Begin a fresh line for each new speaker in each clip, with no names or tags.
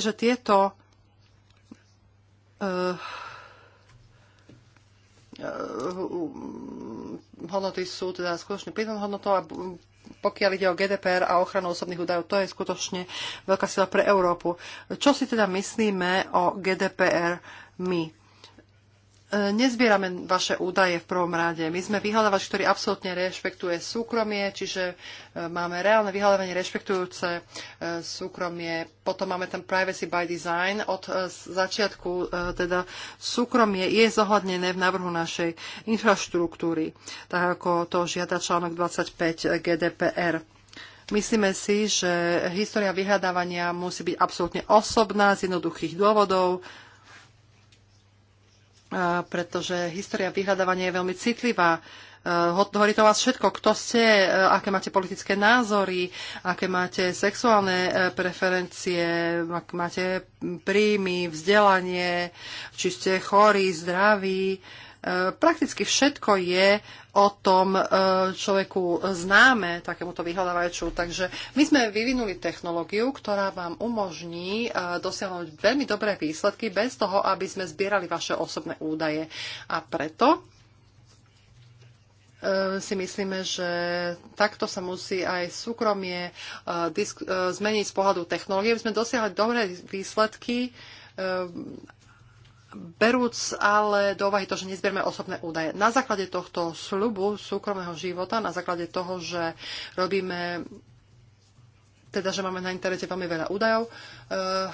že tieto uh, hodnoty sú teda skutočne prírodnou hodnotou a pokiaľ ide o GDPR a ochranu osobných údajov, to je skutočne veľká sila pre Európu. Čo si teda myslíme o GDPR my? E, nezbierame vaše údaje v prvom rade. My sme vyhľadávač, ktorý absolútne rešpektuje súkromie, čiže e, máme reálne vyhľadávanie rešpektujúce e, súkromie. Potom máme ten privacy by design. Od začiatku teda súkromie je zohľadnené v návrhu našej infraštruktúry, tak ako to žiada článok 25 GDPR. Myslíme si, že história vyhľadávania musí byť absolútne osobná z jednoduchých dôvodov pretože história vyhľadávania je veľmi citlivá. E, hovorí to vás všetko, kto ste, e, aké máte politické názory, aké máte sexuálne e, preferencie, ak máte príjmy, vzdelanie, či ste chorí, zdraví E, prakticky všetko je o tom e, človeku známe, takémuto vyhľadávaču. Takže my sme vyvinuli technológiu, ktorá vám umožní e, dosiahnuť veľmi dobré výsledky bez toho, aby sme zbierali vaše osobné údaje. A preto si myslíme, že takto sa musí aj súkromie zmeniť z pohľadu technológie. My sme dosiahli dobré výsledky berúc ale do úvahy to, že nezbierme osobné údaje. Na základe tohto slubu súkromného života, na základe toho, že robíme teda, že máme na internete veľmi veľa údajov. Eh,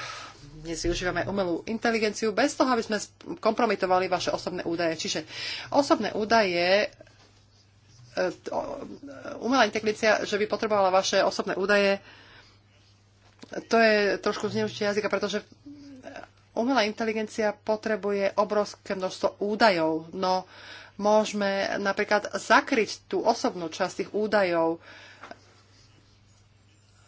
dnes využívame umelú inteligenciu bez toho, aby sme kompromitovali vaše osobné údaje. Čiže osobné údaje eh, umelá inteligencia, že by potrebovala vaše osobné údaje, to je trošku zneužitie jazyka, pretože umelá inteligencia potrebuje obrovské množstvo údajov, no môžeme napríklad zakryť tú osobnú časť tých údajov,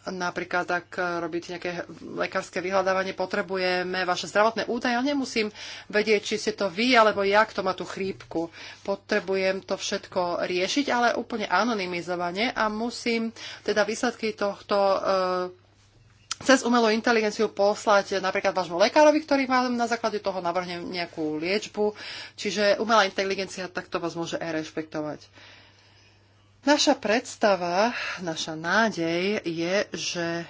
napríklad ak robíte nejaké lekárske vyhľadávanie, potrebujeme vaše zdravotné údaje. ale nemusím vedieť, či ste to vy alebo ja, kto má tú chrípku. Potrebujem to všetko riešiť, ale úplne anonymizovane a musím teda výsledky tohto cez umelú inteligenciu poslať napríklad vášmu lekárovi, ktorý vám na základe toho navrhne nejakú liečbu. Čiže umelá inteligencia takto vás môže aj rešpektovať. Naša predstava, naša nádej je, že e,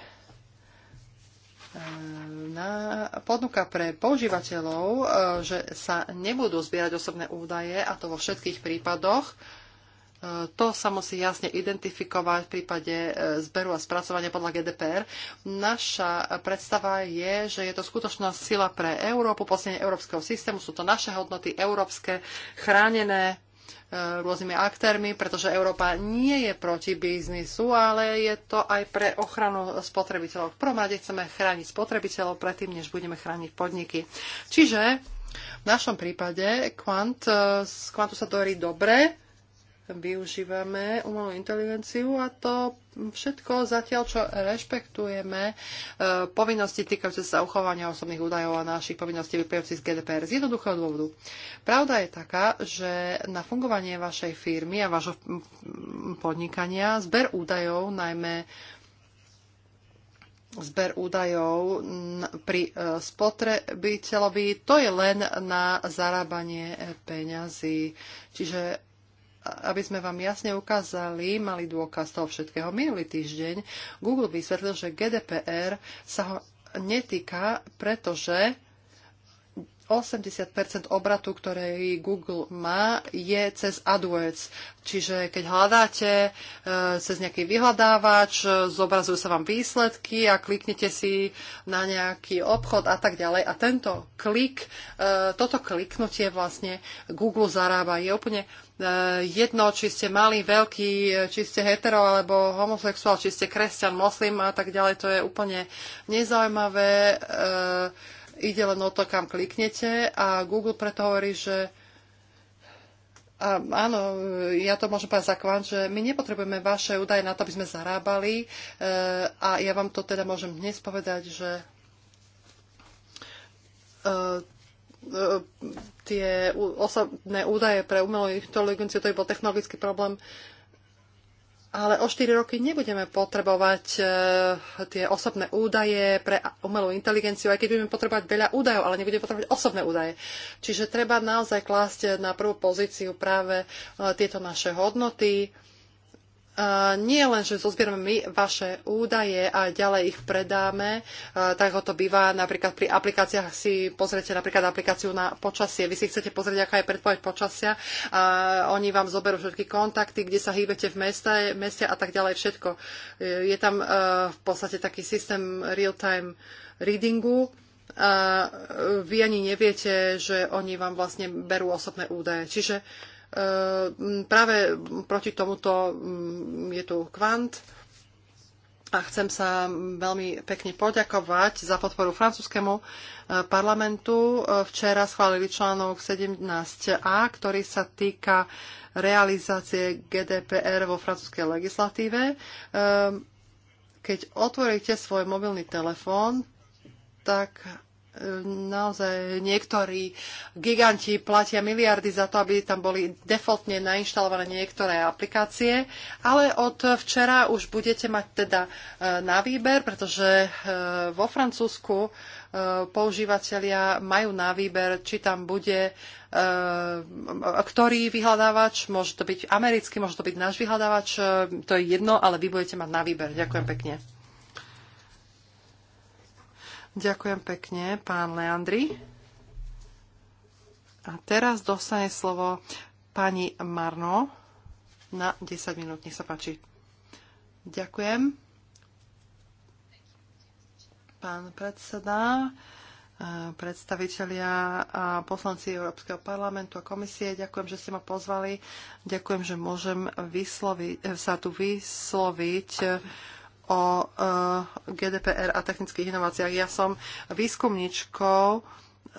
na ponuka pre používateľov, e, že sa nebudú zbierať osobné údaje, a to vo všetkých prípadoch, to sa musí jasne identifikovať v prípade e, zberu a spracovania podľa GDPR. Naša predstava je, že je to skutočná sila pre Európu, posledne európskeho systému, sú to naše hodnoty európske, chránené e, rôznymi aktérmi, pretože Európa nie je proti biznisu, ale je to aj pre ochranu spotrebiteľov. V prvom rade chceme chrániť spotrebiteľov predtým, než budeme chrániť podniky. Čiže v našom prípade Quant, e, z Quantu sa dorí dobre, využívame umelú inteligenciu a to všetko zatiaľ, čo rešpektujeme e, povinnosti týkajúce sa uchovania osobných údajov a našich povinností vyplývajúcich z GDPR z jednoduchého dôvodu. Pravda je taká, že na fungovanie vašej firmy a vášho podnikania zber údajov, najmä zber údajov pri e, spotrebiteľovi, to je len na zarábanie peňazí. Čiže aby sme vám jasne ukázali, mali dôkaz toho všetkého. Minulý týždeň Google vysvetlil, že GDPR sa ho netýka, pretože 80% obratu, ktorý Google má, je cez AdWords. Čiže keď hľadáte e, cez nejaký vyhľadávač, e, zobrazujú sa vám výsledky a kliknete si na nejaký obchod a tak ďalej. A tento klik, e, toto kliknutie vlastne Google zarába. Je úplne Eh, jedno, či ste malý, veľký, eh, či ste hetero alebo homosexuál, či ste kresťan, moslim a tak ďalej, to je úplne nezaujímavé. E, ide len o to, kam kliknete a Google preto hovorí, že a áno, ja to môžem povedať za kvant, že my nepotrebujeme vaše údaje na to, aby sme zarábali e, a ja vám to teda môžem dnes povedať, že e, tie osobné údaje pre umelú inteligenciu, to je bol technologický problém, ale o 4 roky nebudeme potrebovať e, tie osobné údaje pre umelú inteligenciu, aj keď budeme potrebovať veľa údajov, ale nebudeme potrebovať osobné údaje. Čiže treba naozaj klásť na prvú pozíciu práve e, tieto naše hodnoty, nie len, že zozbierame my vaše údaje a ďalej ich predáme, tak ho to býva napríklad pri aplikáciách si pozrete napríklad aplikáciu na počasie. Vy si chcete pozrieť, aká je predpoveď počasia a oni vám zoberú všetky kontakty, kde sa hýbete v meste, meste a tak ďalej všetko. Je tam e, v podstate taký systém real-time readingu a e, vy ani neviete, že oni vám vlastne berú osobné údaje. Čiže uh, Ehm, práve proti tomuto mm, je tu kvant a chcem sa veľmi pekne poďakovať za podporu francúzskému e, parlamentu. E, včera schválili článok 17a, ktorý sa týka realizácie GDPR vo francúzskej legislatíve. Ehm, keď otvoríte svoj mobilný telefón, tak naozaj niektorí giganti platia miliardy za to, aby tam boli defaultne nainštalované niektoré aplikácie, ale od včera už budete mať teda e, na výber, pretože e, vo Francúzsku e, používateľia majú na výber, či tam bude ktorý vyhľadávač, môže to byť americký, môže to byť náš vyhľadávač, to je jedno, ale vy budete mať na výber. Ďakujem pekne. Ďakujem pekne, pán Leandri. A teraz dostane slovo pani Marno na 10 minút. Nech sa páči. Ďakujem. Pán predseda, eh, predstavitelia a poslanci Európskeho parlamentu a komisie. Ďakujem, že ste ma pozvali. Ďakujem, že môžem vysloviť, eh, sa tu vysloviť eh, o eh, GDPR a technických inováciách. Ja som výskumničkou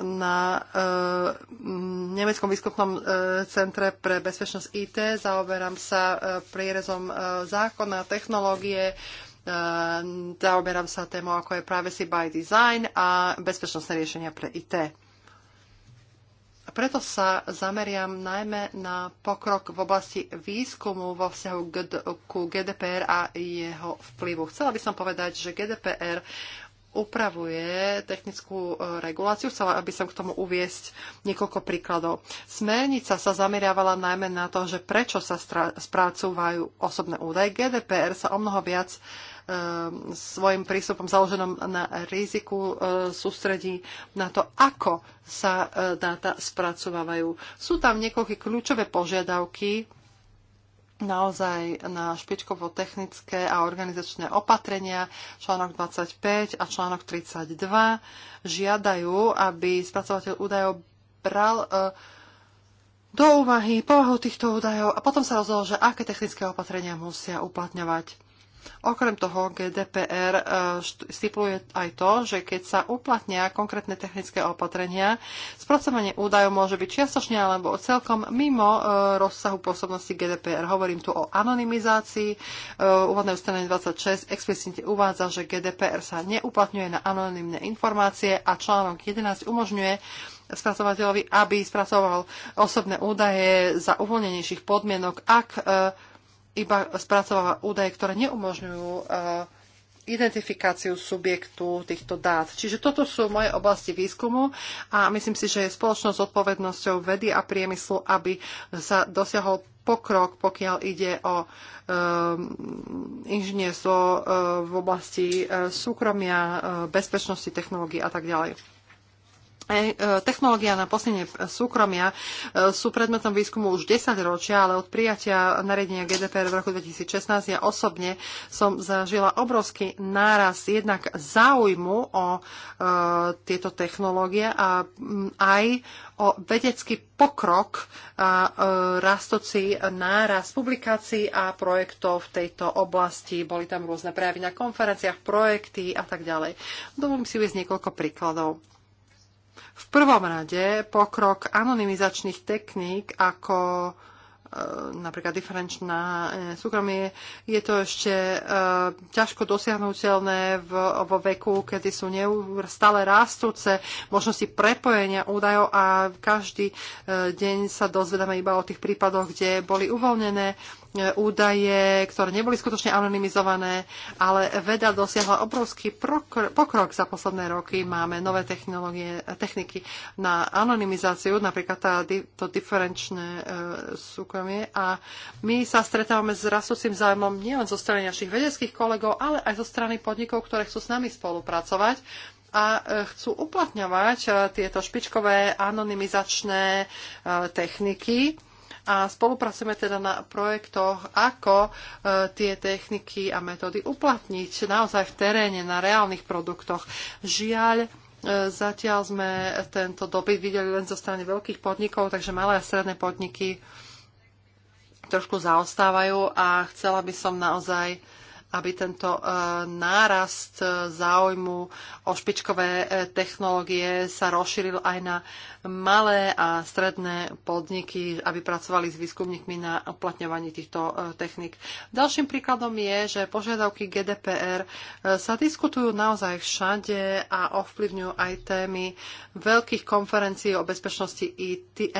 na eh, Nemeckom výskumnom eh, centre pre bezpečnosť IT. Zaoberám sa prierezom zákona, technológie, zaoberám sa témou, ako je privacy by design a bezpečnostné riešenia pre IT. Preto sa zameriam najmä na pokrok v oblasti výskumu vo vzťahu ku GDPR a jeho vplyvu. Chcela by som povedať, že GDPR upravuje technickú e, reguláciu. Chcela by som k tomu uviesť niekoľko príkladov. Smernica sa zameriavala najmä na to, že prečo sa spracúvajú osobné údaje. GDPR sa o mnoho viac Ehm, svojim prístupom založenom na riziku e, sústredí na to, ako sa e, dáta spracovávajú. Sú tam niekoľké kľúčové požiadavky naozaj na špičkovo technické a organizačné opatrenia. Článok 25 a článok 32 žiadajú, aby spracovateľ údajov bral e, do úvahy povahu týchto údajov a potom sa rozhodol, že aké technické opatrenia musia uplatňovať. Okrem toho GDPR e, stipuluje aj to, že keď sa uplatnia konkrétne technické opatrenia, spracovanie údajov môže byť čiastočne alebo celkom mimo e, rozsahu pôsobnosti GDPR. Hovorím tu o anonymizácii. E, Úvodné ustanovenie 26 explicitne uvádza, že GDPR sa neuplatňuje na anonymné informácie a článok 11 umožňuje spracovateľovi, aby spracoval osobné údaje za uvoľnenejších podmienok, ak iba spracováva údaje, ktoré neumožňujú e, identifikáciu subjektu týchto dát. Čiže toto sú moje oblasti výskumu a myslím si, že je s odpovednosťou vedy a priemyslu, aby sa dosiahol pokrok, pokiaľ ide o um, inžinierstvo um, v oblasti um, súkromia, um, bezpečnosti, technológií a tak ďalej. E, technológia na posledne e, súkromia e, sú predmetom výskumu už 10 ročia, ale od prijatia nariadenia GDPR v roku 2016 ja osobne som zažila obrovský náraz jednak záujmu o e, tieto technológie a m, aj o vedecký pokrok a e, rastoci náraz publikácií a projektov v tejto oblasti. Boli tam rôzne prejavy na konferenciách, projekty a tak ďalej. Dovolím si uvieť niekoľko príkladov v prvom rade pokrok anonymizačných techník ako e, napríklad diferenčná e, súkromie, je to ešte e, ťažko dosiahnuteľné vo veku, kedy sú neustále rástúce možnosti prepojenia údajov a každý deň sa dozvedame iba o tých prípadoch, kde boli uvoľnené údaje, ktoré neboli skutočne anonymizované, ale veda dosiahla obrovský pokrok za posledné roky. Máme nové technológie, techniky na anonymizáciu, napríklad tá, to diferenčné e, súkromie. A my sa stretávame s rastúcim zájmom nielen zo strany našich vedeckých kolegov, ale aj zo strany podnikov, ktoré chcú s nami spolupracovať a e, chcú uplatňovať e, tieto špičkové anonymizačné e, techniky a spolupracujeme teda na projektoch, ako e, tie techniky a metódy uplatniť naozaj v teréne, na reálnych produktoch. Žiaľ, e, Zatiaľ sme tento dopyt videli len zo strany veľkých podnikov, takže malé a stredné podniky trošku zaostávajú a chcela by som naozaj aby tento e, nárast e, záujmu o špičkové e, technológie sa rozšíril aj na malé a stredné podniky, aby pracovali s výskumníkmi na uplatňovaní týchto technik. Ďalším príkladom je, že požiadavky GDPR sa diskutujú naozaj všade a ovplyvňujú aj témy veľkých konferencií o bezpečnosti IT,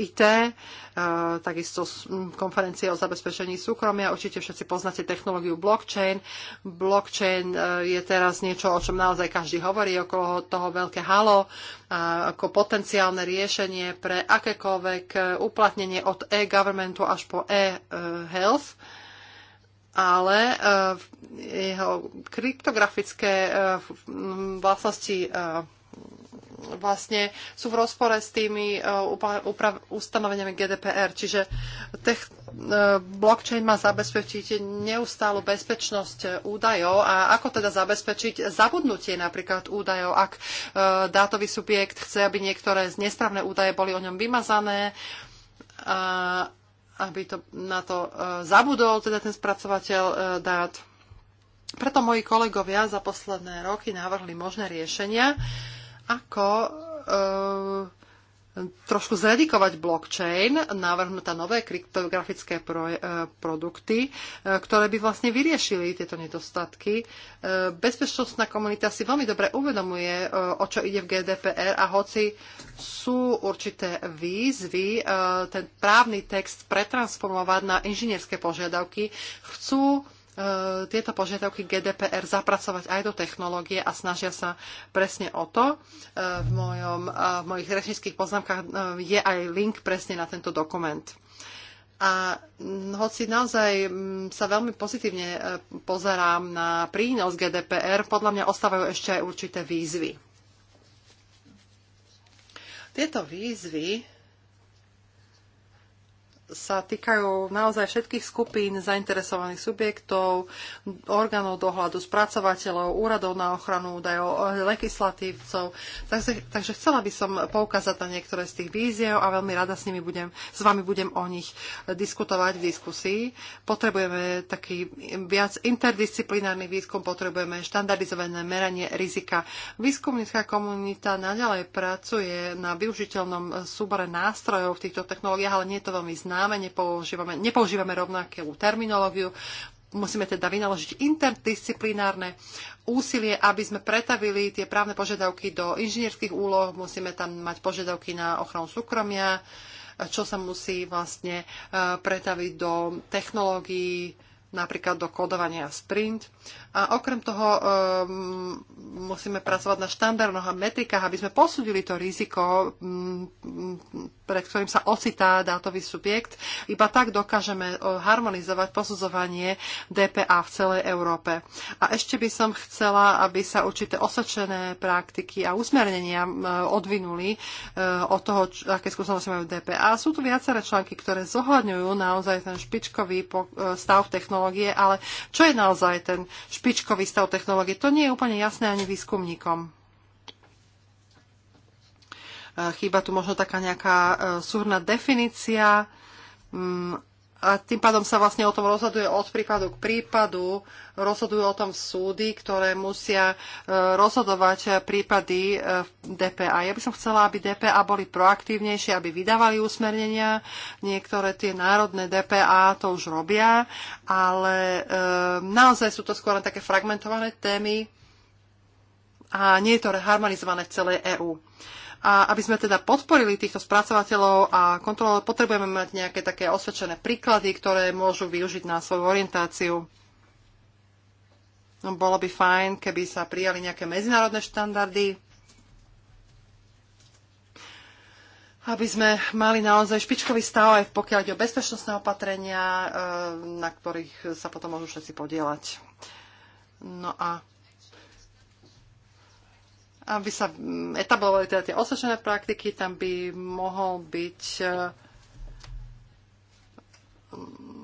IT takisto konferencie o zabezpečení súkromia. Určite všetci poznáte technológiu blockchain blockchain. Blockchain e, je teraz niečo, o čom naozaj každý hovorí, okolo toho veľké halo, ako potenciálne riešenie pre akékoľvek e, uplatnenie od e-governmentu až po e-health ale e, jeho kryptografické vlastnosti vlastne sú v rozpore s tými e, ustanoveniami GDPR. Čiže tech, e, blockchain má zabezpečiť neustálu bezpečnosť e, údajov a ako teda zabezpečiť zabudnutie napríklad údajov, ak dátový subjekt chce, aby niektoré z nesprávne údaje boli o ňom vymazané. A aby to, na to zabudol teda ten spracovateľ dát. Preto moji kolegovia za posledné roky navrhli možné riešenia, ako e, trošku zredikovať blockchain, navrhnúť nové kryptografické pro, e, produkty, e, ktoré by vlastne vyriešili tieto nedostatky. E, bezpečnostná komunita si veľmi dobre uvedomuje, e, o čo ide v GDPR a hoci sú určité výzvy e, ten právny text pretransformovať na inžinierské požiadavky, chcú E, tieto požiadavky GDPR zapracovať aj do technológie a snažia sa presne o to. E, v, mojom, e, v mojich rečnických poznámkach je aj link presne na tento dokument. A hoci naozaj sa veľmi pozitívne pozerám na prínos GDPR, podľa mňa ostávajú ešte aj určité výzvy. Tieto výzvy sa týkajú naozaj všetkých skupín zainteresovaných subjektov, orgánov dohľadu, spracovateľov, úradov na ochranu údajov, legislatívcov. Takže, takže chcela by som poukázať na niektoré z tých víziev a veľmi rada s, nimi budem, s vami budem o nich diskutovať v diskusii. Potrebujeme taký viac interdisciplinárny výskum, potrebujeme štandardizované meranie rizika. Výskumnická komunita naďalej pracuje na využiteľnom súbore nástrojov v týchto technológiách, ale nie je to veľmi známe známe, nepoužívame, nepoužívame rovnakú terminológiu, musíme teda vynaložiť interdisciplinárne úsilie, aby sme pretavili tie právne požiadavky do inžinierských úloh, musíme tam mať požiadavky na ochranu súkromia, čo sa musí vlastne eh, pretaviť do technológií, napríklad do kodovania sprint. A okrem toho um, musíme pracovať na štandardoch a metrikách, aby sme posudili to riziko, um, pred ktorým sa ocitá dátový subjekt. Iba tak dokážeme e, harmonizovať posudzovanie DPA v celej Európe. A ešte by som chcela, aby sa určité osvedčené praktiky a usmernenia odvinuli e, od toho, aké skúsenosti majú DPA. Sú tu viaceré články, ktoré zohľadňujú naozaj ten špičkový e, stav technológie technológie, ale čo je naozaj ten špičkový stav technológie, to nie je úplne jasné ani výskumníkom. E, chýba tu možno taká nejaká e, súhrná definícia mm, a tým pádom sa vlastne o tom rozhoduje od prípadu k prípadu, rozhodujú o tom súdy, ktoré musia e, rozhodovať e, prípady e, DPA. Ja by som chcela, aby DPA boli proaktívnejšie, aby vydávali usmernenia. Niektoré tie národné DPA to už robia, ale naozaj sú to skôr také fragmentované témy a nie je to harmonizované v celej EÚ. A aby sme teda podporili týchto spracovateľov a kontrolov, potrebujeme mať nejaké také osvedčené príklady, ktoré môžu využiť na svoju orientáciu. No, bolo by fajn, keby sa prijali nejaké medzinárodné štandardy, aby sme mali naozaj špičkový stav aj pokiaľ ide o bezpečnostné opatrenia, e, na ktorých sa potom môžu všetci podielať. No a aby sa mm, etablovali teda tie osvedčené praktiky, tam by mohol byť e, mm,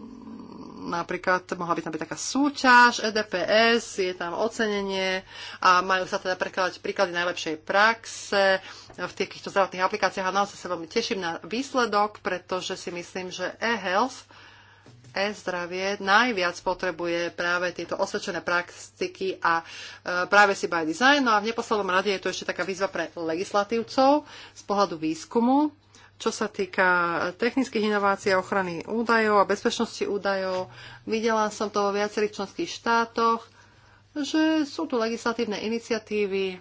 napríklad mohla byť tam byť taká súťaž EDPS, je tam ocenenie a majú sa teda prekladať príklady najlepšej praxe v týchto zdravotných aplikáciách a naozaj sa veľmi teším na výsledok, pretože si myslím, že e-health e-zdravie najviac potrebuje práve tieto osvedčené praktiky a e, práve si by design. No a v neposlednom rade je tu ešte taká výzva pre legislatívcov z pohľadu výskumu, čo sa týka technických inovácií a ochrany údajov a bezpečnosti údajov. Videla som to vo viacerých členských štátoch, že sú tu legislatívne iniciatívy,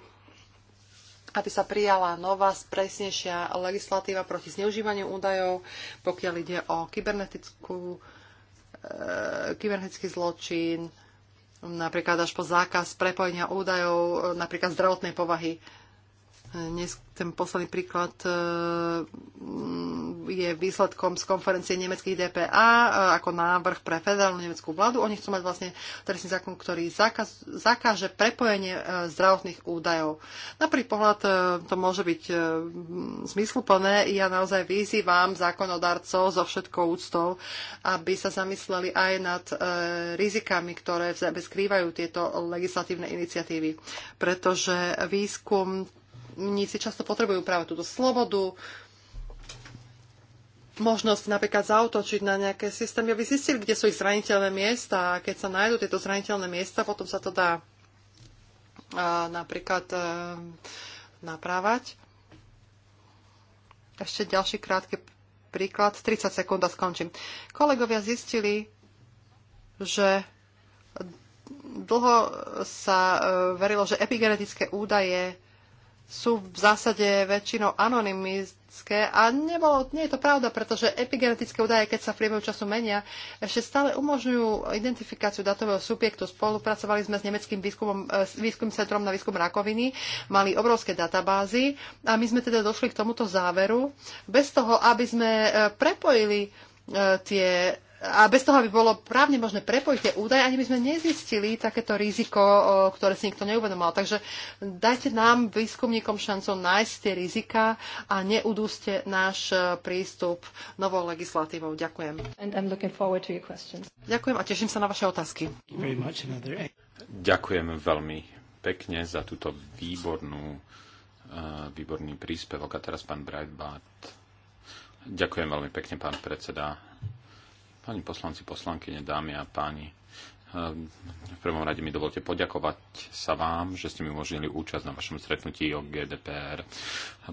aby sa prijala nová, presnejšia legislatíva proti zneužívaniu údajov, pokiaľ ide o kybernetickú E, kybernetický zločin, napríklad až po zákaz prepojenia údajov e, napríklad zdravotnej povahy. Ten posledný príklad e, je výsledkom z konferencie nemeckých DPA e, ako návrh pre federálnu nemeckú vládu. Oni chcú mať vlastne trestný zákon, ktorý zakáže prepojenie e, zdravotných údajov. Na prvý pohľad to môže byť zmysluplné. Ja naozaj vyzývam zákonodarcov so všetkou úctou, aby sa zamysleli aj nad rizikami, ktoré v sebe skrývajú tieto legislatívne iniciatívy. Pretože výskum pracovníci často potrebujú práve túto slobodu, možnosť napríklad zautočiť na nejaké systémy, aby zistili, kde sú ich zraniteľné miesta a keď sa nájdú tieto zraniteľné miesta, potom sa to dá a napríklad e, naprávať. Ešte ďalší krátky príklad, 30 sekúnd a skončím. Kolegovia zistili, že dlho sa e, verilo, že epigenetické údaje sú v zásade väčšinou anonymické a nebolo, nie je to pravda, pretože epigenetické údaje, keď sa v priebehu času menia, ešte stále umožňujú identifikáciu datového subjektu. Spolupracovali sme s nemeckým výskumom, e, výskum centrom na výskum rakoviny, mali obrovské databázy a my sme teda došli k tomuto záveru bez toho, aby sme e, prepojili e, tie a bez toho, aby bolo právne možné prepojiť tie údaje, ani by sme nezistili takéto riziko, ktoré si nikto neuvedomal. Takže dajte nám, výskumníkom, šancu nájsť tie rizika a neudúste náš e, prístup novou legislatívou. Ďakujem. Ďakujem a teším sa na vaše otázky.
Ďakujem veľmi pekne za túto výbornú, e, výborný príspevok. A teraz pán Breitbart. Ďakujem veľmi pekne, pán predseda Pani poslanci, poslankyne, dámy a páni, ehm, v prvom rade mi dovolte poďakovať sa vám, že ste mi umožnili účasť na vašom stretnutí o GDPR.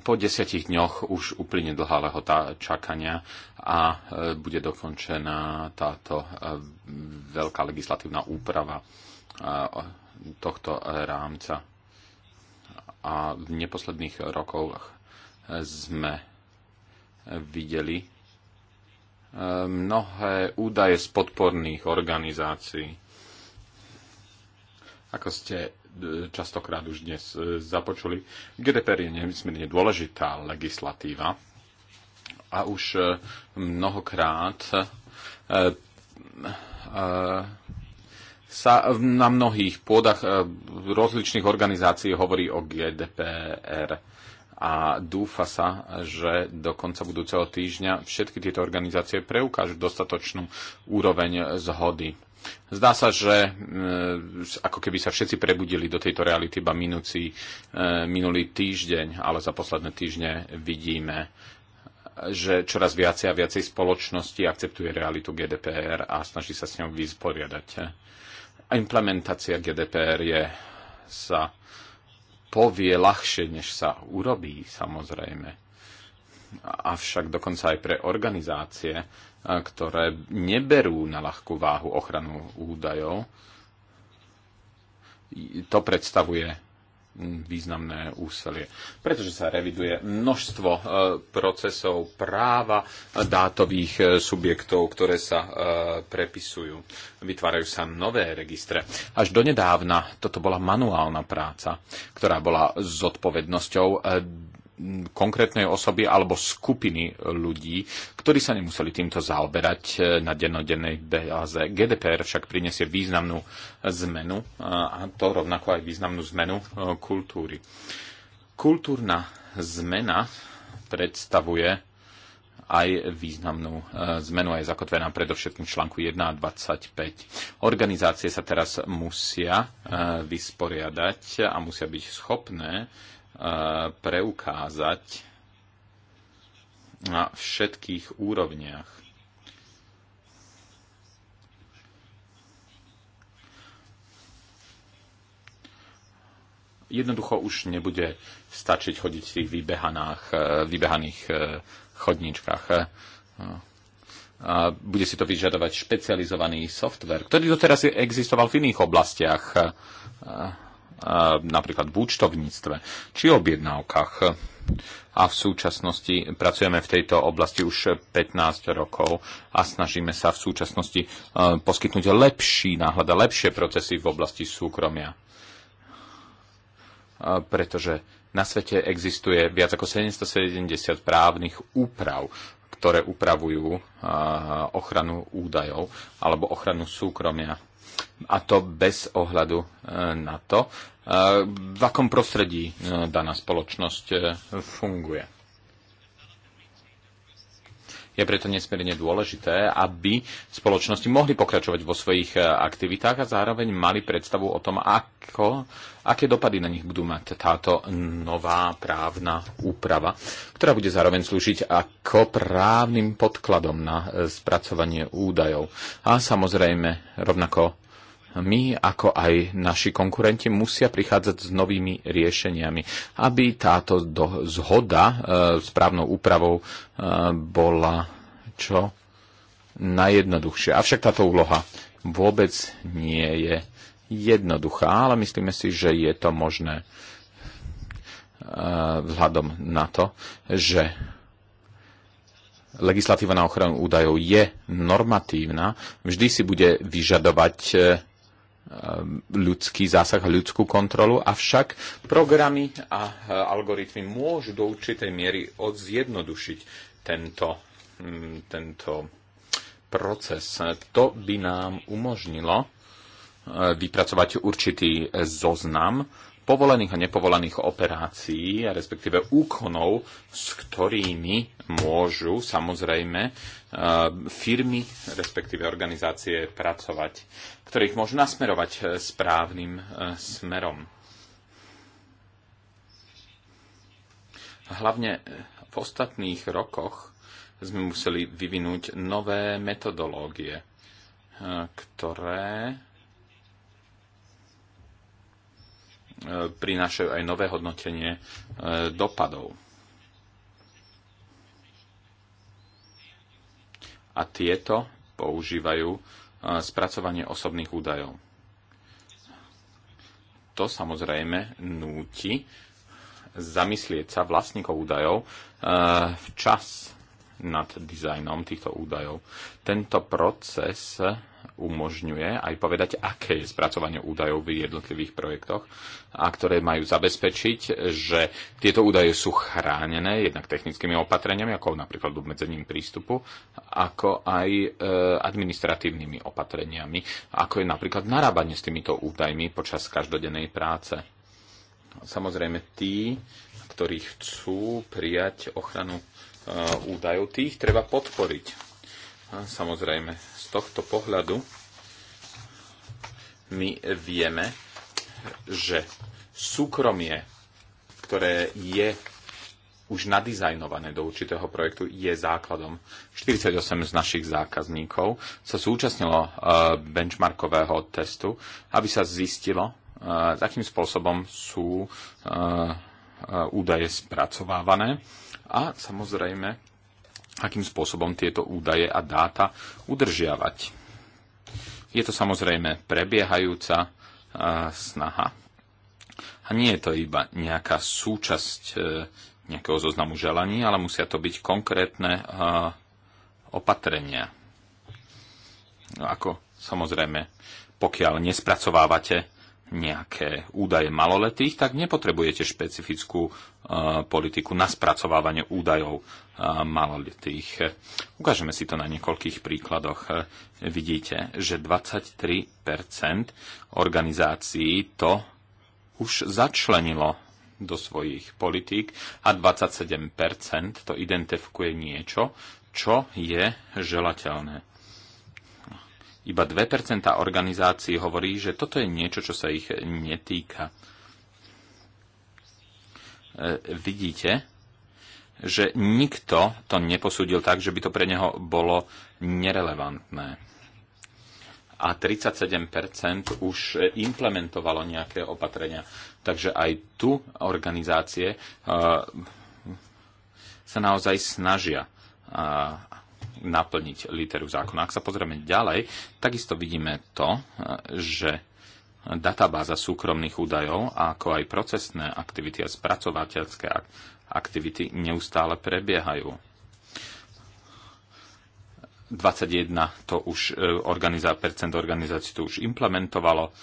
Po desiatich dňoch už uplyne dlhá lehota čakania a e, bude dokončená táto e, veľká legislatívna úprava e, tohto rámca. A v neposledných rokoch sme videli, mnohé údaje z podporných organizácií. Ako ste e, častokrát už dnes e, započuli, GDPR je nesmierne dôležitá legislatíva a už e, mnohokrát sa na mnohých pôdach rozličných organizácií hovorí o GDPR a dúfa sa, že do konca budúceho týždňa všetky tieto organizácie preukážu dostatočnú úroveň zhody. Zdá sa, že e, ako keby sa všetci prebudili do tejto reality iba minúci, e, minulý týždeň, ale za posledné týždne vidíme, že čoraz viacej a viacej spoločnosti akceptuje realitu GDPR a snaží sa s ňou vysporiadať. Implementácia GDPR je sa povie ľahšie, než sa urobí, samozrejme. Avšak dokonca aj pre organizácie, e, ktoré neberú na ľahkú váhu ochranu údajov, to predstavuje významné úsilie, pretože sa reviduje množstvo e, procesov práva e, dátových e, subjektov, ktoré sa prepisujú. Vytvárajú sa nové registre. Až donedávna toto bola manuálna práca, ktorá bola zodpovednosťou konkrétnej osoby alebo skupiny ľudí, ktorí sa nemuseli týmto zaoberať e, na dennodennej báze. GDPR však prinesie významnú zmenu e, a to rovnako aj významnú zmenu e, kultúry. Kultúrna zmena predstavuje aj významnú zmenu, aj zakotvená predovšetkým článku 1 a 25. Organizácie sa teraz musia vysporiadať a musia byť schopné preukázať na všetkých úrovniach. Jednoducho už nebude stačiť chodiť v tých e, vybehaných, vybehaných chodníčkach e, a bude si to vyžadovať špecializovaný software, ktorý doteraz existoval v iných oblastiach. E, napríklad v účtovníctve či objednávkach. A v súčasnosti pracujeme v tejto oblasti už 15 rokov a snažíme sa v súčasnosti e, poskytnúť lepší náhľad a lepšie procesy v oblasti súkromia. E, pretože na svete existuje viac ako 770 právnych úprav, ktoré upravujú e, ochranu údajov alebo ochranu súkromia a to bez ohľadu e, na to, e, v akom prostredí e, daná spoločnosť funguje. Je preto nesmierne dôležité, aby spoločnosti mohli pokračovať vo svojich aktivitách a zároveň mali predstavu o tom, ako, aké dopady na nich budú mať táto nová právna úprava, ktorá bude zároveň slúžiť ako právnym podkladom na spracovanie údajov. A samozrejme rovnako my, ako aj naši konkurenti, musia prichádzať s novými riešeniami, aby táto do, zhoda e, s právnou úpravou e, bola čo najjednoduchšia. Avšak táto úloha vôbec nie je jednoduchá, ale myslíme si, že je to možné e, vzhľadom na to, že legislatíva na ochranu údajov je normatívna, vždy si bude vyžadovať Um, ľudský zásah a ľudskú kontrolu, avšak programy a uh, algoritmy môžu do určitej miery odzjednodušiť tento, um, tento proces. To by nám umožnilo uh, vypracovať určitý eh, zoznam povolených a nepovolených operácií, respektíve úkonov, s ktorými môžu samozrejme e, firmy, respektíve organizácie pracovať, ktorých môžu nasmerovať e, správnym e, smerom. Hlavne v ostatných rokoch sme museli vyvinúť nové metodológie, ktoré prinášajú aj nové hodnotenie e, dopadov. A tieto používajú e, spracovanie osobných údajov. To samozrejme núti zamyslieť sa vlastníkov údajov e, včas nad dizajnom týchto údajov. Tento proces umožňuje aj povedať, aké je spracovanie údajov v jednotlivých projektoch a ktoré majú zabezpečiť, že tieto údaje sú chránené jednak technickými opatreniami, ako napríklad obmedzením prístupu, ako aj e, administratívnymi opatreniami, ako je napríklad narábanie s týmito údajmi počas každodennej práce. Samozrejme, tí, ktorí chcú prijať ochranu e, údajov, tých treba podporiť Samozrejme, z tohto pohľadu my vieme, že súkromie, ktoré je už nadizajnované do určitého projektu, je základom. 48 z našich zákazníkov sa súčasnilo e, benchmarkového testu, aby sa zistilo, e, akým spôsobom sú e, údaje spracovávané a samozrejme akým spôsobom tieto údaje a dáta udržiavať. Je to samozrejme prebiehajúca snaha. A nie je to iba nejaká súčasť e, nejakého zoznamu želaní, ale musia to byť konkrétne e, opatrenia. No ako samozrejme, pokiaľ nespracovávate nejaké údaje maloletých, tak nepotrebujete špecifickú e, politiku na spracovávanie údajov e, maloletých. Ukážeme si to na niekoľkých príkladoch. E, vidíte, že 23 organizácií to už začlenilo do svojich politík a 27 to identifikuje niečo, čo je želateľné iba 2% organizácií hovorí, že toto je niečo, čo sa ich netýka. E, vidíte, že nikto to neposúdil tak, že by to pre neho bolo nerelevantné. A 37% už e, implementovalo nejaké opatrenia. Takže aj tu organizácie e, sa naozaj snažia naplniť literu zákona. Ak sa pozrieme ďalej, takisto vidíme to, e, že databáza súkromných údajov, ako aj procesné aktivity a spracovateľské aktivity neustále prebiehajú. 21 to už e, organizá, percent organizácií to už implementovalo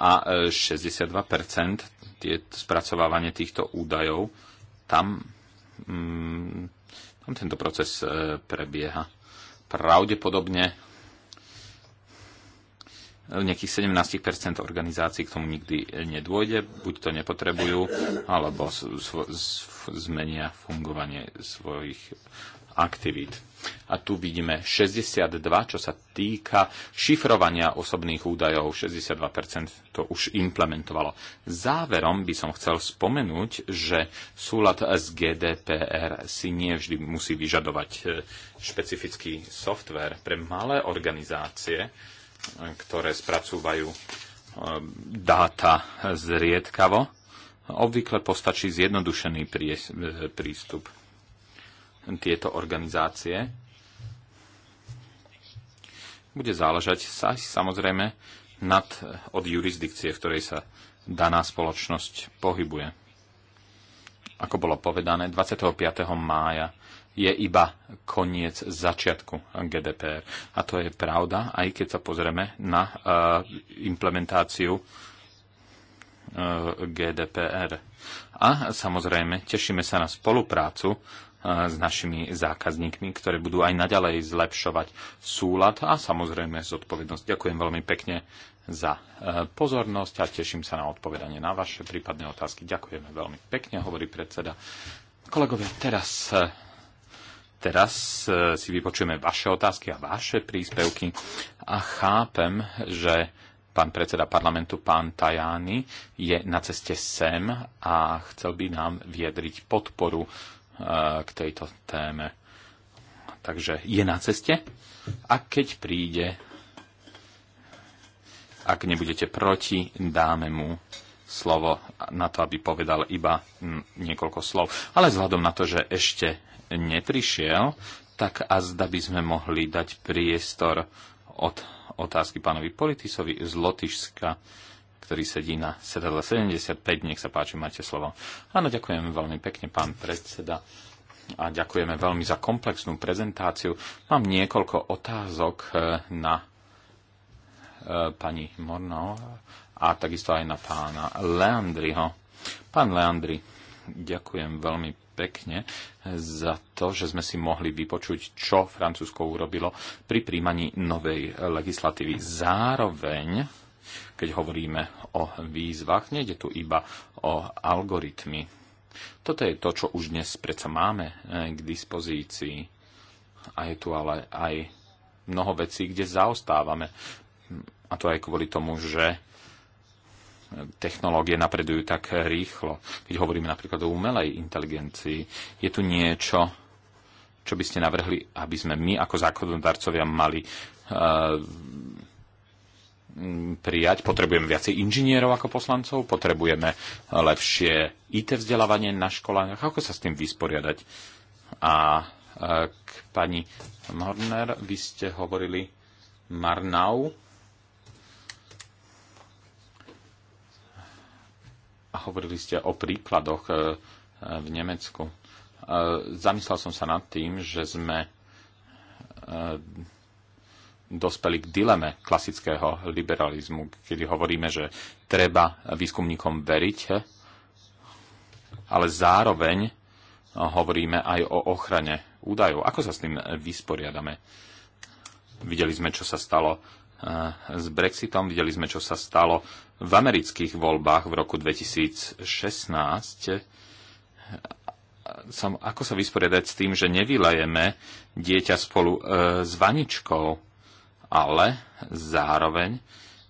a 62 e, tie, spracovávanie týchto údajov tam, mm, tam tento proces prebieha pravdepodobne v nejakých 17% organizácií k tomu nikdy nedôjde, buď to nepotrebujú, alebo zmenia fungovanie svojich aktivít. A tu vidíme 62, čo sa týka šifrovania osobných údajov, 62% to už implementovalo. Záverom by som chcel spomenúť, že súlad s GDPR si nie vždy musí vyžadovať e, špecifický software pre malé organizácie, e, ktoré spracúvajú e, dáta zriedkavo. Obvykle postačí zjednodušený prístup tieto organizácie. Bude záležať sa samozrejme nad, od jurisdikcie, v ktorej sa daná spoločnosť pohybuje. Ako bolo povedané, 25. mája je iba koniec začiatku GDPR. A to je pravda, aj keď sa pozrieme na uh, implementáciu uh, e, GDPR. A samozrejme, tešíme sa na spoluprácu s našimi zákazníkmi, ktoré budú aj naďalej zlepšovať súlad a samozrejme zodpovednosť. Ďakujem veľmi pekne za e, pozornosť a teším sa na odpovedanie na vaše prípadné otázky. Ďakujeme veľmi pekne, hovorí predseda. Kolegovia, teraz, e, teraz e, si vypočujeme vaše otázky a vaše príspevky a chápem, že pán predseda parlamentu, pán Tajani, je na ceste sem a chcel by nám viedriť podporu k tejto téme. Takže je na ceste a keď príde, ak nebudete proti, dáme mu slovo na to, aby povedal iba niekoľko slov. Ale vzhľadom na to, že ešte neprišiel, tak a zda by sme mohli dať priestor od otázky pánovi Politisovi z Lotyšska ktorý sedí na sedadle 75. Nech sa páči, máte slovo. Áno, ďakujem veľmi pekne, pán predseda. A ďakujeme veľmi za komplexnú prezentáciu. Mám niekoľko otázok eh, na eh, pani Morno a takisto aj na pána Leandriho. Pán Leandri, ďakujem veľmi pekne eh, za to, že sme si mohli vypočuť, čo Francúzsko urobilo pri príjmaní novej legislatívy. Zároveň keď hovoríme o výzvach, nejde tu iba o algoritmy. Toto je to, čo už dnes predsa máme eh, k dispozícii. A je tu ale aj mnoho vecí, kde zaostávame. A to aj kvôli tomu, že technológie napredujú tak rýchlo. Keď hovoríme napríklad o umelej inteligencii, je tu niečo, čo by ste navrhli, aby sme my ako zákonodarcovia mali uh, Mm, prijať. Potrebujeme viacej inžinierov ako poslancov, potrebujeme lepšie IT vzdelávanie na školách. Ako sa s tým vysporiadať? A e, k pani Morner vy ste hovorili Marnau. A hovorili ste o príkladoch e, v Nemecku. E, zamyslel som sa nad tým, že sme dospeli k dileme klasického liberalizmu, kedy hovoríme, že treba výskumníkom veriť, ale zároveň hovoríme aj o ochrane údajov. Ako sa s tým vysporiadame? Videli sme, čo sa stalo eh, s Brexitom, videli sme, čo sa stalo v amerických voľbách v roku 2016. Som, ako sa vysporiadať s tým, že nevylejeme dieťa spolu e, s vaničkou? ale zároveň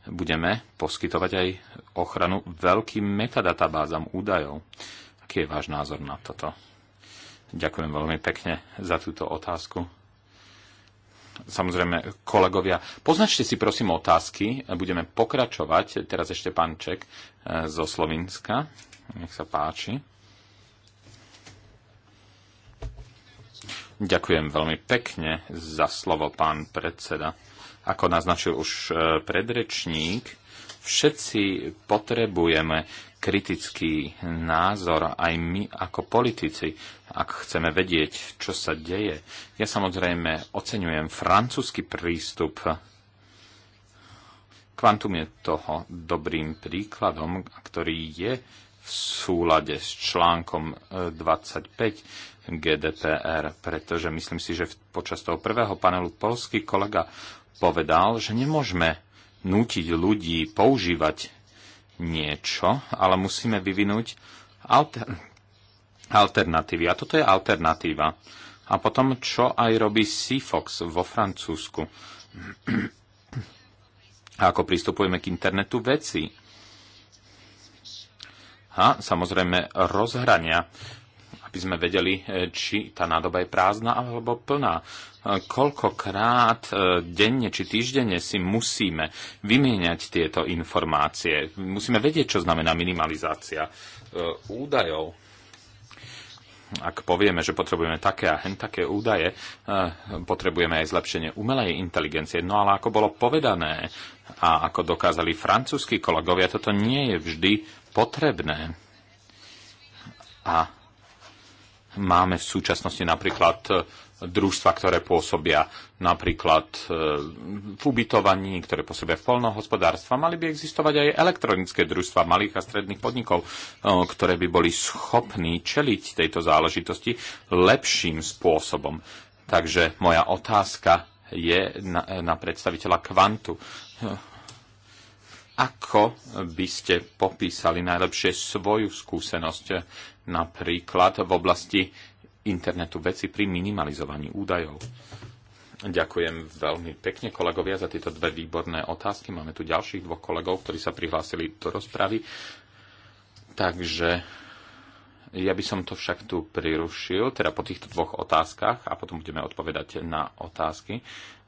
budeme poskytovať aj ochranu veľkým metadatabázam údajov. Aký je váš názor na toto? Ďakujem veľmi pekne za túto otázku. Samozrejme, kolegovia, poznačte si prosím otázky. Budeme pokračovať. Teraz ešte pán Ček eh, zo Slovenska. Nech sa páči. Ďakujem veľmi pekne za slovo, pán predseda ako naznačil už e, predrečník, všetci potrebujeme kritický názor aj my ako politici, ak chceme vedieť, čo sa deje. Ja samozrejme oceňujem francúzsky prístup. Kvantum je toho dobrým príkladom, ktorý je v súlade s článkom 25 e, GDPR, pretože myslím si, že počas toho prvého panelu polský kolega povedal, že nemôžeme nútiť ľudí používať niečo, ale musíme vyvinúť alter, alternatívy. A toto je alternatíva. A potom, čo aj robí Seafox vo Francúzsku. A ako pristupujeme k internetu veci. A samozrejme rozhrania, aby sme vedeli, eh, či tá nádoba je prázdna alebo plná koľkokrát e, denne či týždenne si musíme vymieňať tieto informácie. Musíme vedieť, čo znamená minimalizácia e, údajov. Ak povieme, že potrebujeme také a hen také údaje, e, potrebujeme aj zlepšenie umelej inteligencie. No ale ako bolo povedané a ako dokázali francúzskí kolegovia, toto nie je vždy potrebné. A máme v súčasnosti napríklad družstva, ktoré pôsobia napríklad e, v ubytovaní, ktoré pôsobia v polnohospodárstva. Mali by existovať aj elektronické družstva malých a stredných podnikov, e, ktoré by boli schopní čeliť tejto záležitosti lepším spôsobom. Takže moja otázka je na, na predstaviteľa kvantu. Ako by ste popísali najlepšie svoju skúsenosť napríklad v oblasti internetu veci pri minimalizovaní údajov. Ďakujem veľmi pekne kolegovia za tieto dve výborné otázky. Máme tu ďalších dvoch kolegov, ktorí sa prihlásili do rozpravy. Takže ja by som to však tu prirušil, teda po týchto dvoch otázkach a potom budeme odpovedať na otázky.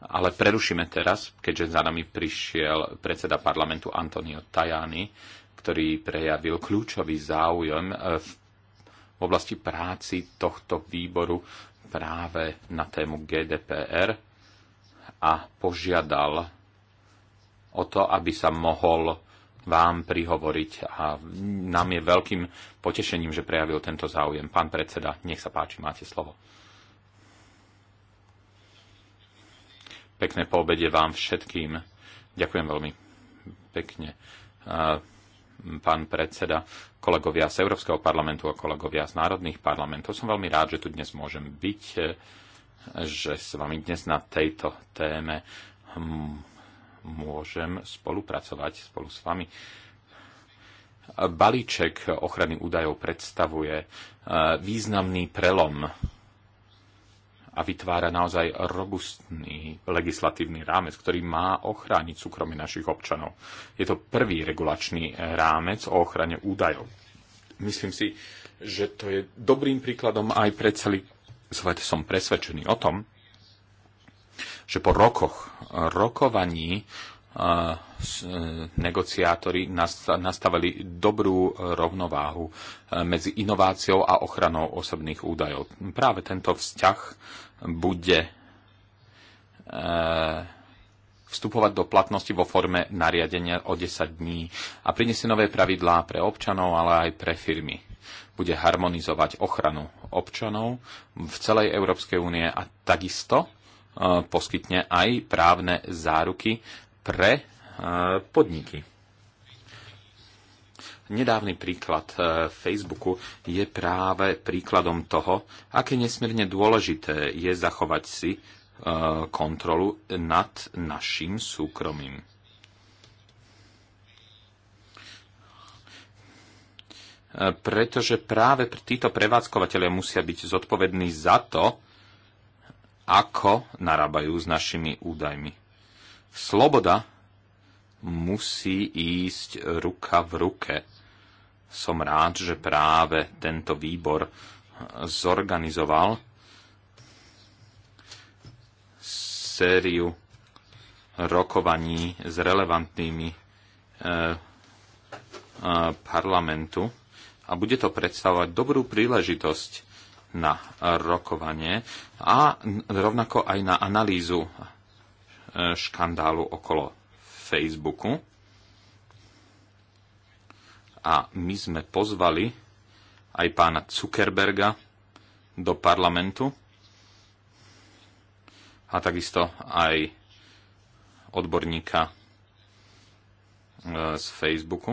Ale prerušíme teraz, keďže za nami prišiel predseda parlamentu Antonio Tajani, ktorý prejavil kľúčový záujem eh, v oblasti práci tohto výboru práve na tému GDPR a požiadal o to, aby sa mohol vám prihovoriť a nám je veľkým potešením, že prejavil tento záujem. Pán predseda, nech sa páči, máte slovo. Pekné poobede vám všetkým. Ďakujem veľmi pekne pán predseda, kolegovia z Európskeho parlamentu a kolegovia z národných parlamentov. Som veľmi rád, že tu dnes môžem byť, e, že s vami dnes na tejto téme hm, môžem spolupracovať spolu s vami. Balíček ochrany údajov predstavuje e, významný prelom a vytvára naozaj robustný legislatívny rámec, ktorý má ochrániť súkromie našich občanov. Je to prvý regulačný rámec o ochrane údajov. Myslím si, že to je dobrým príkladom aj pre celý svet. Som presvedčený o tom, že po rokoch rokovaní e, e, negociátori nastavili dobrú rovnováhu e, medzi inováciou a ochranou osobných údajov. Práve tento vzťah bude e, vstupovať do platnosti vo forme nariadenia o 10 dní a priniesie nové pravidlá pre občanov, ale aj pre firmy. Bude harmonizovať ochranu občanov v celej Európskej únie a takisto e, poskytne aj právne záruky pre e, podniky. Nedávny príklad e, Facebooku je práve príkladom toho, aké nesmierne dôležité je zachovať si e, kontrolu nad našim súkromím. E, pretože práve títo prevádzkovateľia musia byť zodpovední za to, ako narábajú s našimi údajmi. Sloboda musí ísť ruka v ruke som rád, že práve tento výbor zorganizoval sériu rokovaní s relevantnými e, e, parlamentu a bude to predstavovať dobrú príležitosť na rokovanie a rovnako aj na analýzu eh, škandálu okolo Facebooku a my sme pozvali aj pána Zuckerberga do parlamentu a takisto aj odborníka e, z Facebooku.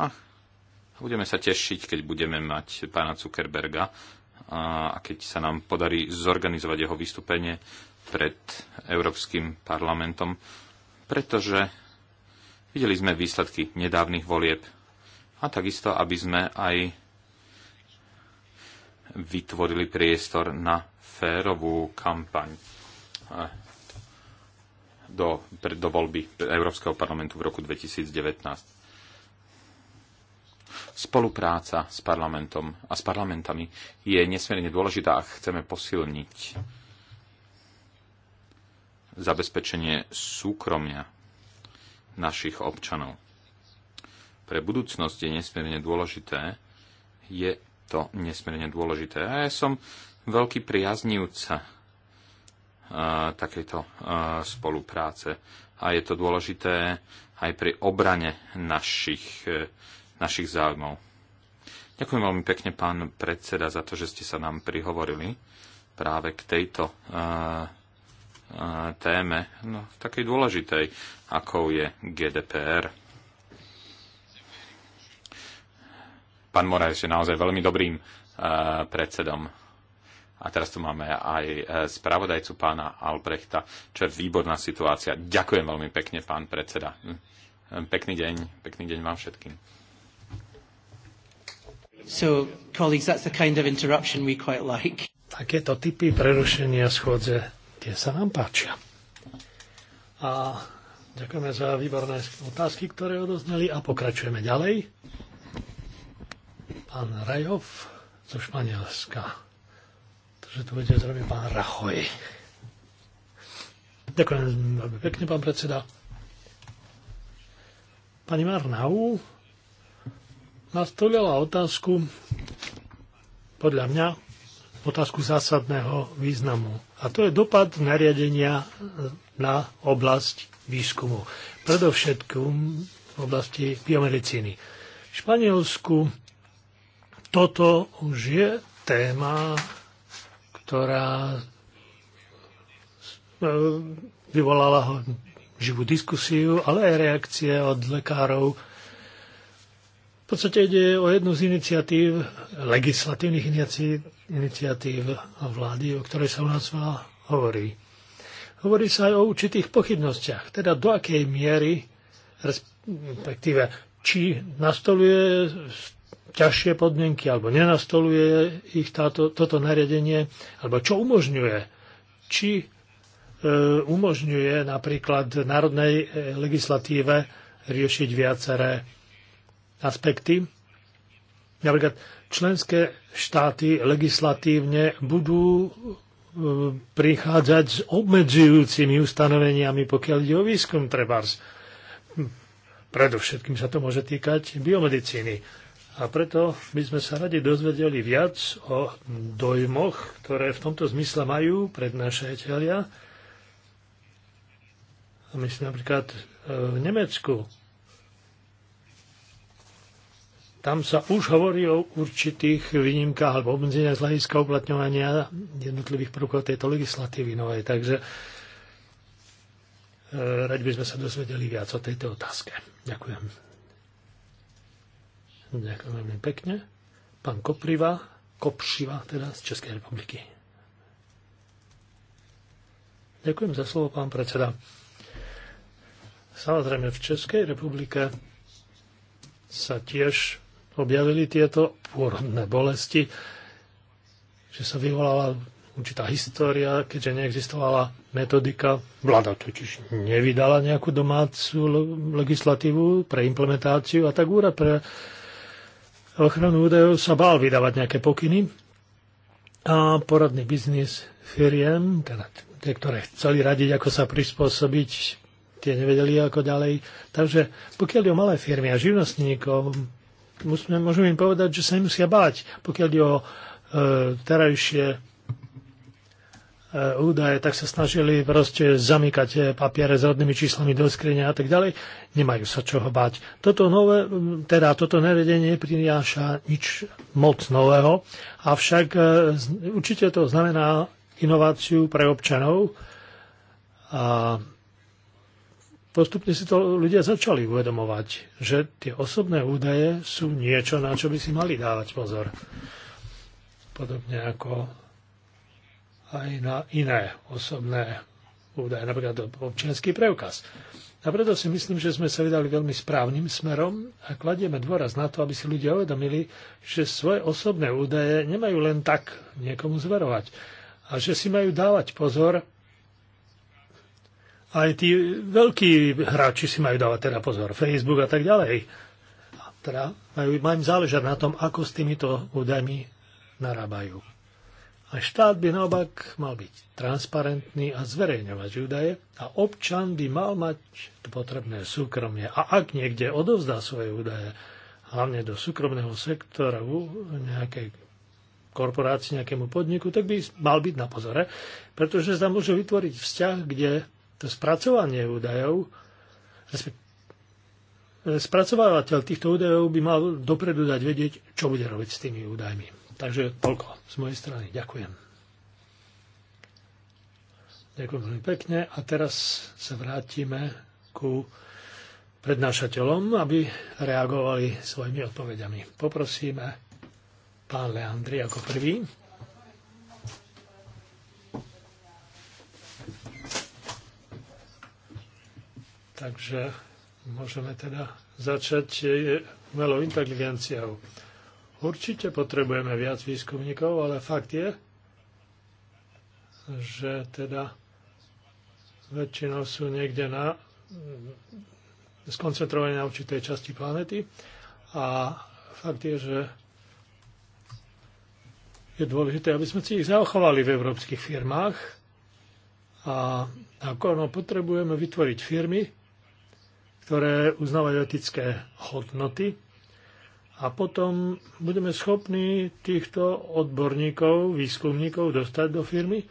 A budeme sa tešiť, keď budeme mať pána Zuckerberga a keď sa nám podarí zorganizovať jeho vystúpenie pred Európskym parlamentom, pretože videli sme výsledky nedávnych volieb a takisto, aby sme aj vytvorili priestor na férovú kampaň eh, do, do voľby Európskeho parlamentu v roku 2019 spolupráca s parlamentom a s parlamentami je nesmierne dôležitá, a chceme posilniť zabezpečenie súkromia našich občanov pre budúcnosť je nesmierne dôležité, je to nesmierne dôležité. A ja som veľký priaznivca takejto spolupráce. A je to dôležité aj pri obrane našich, e, našich záujmov. Ďakujem veľmi pekne, pán predseda, za to, že ste sa nám prihovorili práve k tejto téme, no, takej dôležitej, ako je GDPR. Pán Moraes je naozaj veľmi dobrým eh, predsedom. A teraz tu máme aj eh, spravodajcu pána Albrechta, čo je výborná situácia. Ďakujem veľmi pekne, pán predseda. Hm. Hm, pekný deň, pekný deň vám všetkým.
So, colleagues, that's the kind of interruption we quite like. Takéto typy prerušenia schôdze, tie sa nám páčia. A ďakujeme za výborné otázky, ktoré odozneli a pokračujeme ďalej pán Rajov zo Španielska. Takže tu bude zrobiť pán Rachoj. Ďakujem veľmi pekne, pán predseda. Pani Marnau nastolila otázku, podľa mňa, otázku zásadného významu. A to je dopad nariadenia na oblasť výskumu. Predovšetkým v oblasti biomedicíny. V Španielsku toto už je téma, ktorá e, vyvolala živú diskusiu, ale aj reakcie od lekárov. V podstate ide o jednu z iniciatív, legislatívnych iniciatív vlády, o ktorej sa u nás veľa hovorí. Hovorí sa aj o určitých pochybnostiach, teda do akej miery, respektíve či nastoluje ťažšie podmienky alebo nenastoluje ich táto, toto nariadenie, alebo čo umožňuje. Či e, umožňuje napríklad národnej e, legislatíve riešiť viaceré aspekty. Napríklad členské štáty legislatívne budú e, prichádzať s obmedzujúcimi ustanoveniami, pokiaľ ide o výskum trebárs. Hm, predovšetkým sa to môže týkať biomedicíny. A preto by sme sa radi dozvedeli viac o dojmoch, ktoré v tomto zmysle majú prednášajiteľia. A myslím napríklad e, v Nemecku. Tam sa už hovorí o určitých výnimkách alebo obmedzeniach z hľadiska uplatňovania jednotlivých prvkov tejto legislatívy novej. Takže e, radi by sme sa dozvedeli viac o tejto otázke. Ďakujem. Ďakujem veľmi pekne. Pán Kopriva, Kopšiva teda z Českej republiky. Ďakujem za slovo, pán predseda. Samozrejme, v Českej republike sa tiež objavili tieto pôrodné bolesti, že sa vyvolala určitá história, keďže neexistovala metodika. Vláda totiž nevydala nejakú domácu legislatívu pre implementáciu a tak úrad pre ochranu údajov sa bál vydávať nejaké pokyny a poradný biznis firiem, teda tie, ktoré chceli radiť, ako sa prispôsobiť, tie nevedeli ako ďalej. Takže pokiaľ je o malé firmy a živnostníkov, môžeme im povedať, že sa nemusia báť. Pokiaľ je o e, terajšie E, údaje, tak sa snažili proste zamykať e, papiere s rodnými číslami do skrine a tak ďalej. Nemajú sa čoho báť. Toto nové, teda toto nevedenie prináša nič moc nového, avšak e, určite to znamená inováciu pre občanov a postupne si to ľudia začali uvedomovať, že tie osobné údaje sú niečo, na čo by si mali dávať pozor. Podobne ako aj na iné osobné údaje, napríklad občianský preukaz. A preto si myslím, že sme sa vydali veľmi správnym smerom a kladieme dôraz na to, aby si ľudia uvedomili, že svoje osobné údaje nemajú len tak niekomu zverovať a že si majú dávať pozor. Aj tí veľkí hráči si majú dávať teda pozor, Facebook a tak ďalej. A teda majú, majú záležať na tom, ako s týmito údajmi narábajú. A štát by naopak mal byť transparentný a zverejňovať údaje a občan by mal mať to potrebné súkromie. A ak niekde odovzdá svoje údaje, hlavne do súkromného sektora, nejakej korporácii, nejakému podniku, tak by mal byť na pozore, pretože sa môže vytvoriť vzťah, kde to spracovanie údajov, spracovávateľ týchto údajov by mal dopredu dať vedieť, čo bude robiť s tými údajmi. Takže toľko z mojej strany. Ďakujem. Ďakujem veľmi pekne a teraz sa vrátime ku prednášateľom, aby reagovali svojimi odpovediami. Poprosíme pán Leandri ako prvý. Takže môžeme teda začať umelou inteligenciou. Určite potrebujeme viac výskumníkov, ale fakt je, že teda väčšinou sú niekde na, skoncentrovaní na určitej časti planety a fakt je, že je dôležité, aby sme si ich zaochovali v európskych firmách a ako no, potrebujeme vytvoriť firmy, ktoré uznávajú etické hodnoty a potom budeme schopní týchto odborníkov, výskumníkov dostať do firmy,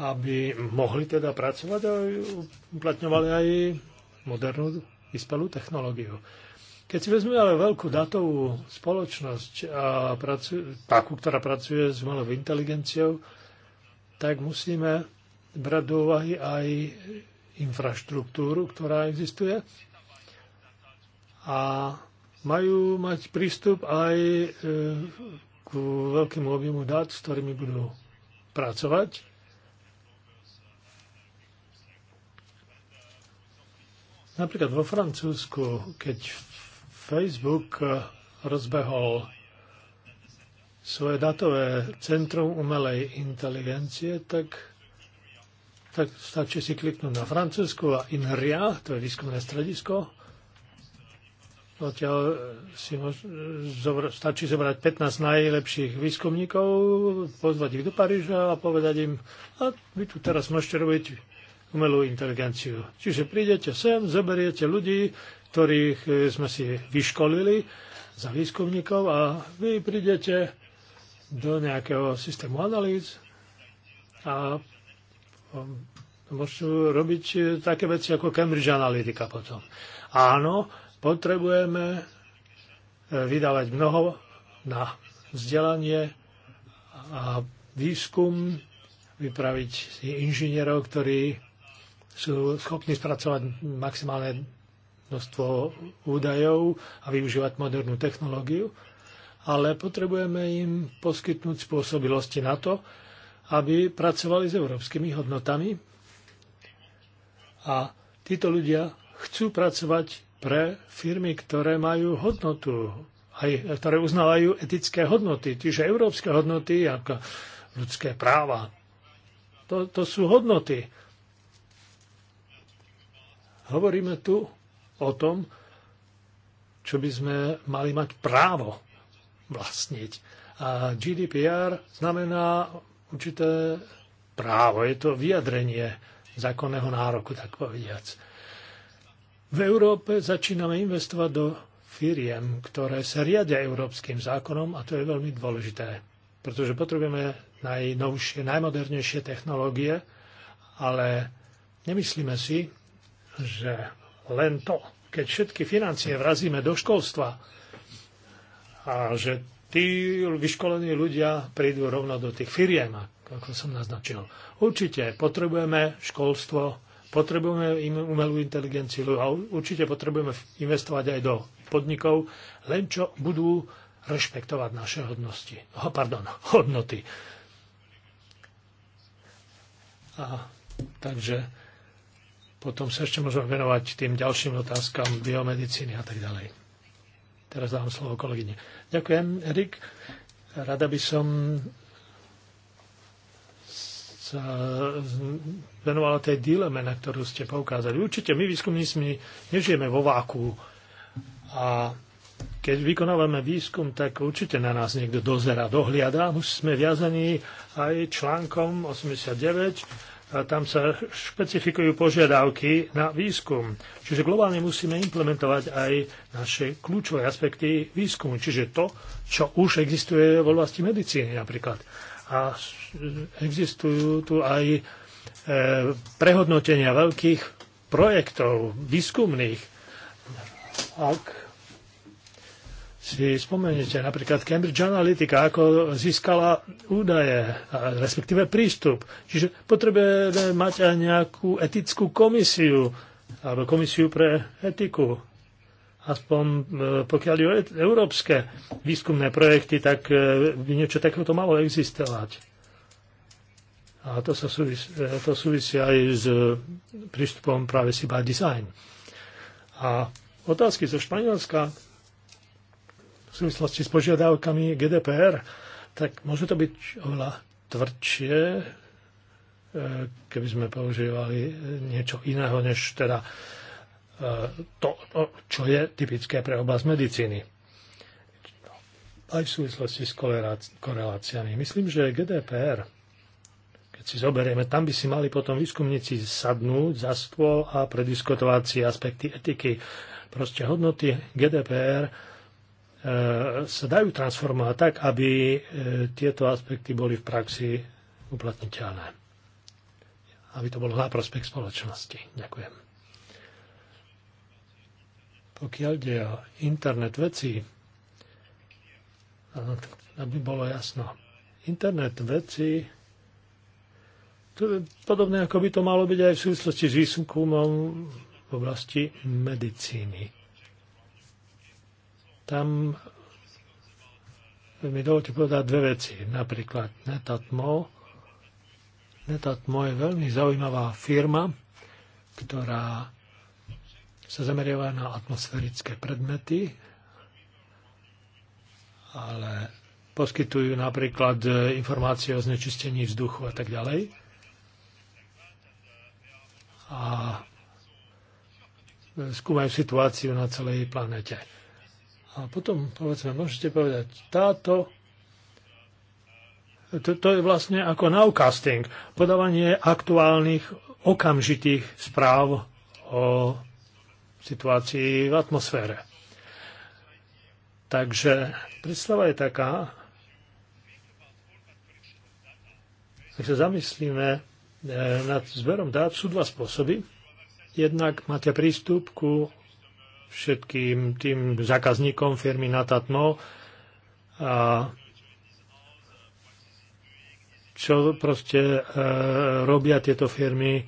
aby mohli teda pracovať a uplatňovali aj modernú vyspelú technológiu. Keď si vezmeme ale veľkú datovú spoločnosť, a pracu, takú, ktorá pracuje s malou inteligenciou, tak musíme brať do úvahy aj infraštruktúru, ktorá existuje. A majú mať prístup aj e, k veľkému objemu dát, s ktorými budú pracovať. Napríklad vo Francúzsku, keď Facebook rozbehol svoje datové centrum umelej inteligencie, tak, tak stačí si kliknúť na Francúzsku a INRIA, to je výskumné stredisko, Zatiaľ si mož, zobra, stačí zobrať 15 najlepších výskumníkov, pozvať ich do Paríža a povedať im, a vy tu teraz môžete robiť umelú inteligenciu. Čiže prídete sem, zoberiete ľudí, ktorých eh, sme si vyškolili za výskumníkov a vy prídete do nejakého systému analýz a um, môžete robiť eh, také veci ako Cambridge Analytica potom. Áno, Potrebujeme eh, vydávať mnoho na vzdelanie a výskum, vypraviť inžinierov, ktorí sú schopní spracovať maximálne množstvo údajov a využívať modernú technológiu, ale potrebujeme im poskytnúť spôsobilosti na to, aby pracovali s európskymi hodnotami. A títo ľudia chcú pracovať pre firmy, ktoré majú hodnotu, aj, ktoré uznávajú etické hodnoty, čiže európske hodnoty ako ľudské práva. To, to sú hodnoty. Hovoríme tu o tom, čo by sme mali mať právo vlastniť. A GDPR znamená určité právo, je to vyjadrenie zákonného nároku, tak povediac. V Európe začíname investovať do firiem, ktoré sa riadia európskym zákonom a to je veľmi dôležité, pretože potrebujeme najnovšie, najmodernejšie technológie, ale nemyslíme si, že len to, keď všetky financie vrazíme do školstva a že tí vyškolení ľudia prídu rovno do tých firiem, ako som naznačil. Určite potrebujeme školstvo Potrebujeme umelú inteligenciu a určite potrebujeme investovať aj do podnikov, len čo budú rešpektovať naše hodnosti. Oh, pardon, hodnoty. A, takže potom sa ešte môžeme venovať tým ďalším otázkam biomedicíny a tak ďalej. Teraz dám slovo kolegyne. Ďakujem, Erik. Rada by som sa venovala tej dileme, na ktorú ste poukázali. Určite my výskumníci nežijeme vo váku a keď vykonávame výskum, tak určite na nás niekto dozera, dohliada. Sme viazaní aj článkom 89 a tam sa špecifikujú požiadavky na výskum. Čiže globálne musíme implementovať aj naše kľúčové aspekty výskumu, čiže to, čo už existuje v oblasti medicíny napríklad a existujú tu aj e, prehodnotenia veľkých projektov výskumných. Ak si spomeniete napríklad Cambridge Analytica, ako získala údaje, respektíve prístup. Čiže potrebujeme mať aj nejakú etickú komisiu, alebo komisiu pre etiku aspoň e, pokiaľ je európske výskumné projekty, tak e, by niečo takéto malo existovať. A to, sa súvisí, e, to súvisí aj s prístupom práve si by design. A otázky zo Španielska v súvislosti s požiadavkami GDPR, tak môže to byť oveľa tvrdšie, keby sme používali niečo iného, než teda E, to, čo je typické pre oblasť medicíny. Aj v súvislosti s koreláciami. Myslím, že GDPR, keď si zoberieme, tam by si mali potom výskumníci sadnúť za stôl a prediskutovať si aspekty etiky. Proste hodnoty GDPR e, sa dajú transformovať tak, aby e, tieto aspekty boli v praxi uplatniteľné. Aby to bolo na prospech spoločnosti. Ďakujem. Pokiaľ ide o internet veci, aby bolo jasno, internet veci, to je podobné, ako by to malo byť aj v súvislosti s výskumom v oblasti medicíny. Tam mi dovolte povedať dve veci. Napríklad Netatmo. Netatmo je veľmi zaujímavá firma, ktorá sa zameriava na atmosférické predmety, ale poskytujú napríklad e, informácie o znečistení vzduchu a tak ďalej. A e, skúmajú situáciu na celej planete. A potom, povedzme, môžete povedať, táto to, to je vlastne ako nowcasting, podávanie aktuálnych okamžitých správ o situácii v atmosfére. Takže predstava je taká, ak sa zamyslíme e, nad zberom dát, sú dva spôsoby. Jednak máte prístup ku všetkým tým zákazníkom firmy Natatmo a čo proste e, robia tieto firmy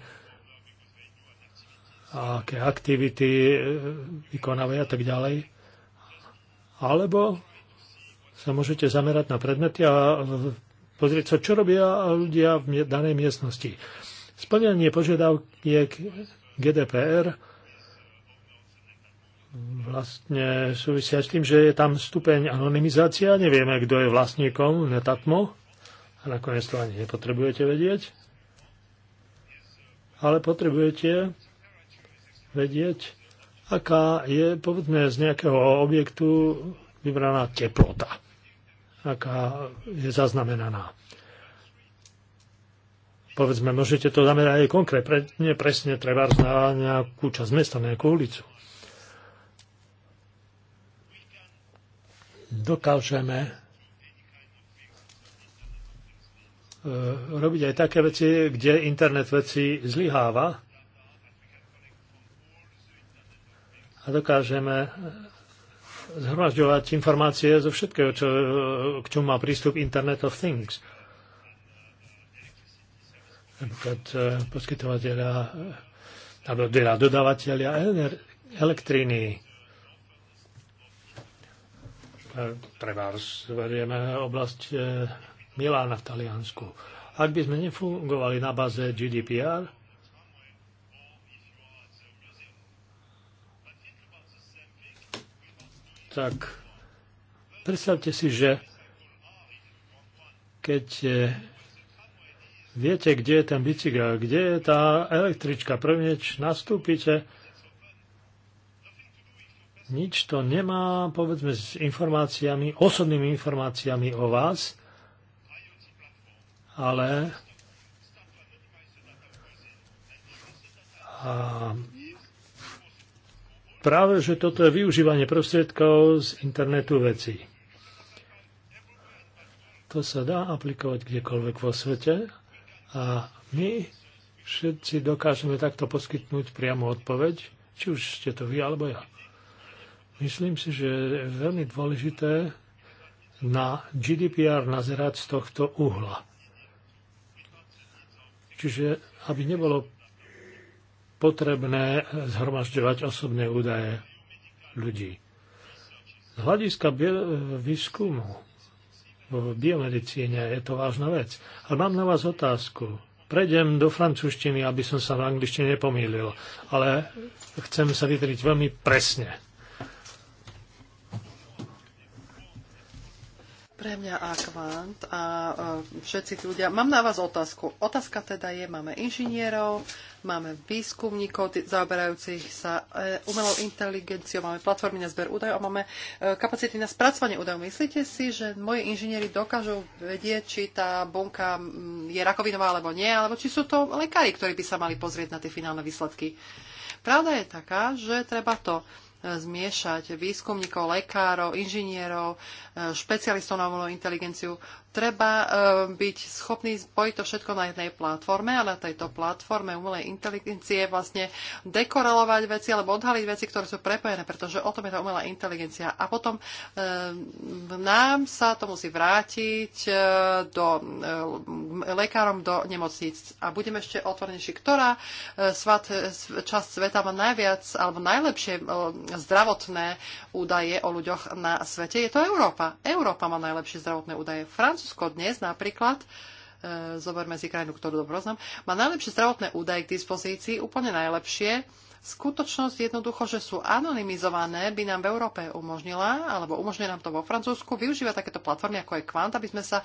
a aké aktivity e, vykonávajú a tak ďalej. Alebo sa môžete zamerať na predmety a pozrieť sa, čo robia ľudia v danej miestnosti. Splnenie požiadaviek GDPR vlastne súvisia s tým, že je tam stupeň anonymizácia, nevieme, kto je vlastníkom netatmo a nakoniec to ani nepotrebujete vedieť, ale potrebujete vedieť, aká je, povedzme, z nejakého objektu vybraná teplota, aká je zaznamenaná. Povedzme, môžete to zamerať aj konkrétne, presne treba na nejakú časť mesta, nejakú ulicu. Dokážeme e, robiť aj také veci, kde internet veci zlyháva, dokážeme eh, zhromažďovať informácie zo všetkého, čo, eh, k čomu má prístup Internet of Things. Napríklad eh, poskytovateľa alebo teda dodávateľia elektriny. Treba zverieme oblasť Milána v Taliansku. Ak by sme nefungovali na baze GDPR, tak predstavte si, že keď eh, viete, kde je ten bicykel, kde je tá električka, prvneč nastúpite, nič to nemá, povedzme, s informáciami, osobnými informáciami o vás, ale a práve, že toto je využívanie prostriedkov z internetu vecí. To sa dá aplikovať kdekoľvek vo svete a my všetci dokážeme takto poskytnúť priamu odpoveď, či už ste to vy alebo ja. Myslím si, že je veľmi dôležité na GDPR nazerať z tohto uhla. Čiže aby nebolo potrebné zhromažďovať osobné údaje ľudí. Z hľadiska výskumu v biomedicíne je to vážna vec. Ale mám na vás otázku. Prejdem do francúzštiny, aby som sa v angličtine nepomýlil, ale chcem sa vytriť veľmi presne.
pre mňa a kvant a všetci tí ľudia. Mám na vás otázku. Otázka teda je, máme inžinierov, máme výskumníkov zaoberajúcich sa e, umelou inteligenciou, máme platformy na zber údajov a máme e, kapacity na spracovanie údajov. Myslíte si, že moji inžinieri dokážu vedieť, či tá bunka je rakovinová alebo nie, alebo či sú to lekári, ktorí by sa mali pozrieť na tie finálne výsledky? Pravda je taká, že treba to e, zmiešať výskumníkov, lekárov, inžinierov, špecialistov na umelú inteligenciu. Treba e, byť schopný spojiť to všetko na jednej platforme ale na tejto platforme umelej inteligencie vlastne dekorelovať veci alebo odhaliť veci, ktoré sú prepojené, pretože o tom je tá umelá inteligencia. A potom e, nám sa to musí vrátiť e, do lekárom do nemocníc. A budeme ešte otvornejší, ktorá svat, časť sveta má najviac alebo najlepšie zdravotné údaje o ľuďoch na svete. Je to Európa. Európa. Európa má najlepšie zdravotné údaje. Francúzsko dnes napríklad e, zoberme si krajinu, ktorú dobro znam, má najlepšie zdravotné údaje k dispozícii, úplne najlepšie Skutočnosť jednoducho, že sú anonymizované, by nám v Európe umožnila, alebo umožňuje nám to vo Francúzsku, využívať takéto platformy ako je Quant, aby sme sa e,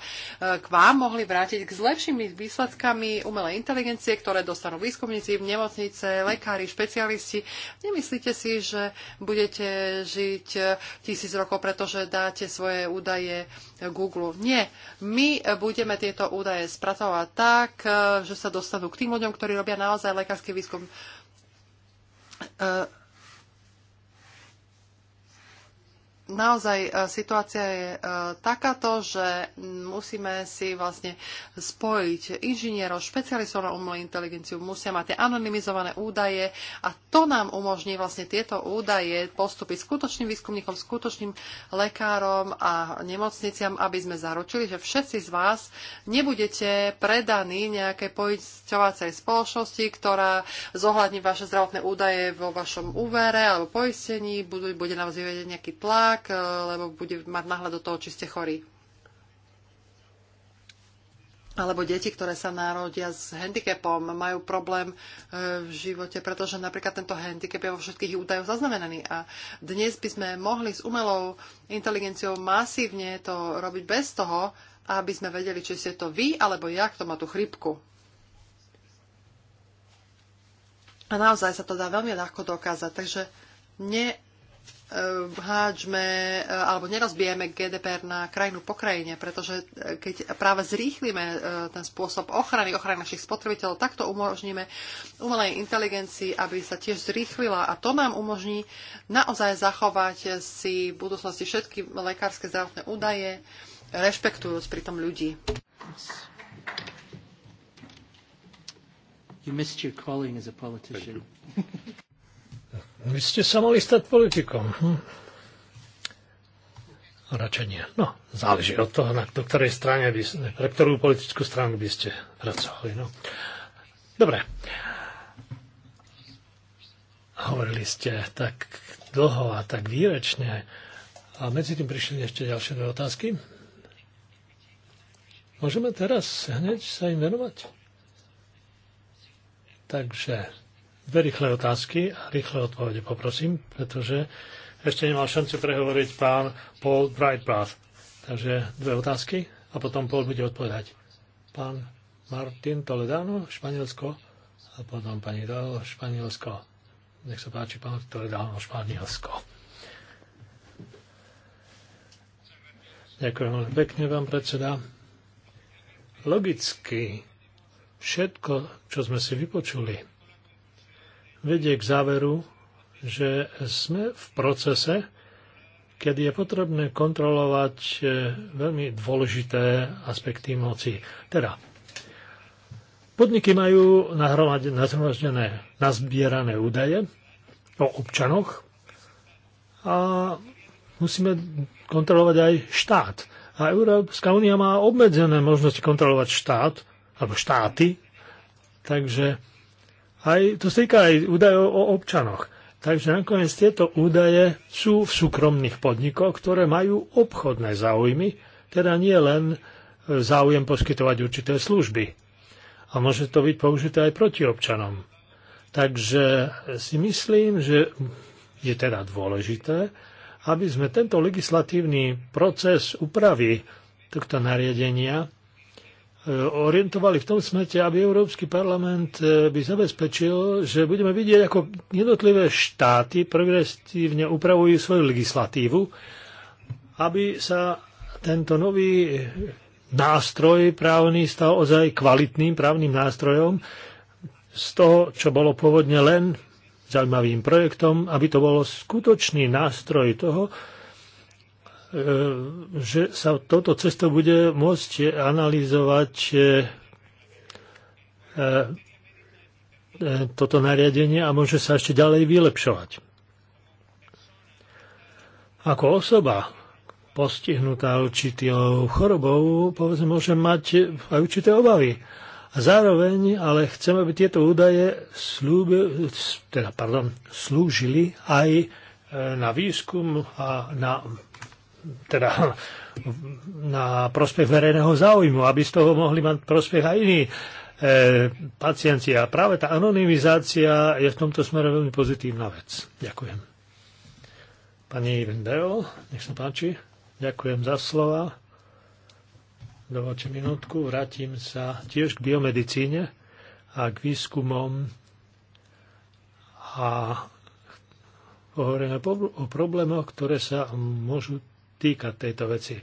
k vám mohli vrátiť k zlepšími výsledkami umelej inteligencie, ktoré dostanú výskumníci, nemocnice, lekári, špecialisti. Nemyslíte si, že budete žiť e, tisíc rokov, pretože dáte svoje údaje Google. Nie. My budeme tieto údaje spracovať tak, e, že sa dostanú k tým ľuďom, ktorí robia naozaj lekársky výskum Uh, naozaj e, situácia je e, takáto, že musíme si vlastne spojiť inžinierov, špecialistov na umelú inteligenciu, musia mať tie anonymizované údaje a to nám umožní vlastne tieto údaje postúpiť skutočným výskumníkom, skutočným lekárom a nemocniciam, aby sme zaručili, že všetci z vás nebudete predaní nejakej poisťovacej spoločnosti, ktorá zohľadní vaše zdravotné údaje vo vašom úvere alebo poistení, bude na vás vyvedieť nejaký tlak, tak, e, lebo bude mať náhľad do toho, či ste chorí. Alebo deti, ktoré sa narodia s handicapom, majú problém e, v živote, pretože napríklad tento handicap je vo všetkých údajoch zaznamenaný. A dnes by sme mohli s umelou inteligenciou masívne to robiť bez toho, aby sme vedeli, či ste to vy alebo ja, kto má tú chrypku. A naozaj sa to dá veľmi ľahko dokázať. Takže hádžme eh, alebo nerozbijeme GDPR na krajinu po krajine, pretože eh, keď práve zrýchlime eh, ten spôsob ochrany, ochrany našich spotrebiteľov, takto umožníme umelej inteligencii, aby sa tiež zrýchlila a to nám umožní naozaj zachovať si v budúcnosti všetky lekárske zdravotné údaje, rešpektujúc pritom ľudí.
You missed your calling as a politician. Vy ste sa mali stať politikom. Hm? Radšej nie. No, záleží od toho, na do ktorej strane by, pre ktorú politickú stranu by ste pracovali. No. Dobre. Hovorili ste tak dlho a tak výrečne. A medzi tým prišli ešte ďalšie dve otázky. Môžeme teraz hneď sa im venovať? Takže Dve rýchle otázky a rýchle odpovede poprosím, pretože ešte nemal šancu prehovoriť pán Paul Brightpath. Takže dve otázky a potom Paul bude odpovedať. Pán Martin Toledano, Španielsko a potom pani Dal, Španielsko. Nech sa páči, pán Toledano, Španielsko. Ďakujem veľmi pekne vám, predseda. Logicky všetko, čo sme si vypočuli, vedie k záveru, že sme v procese, kedy je potrebné kontrolovať eh, veľmi dôležité aspekty moci. Teda, podniky majú nahromadené, nazbierané údaje o občanoch a musíme kontrolovať aj štát. A Európska únia má obmedzené možnosti kontrolovať štát, alebo štáty, takže aj, to sa týka aj údajov o občanoch. Takže nakoniec tieto údaje sú v súkromných podnikoch, ktoré majú obchodné záujmy, teda nie len e, záujem poskytovať určité služby. A môže to byť použité aj proti občanom. Takže si myslím, že je teda dôležité, aby sme tento legislatívny proces upravy tohto nariadenia E, orientovali v tom smete, aby Európsky parlament e, by zabezpečil, že budeme vidieť, ako jednotlivé štáty progresívne upravujú svoju legislatívu, aby sa tento nový nástroj právny stal ozaj kvalitným právnym nástrojom z toho, čo bolo pôvodne len zaujímavým projektom, aby to bolo skutočný nástroj toho, E, že sa touto cestou bude môcť analyzovať e, e, toto nariadenie a môže sa ešte ďalej vylepšovať. Ako osoba postihnutá určitou chorobou, povedzme, môže mať aj určité obavy. A zároveň ale chceme, aby tieto údaje slúbe, teda, pardon, slúžili aj na výskum a na teda na prospech verejného záujmu, aby z toho mohli mať prospech aj iní e, pacienti. A práve tá anonymizácia je v tomto smere veľmi pozitívna vec. Ďakujem. Pani Vendeo, nech sa páči. Ďakujem za slova. Dovolte minútku, vrátim sa tiež k biomedicíne a k výskumom a hovoríme o problémoch, ktoré sa môžu týka tejto veci.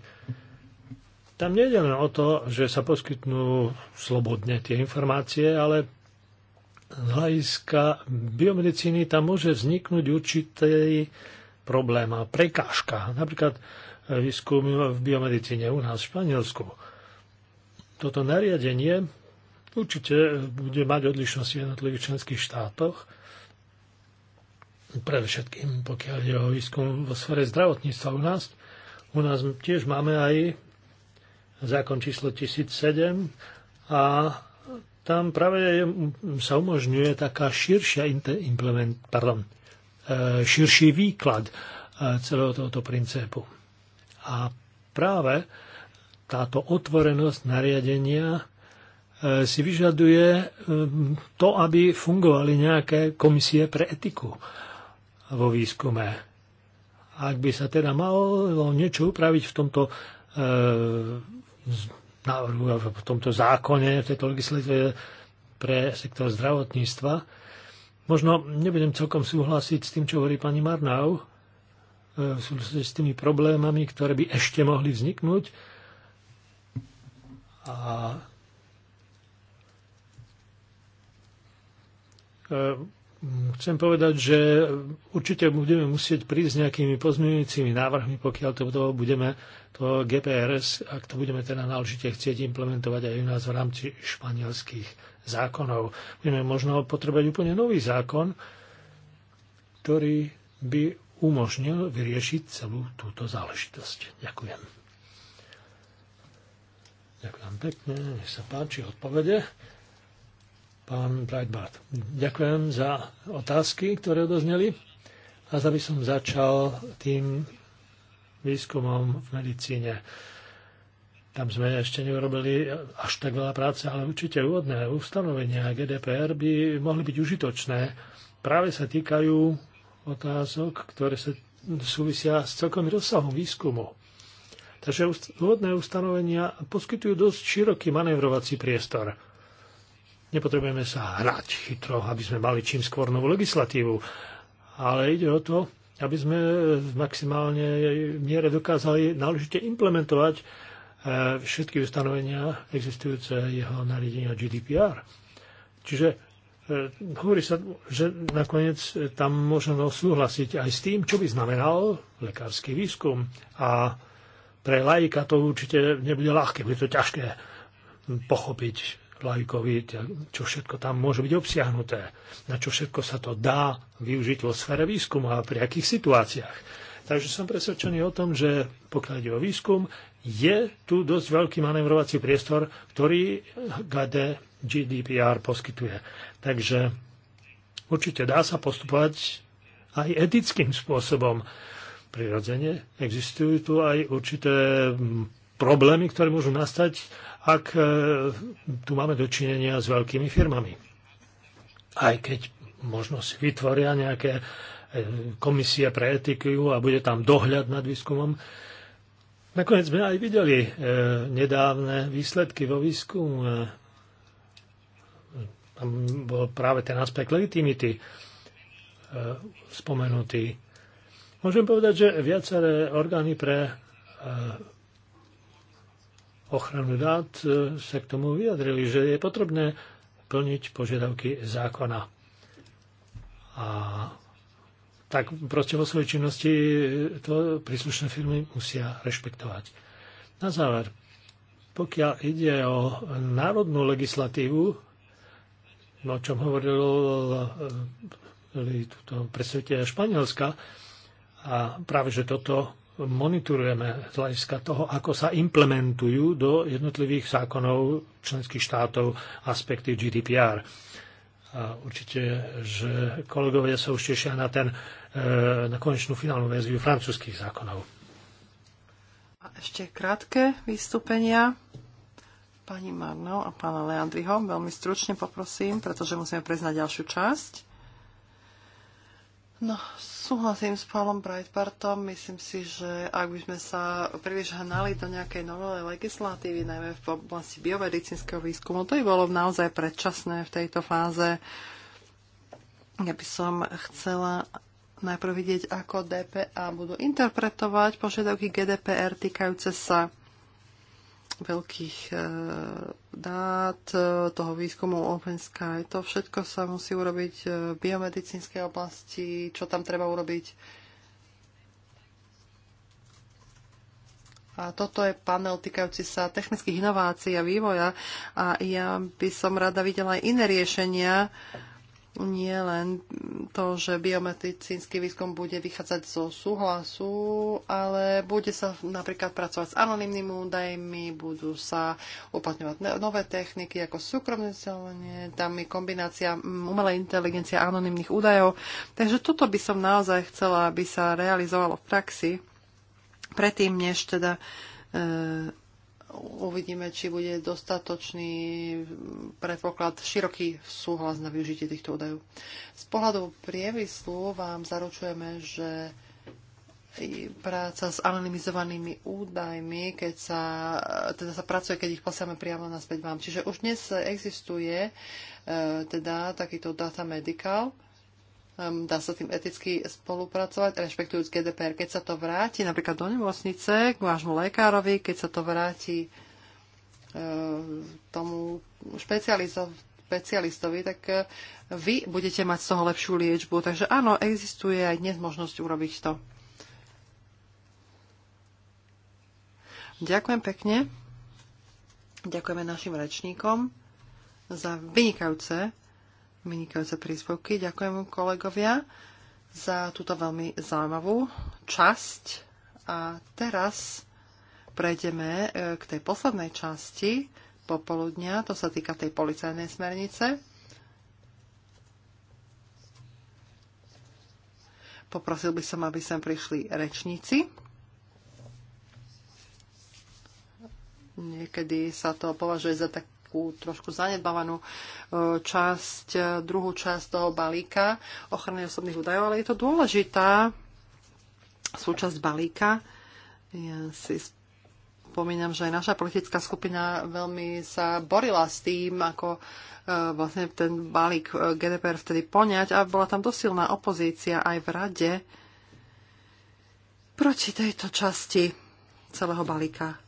Tam nejde len o to, že sa poskytnú slobodne tie informácie, ale z hľadiska biomedicíny tam môže vzniknúť určitý problém a prekážka. Napríklad výskum v biomedicíne u nás v Španielsku. Toto nariadenie určite bude mať odlišnosti v jednotlivých členských štátoch, predovšetkým pokiaľ je o výskum vo sfere zdravotníctva u nás, u nás tiež máme aj zákon číslo 1007 a tam práve sa umožňuje taká širšia implement, pardon, e, širší výklad e, celého tohoto princípu. A práve táto otvorenosť nariadenia e, si vyžaduje to, aby fungovali nejaké komisie pre etiku vo výskume ak by sa teda malo niečo upraviť v tomto e, návrhu, v tomto zákone, v tejto legislatíve pre sektor zdravotníctva, možno nebudem celkom súhlasiť s tým, čo hovorí pani Marnau, e, s tými problémami, ktoré by ešte mohli vzniknúť. A e, Mm, chcem povedať, že určite budeme musieť prísť s nejakými pozmeňujúcimi návrhmi, pokiaľ to budeme to GPRS, ak to budeme teda náležite chcieť implementovať aj u nás v rámci španielských zákonov. Budeme možno potrebať úplne nový zákon, ktorý by umožnil vyriešiť celú túto záležitosť. Ďakujem. Ďakujem pekne, nech sa páči odpovede pán Breitbart. Ďakujem za otázky, ktoré odozneli. A za by som začal tým výskumom v medicíne. Tam sme ešte neurobili až tak veľa práce, ale určite úvodné ustanovenia GDPR by mohli byť užitočné. Práve sa týkajú otázok, ktoré sa súvisia s celkovým rozsahom výskumu. Takže úvodné ustanovenia poskytujú dosť široký manevrovací priestor Nepotrebujeme sa hrať chytro, aby sme mali čím skôr novú legislatívu, ale ide o to, aby sme v maximálne miere dokázali náležite implementovať e, všetky ustanovenia existujúceho nariadenia GDPR. Čiže e, hovorí sa, že nakoniec tam možno súhlasiť aj s tým, čo by znamenal lekársky výskum. A pre lajka to určite nebude ľahké, bude to ťažké pochopiť lajkovi, čo všetko tam môže byť obsiahnuté, na čo všetko sa to dá využiť vo sfere výskumu a pri akých situáciách. Takže som presvedčený o tom, že pokiaľ ide o výskum, je tu dosť veľký manevrovací priestor, ktorý GAD GDPR poskytuje. Takže určite dá sa postupovať aj etickým spôsobom. Prirodzene existujú tu aj určité problémy, ktoré môžu nastať ak e, tu máme dočinenia s veľkými firmami. Aj keď možno si vytvoria nejaké e, komisie pre etiku a bude tam dohľad nad výskumom. Nakoniec sme aj videli e, nedávne výsledky vo výskumu. Tam bol práve ten aspekt legitimity spomenutý. Môžem povedať, že viaceré orgány pre ochranu dát e, sa k tomu vyjadrili, že je potrebné plniť požiadavky zákona. A tak proste vo svojej činnosti to príslušné firmy musia rešpektovať. Na záver, pokiaľ ide o národnú legislatívu, no, o čom hovorili e, e, tuto presvetia Španielska, a práve že toto monitorujeme z hľadiska toho, ako sa implementujú do jednotlivých zákonov členských štátov aspekty GDPR. A určite, že kolegovia sa už tešia na, ten, e, na konečnú finálnu verziu francúzských zákonov.
A ešte krátke vystúpenia pani Marno a pána Leandriho. Veľmi stručne poprosím, pretože musíme preznať ďalšiu časť. No, súhlasím s pánom Breitbartom. Myslím si, že ak by sme sa príliš hnali do nejakej novej legislatívy, najmä v oblasti biomedicínskeho výskumu, to by bolo naozaj predčasné v tejto fáze. Ja by som chcela najprv vidieť, ako DPA budú interpretovať požiadavky GDPR týkajúce sa veľkých e, dát, e, toho výskumu Open Sky. To všetko sa musí urobiť e, v biomedicínskej oblasti, čo tam treba urobiť. A toto je panel týkajúci sa technických inovácií a vývoja a ja by som rada videla aj iné riešenia, nie len to, že biomedicínsky výskum bude vychádzať zo súhlasu, ale bude sa napríklad pracovať s anonimnými údajmi, budú sa uplatňovať nové techniky ako súkromné vzdelanie, tam je kombinácia umelej inteligencie a anonimných údajov. Takže toto by som naozaj chcela, aby sa realizovalo v praxi, predtým než teda e uvidíme, či bude dostatočný predpoklad široký súhlas na využitie týchto údajov. Z pohľadu priemyslu vám zaručujeme, že práca s anonymizovanými údajmi, keď sa, teda sa pracuje, keď ich posielame priamo naspäť vám. Čiže už dnes existuje e, teda takýto data medical, Ehm, dá sa tým eticky spolupracovať, rešpektujúc GDPR. Keď sa to vráti napríklad do nemocnice, k vášmu lekárovi, keď sa to vráti uh, tomu špecialistovi, tak eh, vy budete mať z toho lepšiu liečbu. Takže áno, existuje aj dnes možnosť urobiť to. Ďakujem pekne. Ďakujeme našim rečníkom za vynikajúce vynikajúce príspevky. Ďakujem kolegovia za túto veľmi zaujímavú časť. A teraz prejdeme e, k tej poslednej časti popoludnia. To sa týka tej policajnej smernice. Poprosil by som, aby sem prišli rečníci. Niekedy sa to považuje za tak takú trošku zanedbávanú e, časť, e, druhú časť toho balíka ochrany osobných údajov, ale je to dôležitá súčasť balíka. Ja si spomínam, že aj naša politická skupina veľmi sa borila s tým, ako e, vlastne ten balík GDPR vtedy poňať a bola tam dosilná opozícia aj v rade proti tejto časti celého balíka.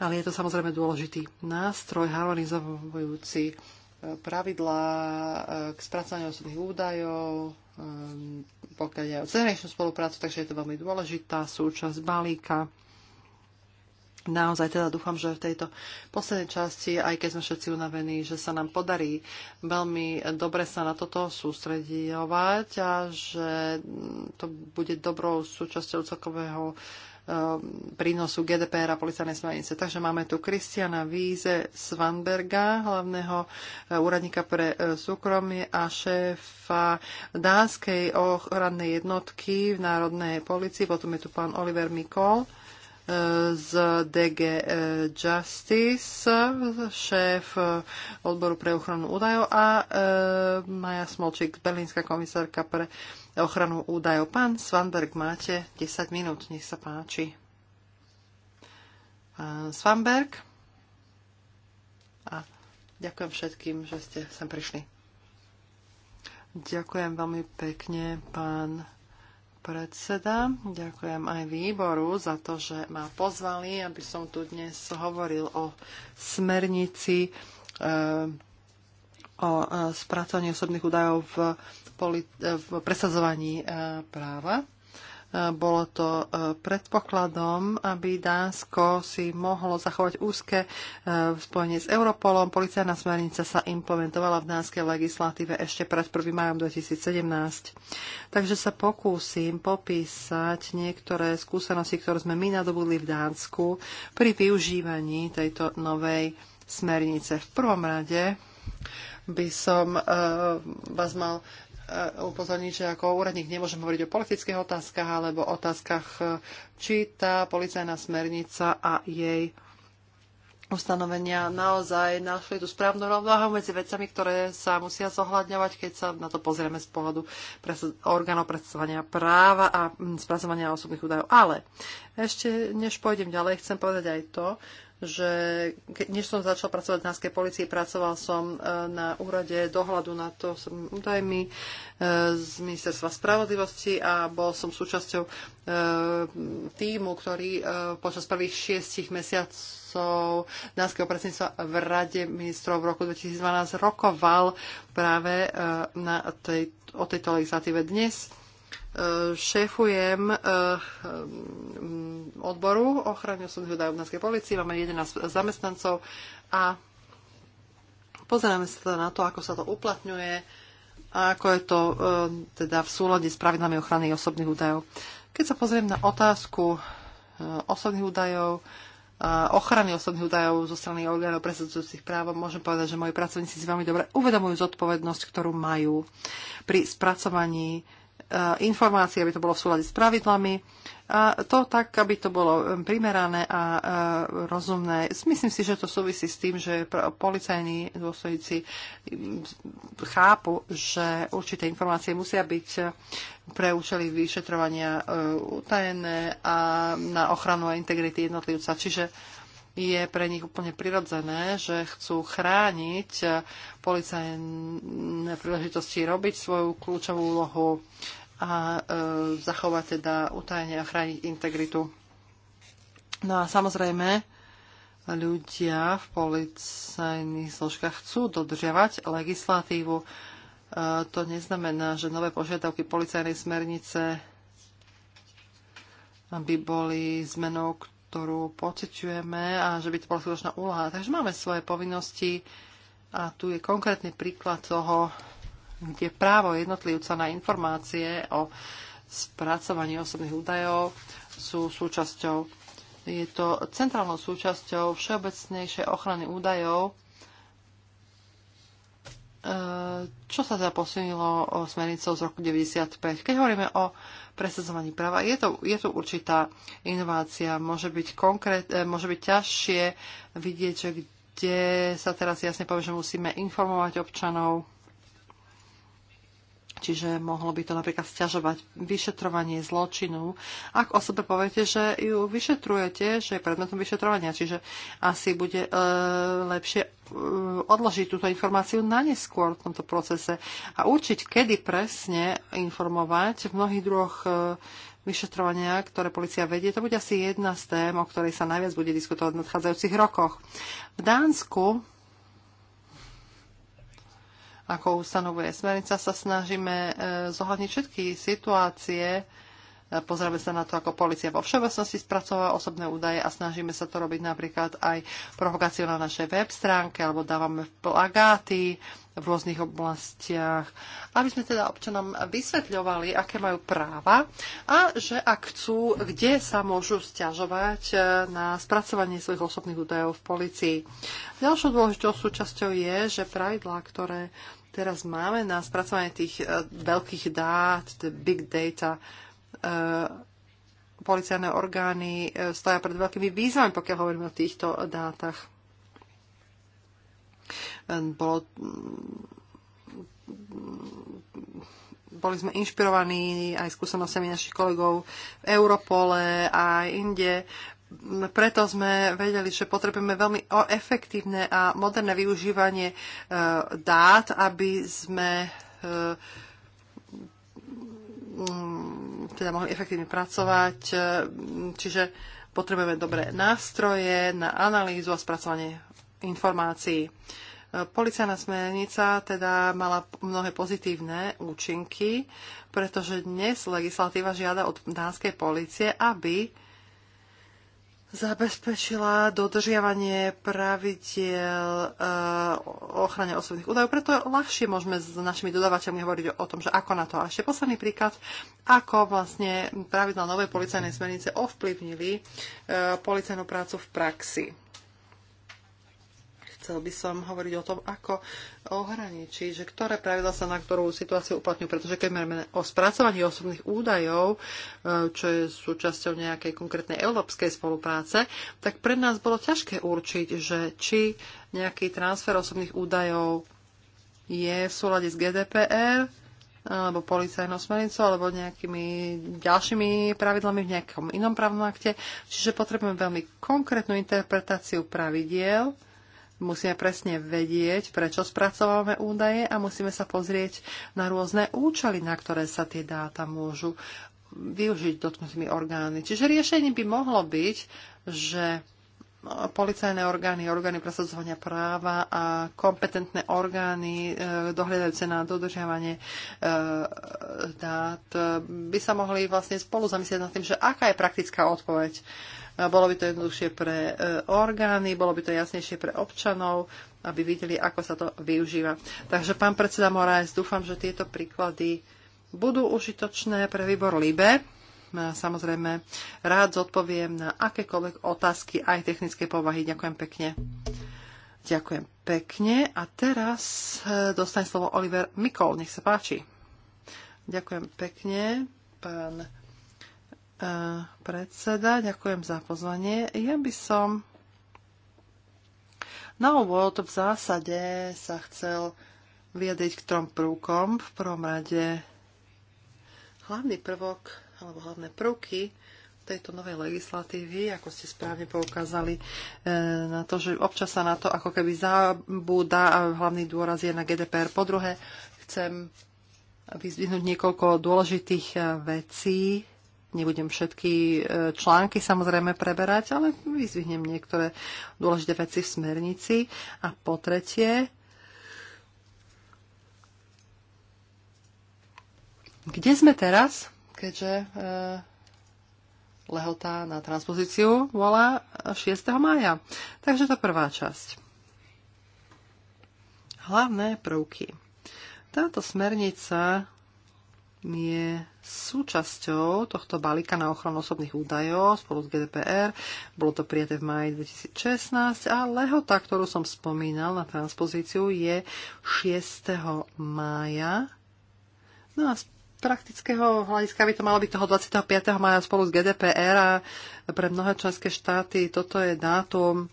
ale je to samozrejme dôležitý nástroj harmonizovujúci e, pravidlá e, k spracovaniu osobných údajov, e, pokiaľ je o cenejšiu spoluprácu, takže je to veľmi dôležitá súčasť balíka. Naozaj teda dúfam, že v tejto poslednej časti, aj keď sme všetci unavení, že sa nám podarí veľmi dobre sa na toto sústrediovať a že to bude dobrou súčasťou celkového uh, Um, prínosu GDPR a policajnej smernice. Takže máme tu Kristiana Víze Svanberga, hlavného uh, úradníka pre uh, súkromie a šéfa dánskej ochrannej jednotky v Národnej policii. Potom je tu pán Oliver Mikol, z DG e, Justice, šéf e, odboru pre ochranu údajov a e, Maja Smolčík, berlínska komisárka pre ochranu údajov. Pán Svanberg, máte 10 minút, nech sa páči. Pán Svanberg. A ďakujem všetkým, že ste sem prišli. Ďakujem veľmi pekne, pán predseda. Ďakujem aj výboru za to, že ma pozvali, aby som tu dnes hovoril o smernici eh, o eh, spracovaní osobných údajov v, v presadzovaní eh, práva. E, bolo to e, predpokladom, aby Dánsko si mohlo zachovať úzke e, spojenie s Europolom. Policajná smernica sa implementovala v dánskej legislatíve ešte pred 1. majom 2017. Takže sa pokúsim popísať niektoré skúsenosti, ktoré sme my nadobudli v Dánsku pri využívaní tejto novej smernice. V prvom rade by som uh, vás mal E, upozorniť, že ako úradník nemôžem hovoriť o politických otázkach alebo otázkach e, či tá policajná smernica a jej ustanovenia naozaj našli tú správnu rovnováhu medzi vecami, ktoré sa musia zohľadňovať, keď sa na to pozrieme z pohľadu orgánov predstavovania práva a mm, spracovania osobných údajov. Ale ešte než pôjdem ďalej, chcem povedať aj to, že než som začal pracovať v Dánskej policii, pracoval som e, na úrade dohľadu na to som údajmi e, z Ministerstva spravodlivosti a bol som súčasťou e, týmu, ktorý počas prvých šiestich mesiacov Dánskeho predsedníctva v Rade ministrov v roku 2012 rokoval práve na tej, o tejto legislatíve dnes šéfujem eh, eh, odboru ochrany osobných údajov v policii, máme 11 zamestnancov a pozeráme sa na to, ako sa to uplatňuje a ako je to eh, teda v súlade s pravidlami ochrany osobných údajov. Keď sa pozriem na otázku osobných údajov, ochrany osobných údajov zo strany orgánov presadzujúcich práv, môžem povedať, že moji pracovníci si veľmi dobre uvedomujú zodpovednosť, ktorú majú pri spracovaní informácií, aby to bolo v súlade s pravidlami. A to tak, aby to bolo um, primerané a rozumné. Myslím si, že to súvisí s tým, že policajní dôstojníci chápu, že určité informácie musia byť e, pre účely vyšetrovania e, utajené a na ochranu a integrity jednotlivca. Čiže je pre nich úplne prirodzené, že chcú chrániť eh, policajné príležitosti robiť svoju kľúčovú úlohu a e, zachovať teda utajenie a chrániť integritu. No a samozrejme, ľudia v policajných zložkách chcú dodržiavať legislatívu. E, to neznamená, že nové požiadavky policajnej smernice by boli zmenou, ktorú pociťujeme a že by to bola skutočná úloha. Takže máme svoje povinnosti a tu je konkrétny príklad toho, kde právo jednotlivca na informácie o spracovaní osobných údajov sú súčasťou je to centrálnou súčasťou všeobecnejšej ochrany údajov, e, čo sa zaposlenilo teda posunilo smernicou z roku 95. Keď hovoríme o presadzovaní práva. Je to, je to určitá inovácia. Môže byť, konkrét, e, môže byť ťažšie vidieť, že kde sa teraz jasne povie, že musíme informovať občanov Čiže mohlo by to napríklad stiažovať vyšetrovanie zločinu, ak osobe poviete, že ju vyšetrujete, že je predmetom vyšetrovania. Čiže asi bude e, lepšie e, odložiť túto informáciu na neskôr v tomto procese a určiť, kedy presne informovať v mnohých druhoch e, vyšetrovania, ktoré policia vedie, to bude asi jedna z tém, o ktorej sa najviac bude diskutovať v nadchádzajúcich rokoch. V Dánsku ako ustanovuje smernica, sa snažíme e, zohľadniť všetky situácie, e, Pozrieme sa na to, ako policia vo všeobecnosti spracová osobné údaje a snažíme sa to robiť napríklad aj provokáciou na našej web stránke alebo dávame plagáty v rôznych oblastiach, aby sme teda občanom vysvetľovali, aké majú práva a že ak chcú, kde sa môžu stiažovať e, na spracovanie svojich osobných údajov v policii. Ďalšou dôležitou súčasťou je, že pravidlá, ktoré teraz máme na spracovanie tých e, veľkých dát, big data, e, policajné orgány stoja pred veľkými výzvami, pokiaľ hovoríme o týchto dátach. Ehm, bolo, boli sme inšpirovaní aj skúsenosťami našich kolegov v Europole a inde. Preto sme vedeli, že potrebujeme veľmi efektívne a moderné využívanie e, dát, aby sme e, mm, teda mohli efektívne pracovať. E, čiže potrebujeme dobré nástroje na analýzu a spracovanie informácií. Policajná smernica teda mala mnohé pozitívne účinky, pretože dnes legislatíva žiada od dánskej policie, aby zabezpečila dodržiavanie pravidiel e, eh, ochrane osobných údajov. Preto ľahšie môžeme s našimi dodávateľmi hovoriť o tom, že ako na to. A ešte posledný príklad, ako vlastne pravidla novej policajnej smernice ovplyvnili eh, policajnú prácu v praxi. Chcel by som hovoriť o tom, ako ohraničiť, že ktoré pravidla sa na ktorú situáciu uplatňujú, pretože keď máme o spracovaní osobných údajov, e, čo je súčasťou nejakej konkrétnej európskej spolupráce, tak pre nás bolo ťažké určiť, že či nejaký transfer osobných údajov je v súlade s GDPR, alebo policajnou smernicou, alebo nejakými ďalšími pravidlami v nejakom inom právnom akte. Čiže potrebujeme veľmi konkrétnu interpretáciu pravidiel Musíme presne vedieť, prečo spracovávame údaje a musíme sa pozrieť na rôzne účely, na ktoré sa tie dáta môžu využiť dotknutými orgány. Čiže riešením by mohlo byť, že policajné orgány, orgány presadzovania práva a kompetentné orgány e, dohľadajúce na dodržiavanie e, dát e, by sa mohli vlastne spolu zamyslieť nad tým, že aká je praktická odpoveď. Bolo by to jednoduchšie pre e, orgány, bolo by to jasnejšie pre občanov, aby videli, ako sa to využíva. Takže, pán predseda Moraes, dúfam, že tieto príklady budú užitočné pre výbor LIBE. Samozrejme, rád zodpoviem na akékoľvek otázky aj technické povahy. Ďakujem pekne. Ďakujem pekne. A teraz e, dostane slovo Oliver Mikol. Nech sa páči. Ďakujem pekne, pán E, predseda, ďakujem za pozvanie. Ja by som na úvod v zásade sa chcel vyjadriť k trom prvkom. V prvom rade hlavný prvok alebo hlavné prvky tejto novej legislatívy, ako ste správne poukázali, e, na to, že občas sa na to ako keby zabúda a hlavný dôraz je na GDPR. Po druhé, chcem vyzvihnúť niekoľko dôležitých e, vecí, Nebudem všetky e, články samozrejme preberať, ale vyzvihnem niektoré dôležité veci v smernici. A po tretie, kde sme teraz, keďže e, lehota na transpozíciu volá 6. mája. Takže to prvá časť. Hlavné prvky. Táto smernica je súčasťou tohto balíka na ochranu osobných údajov spolu s GDPR. Bolo to prijaté v maji 2016 a lehota, ktorú som spomínal na transpozíciu, je 6. mája. No a z praktického hľadiska by to malo byť toho 25. mája spolu s GDPR a pre mnohé členské štáty toto je dátum,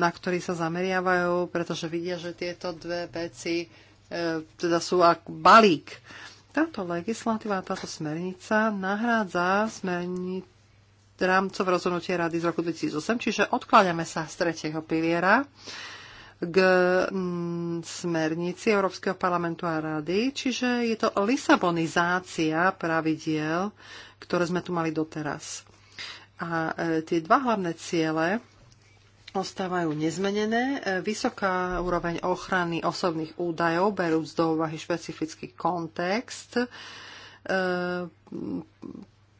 na ktorý sa zameriavajú, pretože vidia, že tieto dve veci e, teda sú ako balík. E, táto legislatíva, táto smernica nahrádza smernic rámcov rozhodnutie rady z roku 2008, čiže odkláňame sa z tretieho piliera k mm, smernici Európskeho parlamentu a rady, čiže je to lisabonizácia pravidiel, ktoré sme tu mali doteraz. A e, tie dva hlavné ciele ostávajú nezmenené. E, vysoká úroveň ochrany osobných údajov berú do úvahy špecifický kontext e,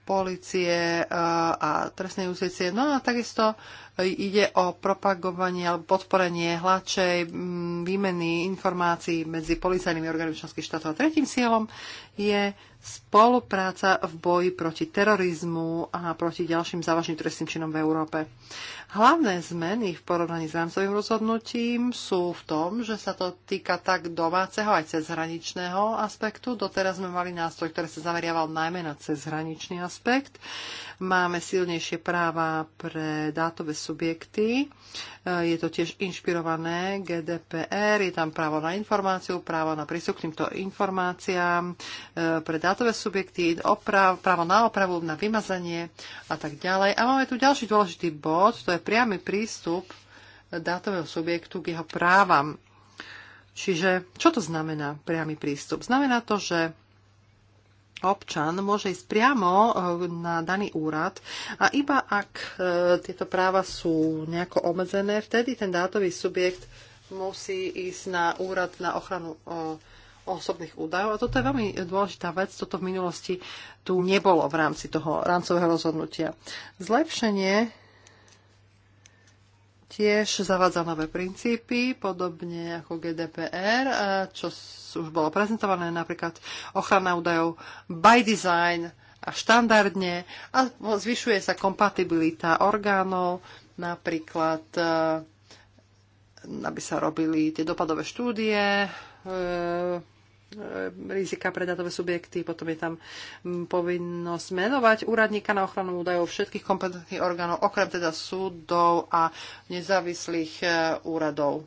policie e, a trestnej justície. No a takisto Ide o propagovanie alebo podporenie hladšej mm, výmeny informácií medzi policajnými orgánmi členských štátov. A tretím cieľom je spolupráca v boji proti terorizmu a proti ďalším závažným trestným činom v Európe. Hlavné zmeny v porovnaní s rámcovým rozhodnutím sú v tom, že sa to týka tak domáceho aj cezhraničného aspektu. Doteraz sme mali nástroj, ktorý sa zameriaval najmä na cezhraničný aspekt Máme silnejšie práva pre dátové subjekty. Eh, je to tiež inšpirované GDPR. Je tam právo na informáciu, právo na prístup k týmto informáciám eh, pre dátové subjekty, oprav, právo na opravu, na vymazanie a tak ďalej. A máme tu ďalší dôležitý bod, to je priamy prístup dátového subjektu k jeho právam. Čiže čo to znamená priamy prístup? Znamená to, že občan môže ísť priamo e, na daný úrad a iba ak e, tieto práva sú nejako obmedzené, vtedy ten dátový subjekt musí ísť na úrad na ochranu e, osobných údajov. A toto je veľmi dôležitá vec, toto v minulosti tu nebolo v rámci toho rámcového rozhodnutia. Zlepšenie tiež zavádza nové princípy, podobne ako GDPR, čo už bolo prezentované, napríklad ochrana údajov by design a štandardne a zvyšuje sa kompatibilita orgánov, napríklad e, aby sa robili tie dopadové štúdie, e, E, rizika pre datové subjekty, potom je tam povinnosť menovať úradníka na ochranu údajov všetkých kompetentných orgánov, okrem teda súdov a nezávislých e, úradov.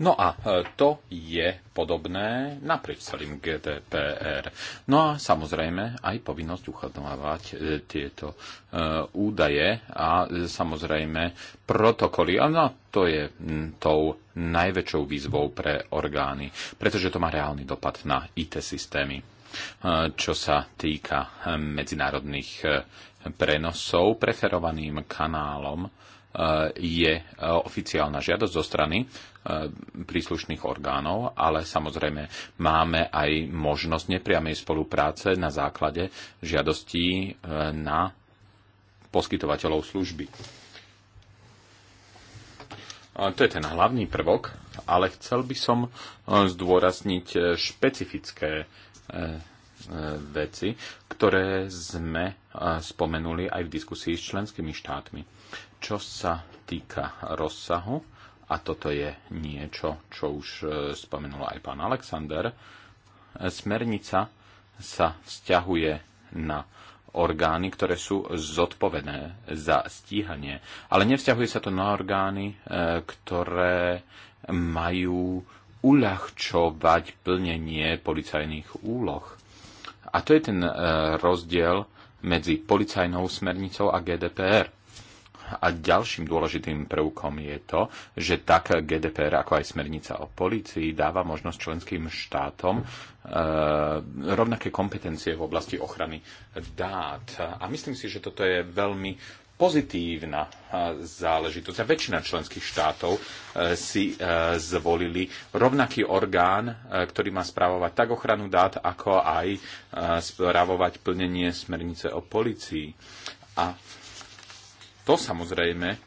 No a e, to je podobné naprieč celým GDPR. No a samozrejme aj povinnosť uchadovávať e, tieto e, údaje a samozrejme protokoly. A no, to je tou najväčšou výzvou pre orgány, pretože to má reálny dopad na IT systémy. Čo sa týka medzinárodných prenosov preferovaným kanálom, Eh, je eh, oficiálna žiadosť zo strany eh, príslušných orgánov, ale samozrejme máme aj možnosť nepriamej spolupráce na základe žiadostí na poskytovateľov služby. To je ten hlavný prvok, ale chcel by som zdôrazniť špecifické veci, ktoré sme spomenuli aj v diskusii s členskými štátmi. Čo sa týka rozsahu, a toto je niečo, čo už e, spomenul aj pán Alexander, e, smernica sa vzťahuje na orgány, ktoré sú zodpovedné za stíhanie. Ale nevzťahuje sa to na orgány, e, ktoré majú uľahčovať plnenie policajných úloh. A to je ten rozdiel medzi policajnou smernicou a GDPR. A ďalším dôležitým prvkom je to, že tak GDPR ako aj smernica o polícii dáva možnosť členským štátom e, rovnaké kompetencie v oblasti ochrany dát. A myslím si, že toto je veľmi pozitívna e, záležitosť. A väčšina členských štátov e, si e, zvolili rovnaký orgán, ktorý má správovať tak ochranu dát, ako aj správovať plnenie smernice o policii. A to samozrejme e,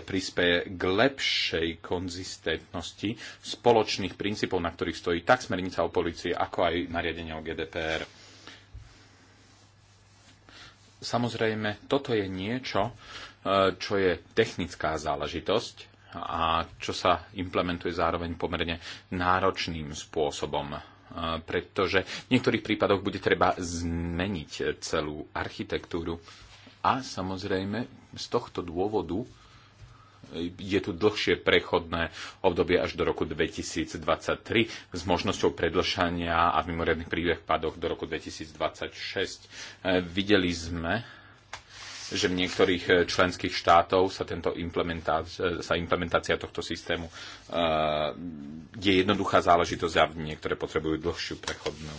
prispieje k lepšej konzistentnosti spoločných princípov, na ktorých stojí tak smernica o policii, ako aj nariadenie o GDPR. Samozrejme, toto je niečo, e, čo je technická záležitosť a čo sa implementuje zároveň pomerne náročným spôsobom e, pretože v niektorých prípadoch bude treba zmeniť celú architektúru a samozrejme, z tohto dôvodu e, je tu dlhšie prechodné obdobie až do roku 2023 s možnosťou predlšania a v mimoriadných prípadoch do roku 2026. E, videli sme, že v niektorých e, členských štátov sa, tento implementácia, sa implementácia tohto systému je jednoduchá záležitosť a niektoré potrebujú dlhšiu prechodnú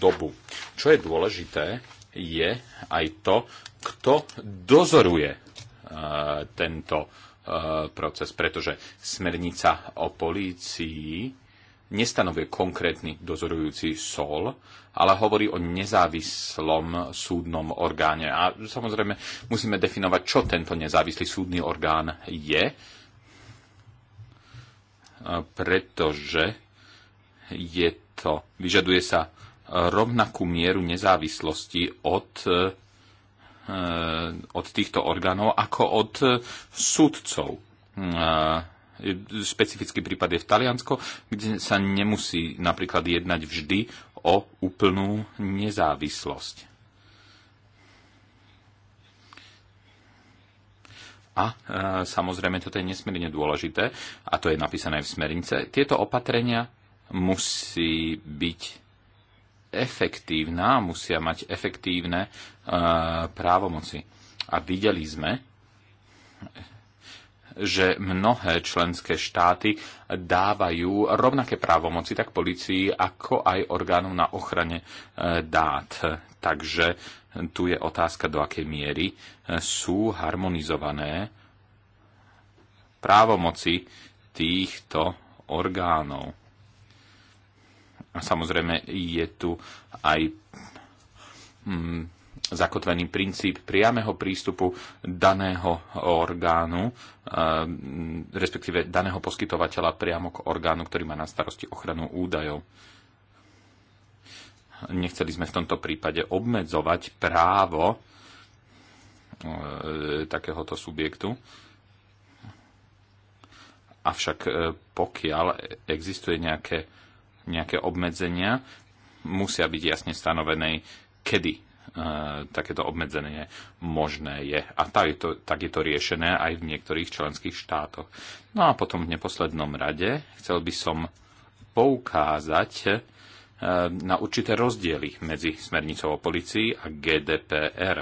dobu. Čo je dôležité, je aj to, kto dozoruje e, tento e, proces, pretože smernica o polícii nestanovuje konkrétny dozorujúci sol, ale hovorí o nezávislom súdnom orgáne. A samozrejme musíme definovať, čo tento nezávislý súdny orgán je, e, pretože je to, vyžaduje sa rovnakú mieru nezávislosti od, e, od týchto orgánov ako od súdcov. Špecifický e, prípad je v Taliansko, kde sa nemusí napríklad jednať vždy o úplnú nezávislosť. A e, samozrejme, toto je nesmierne dôležité, a to je napísané v smernice, tieto opatrenia musí byť efektívna, musia mať efektívne e, právomoci. A videli sme, že mnohé členské štáty dávajú rovnaké právomoci tak policii, ako aj orgánom na ochrane e, dát. Takže tu je otázka, do akej miery e, sú harmonizované právomoci týchto orgánov. A samozrejme je tu aj mm, zakotvený princíp priameho prístupu daného orgánu, e, respektíve daného poskytovateľa priamo k orgánu, ktorý má na starosti ochranu údajov. Nechceli sme v tomto prípade obmedzovať právo e, takéhoto subjektu, avšak e, pokiaľ existuje nejaké nejaké obmedzenia, musia byť jasne stanovené, kedy e, takéto obmedzenie možné je. A tak je, to, tak je to riešené aj v niektorých členských štátoch. No a potom v neposlednom rade chcel by som poukázať e, na určité rozdiely medzi smernicou o policii a GDPR.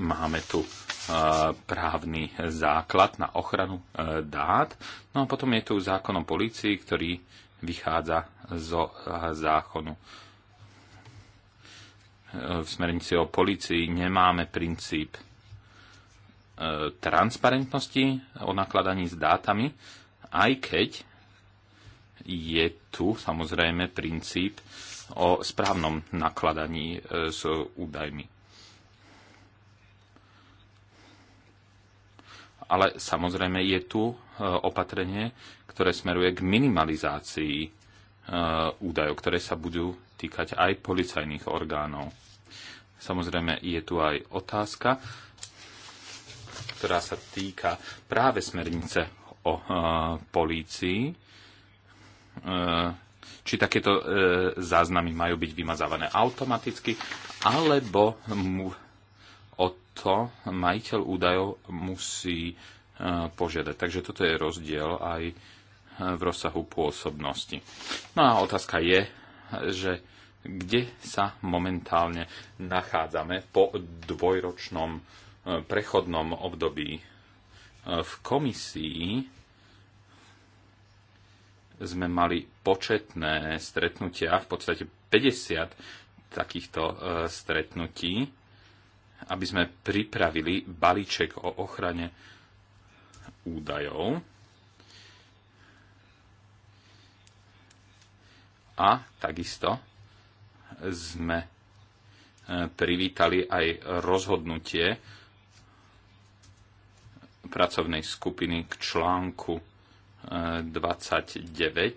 Máme tu právny základ na ochranu e, dát. No a potom je tu zákon o polícii, ktorý vychádza zo e, zákonu. E, v smernici o polícii nemáme princíp transparentnosti o nakladaní s dátami, aj keď je tu samozrejme princíp o správnom nakladaní s údajmi. ale samozrejme je tu e, opatrenie, ktoré smeruje k minimalizácii e, údajov, ktoré sa budú týkať aj policajných orgánov. Samozrejme je tu aj otázka, ktorá sa týka práve smernice o e, polícii, či takéto záznamy majú byť vymazávané automaticky, alebo o to majiteľ údajov musí e, požiadať. Takže toto je rozdiel aj e, v rozsahu pôsobnosti. No a otázka je, že kde sa momentálne nachádzame po dvojročnom e, prechodnom období. V komisii sme mali početné stretnutia, v podstate 50 takýchto stretnutí aby sme pripravili balíček o ochrane údajov a takisto sme e, privítali aj rozhodnutie pracovnej skupiny k článku 29, e,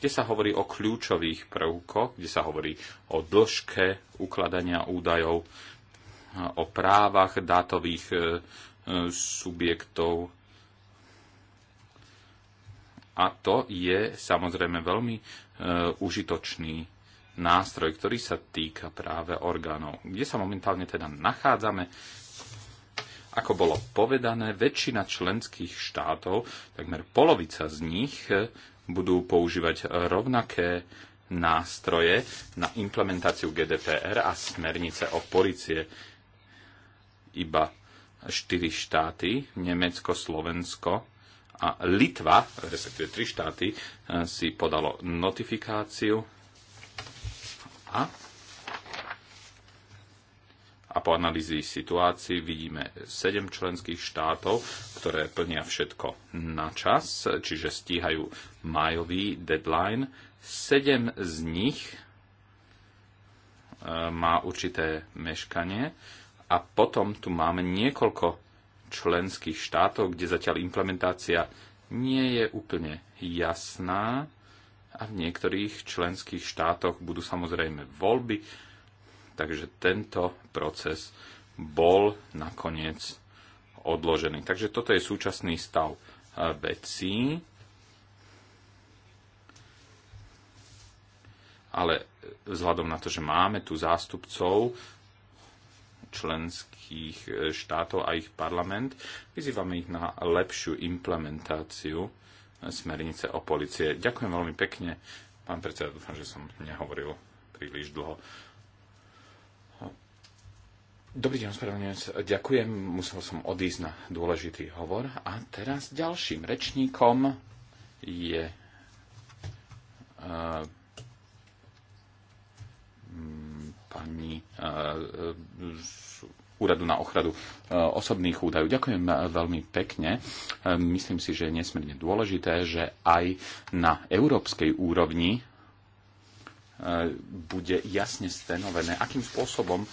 kde sa hovorí o kľúčových prvkoch, kde sa hovorí o dĺžke ukladania údajov, o právach dátových e, e, subjektov. A to je samozrejme veľmi e, užitočný nástroj, ktorý sa týka práve orgánov. Kde sa momentálne teda nachádzame? Ako bolo povedané, väčšina členských štátov, takmer polovica z nich, budú používať rovnaké nástroje na implementáciu GDPR a smernice o policie iba štyri štáty, Nemecko, Slovensko a Litva, respektíve tri štáty, eh, si podalo notifikáciu a a po analýzi situácií vidíme 7 členských štátov, ktoré plnia všetko na čas, čiže stíhajú májový deadline. 7 z nich eh, má určité meškanie a potom tu máme niekoľko členských štátov, kde zatiaľ implementácia nie je úplne jasná a v niektorých členských štátoch budú samozrejme voľby, takže tento proces bol nakoniec odložený. Takže toto je súčasný stav eh, vecí, ale eh, vzhľadom na to, že máme tu zástupcov členských e, štátov a ich parlament. Vyzývame ich na lepšiu implementáciu e, smernice o policie. Ďakujem veľmi pekne. Pán predseda, dúfam, že som nehovoril príliš dlho. Dobrý deň, spravedlňujem. Ďakujem, musel som odísť na dôležitý hovor. A teraz ďalším rečníkom je uh, pani eh, z Úradu na ochradu eh, osobných údajov. Ďakujem eh, veľmi pekne. Myslím si, že je nesmierne dôležité, že aj na európskej úrovni bude jasne stanovené, akým spôsobom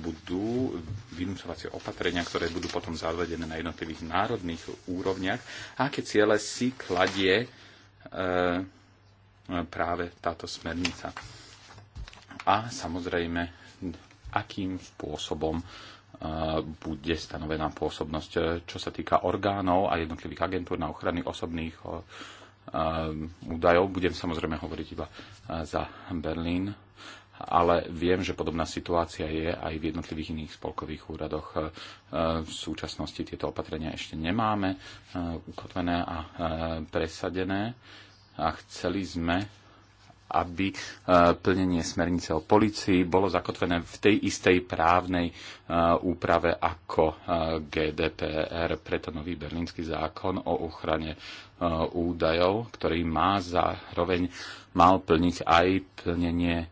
budú vynúcovacie opatrenia, ktoré budú potom zavedené na jednotlivých národných úrovniach a aké ciele si kladie práve táto smernica a samozrejme, akým spôsobom e, bude stanovená pôsobnosť, e, čo sa týka orgánov a jednotlivých agentúr na ochrany osobných e, údajov. Budem samozrejme hovoriť iba za Berlín, ale viem, že podobná situácia je aj v jednotlivých iných spolkových úradoch. V súčasnosti tieto opatrenia ešte nemáme ukotvené a presadené a chceli sme aby e, plnenie smernice o policii bolo zakotvené v tej istej právnej e, úprave ako e, GDPR, preto nový berlínsky zákon o ochrane údajov, ktorý má zároveň mal plniť aj plnenie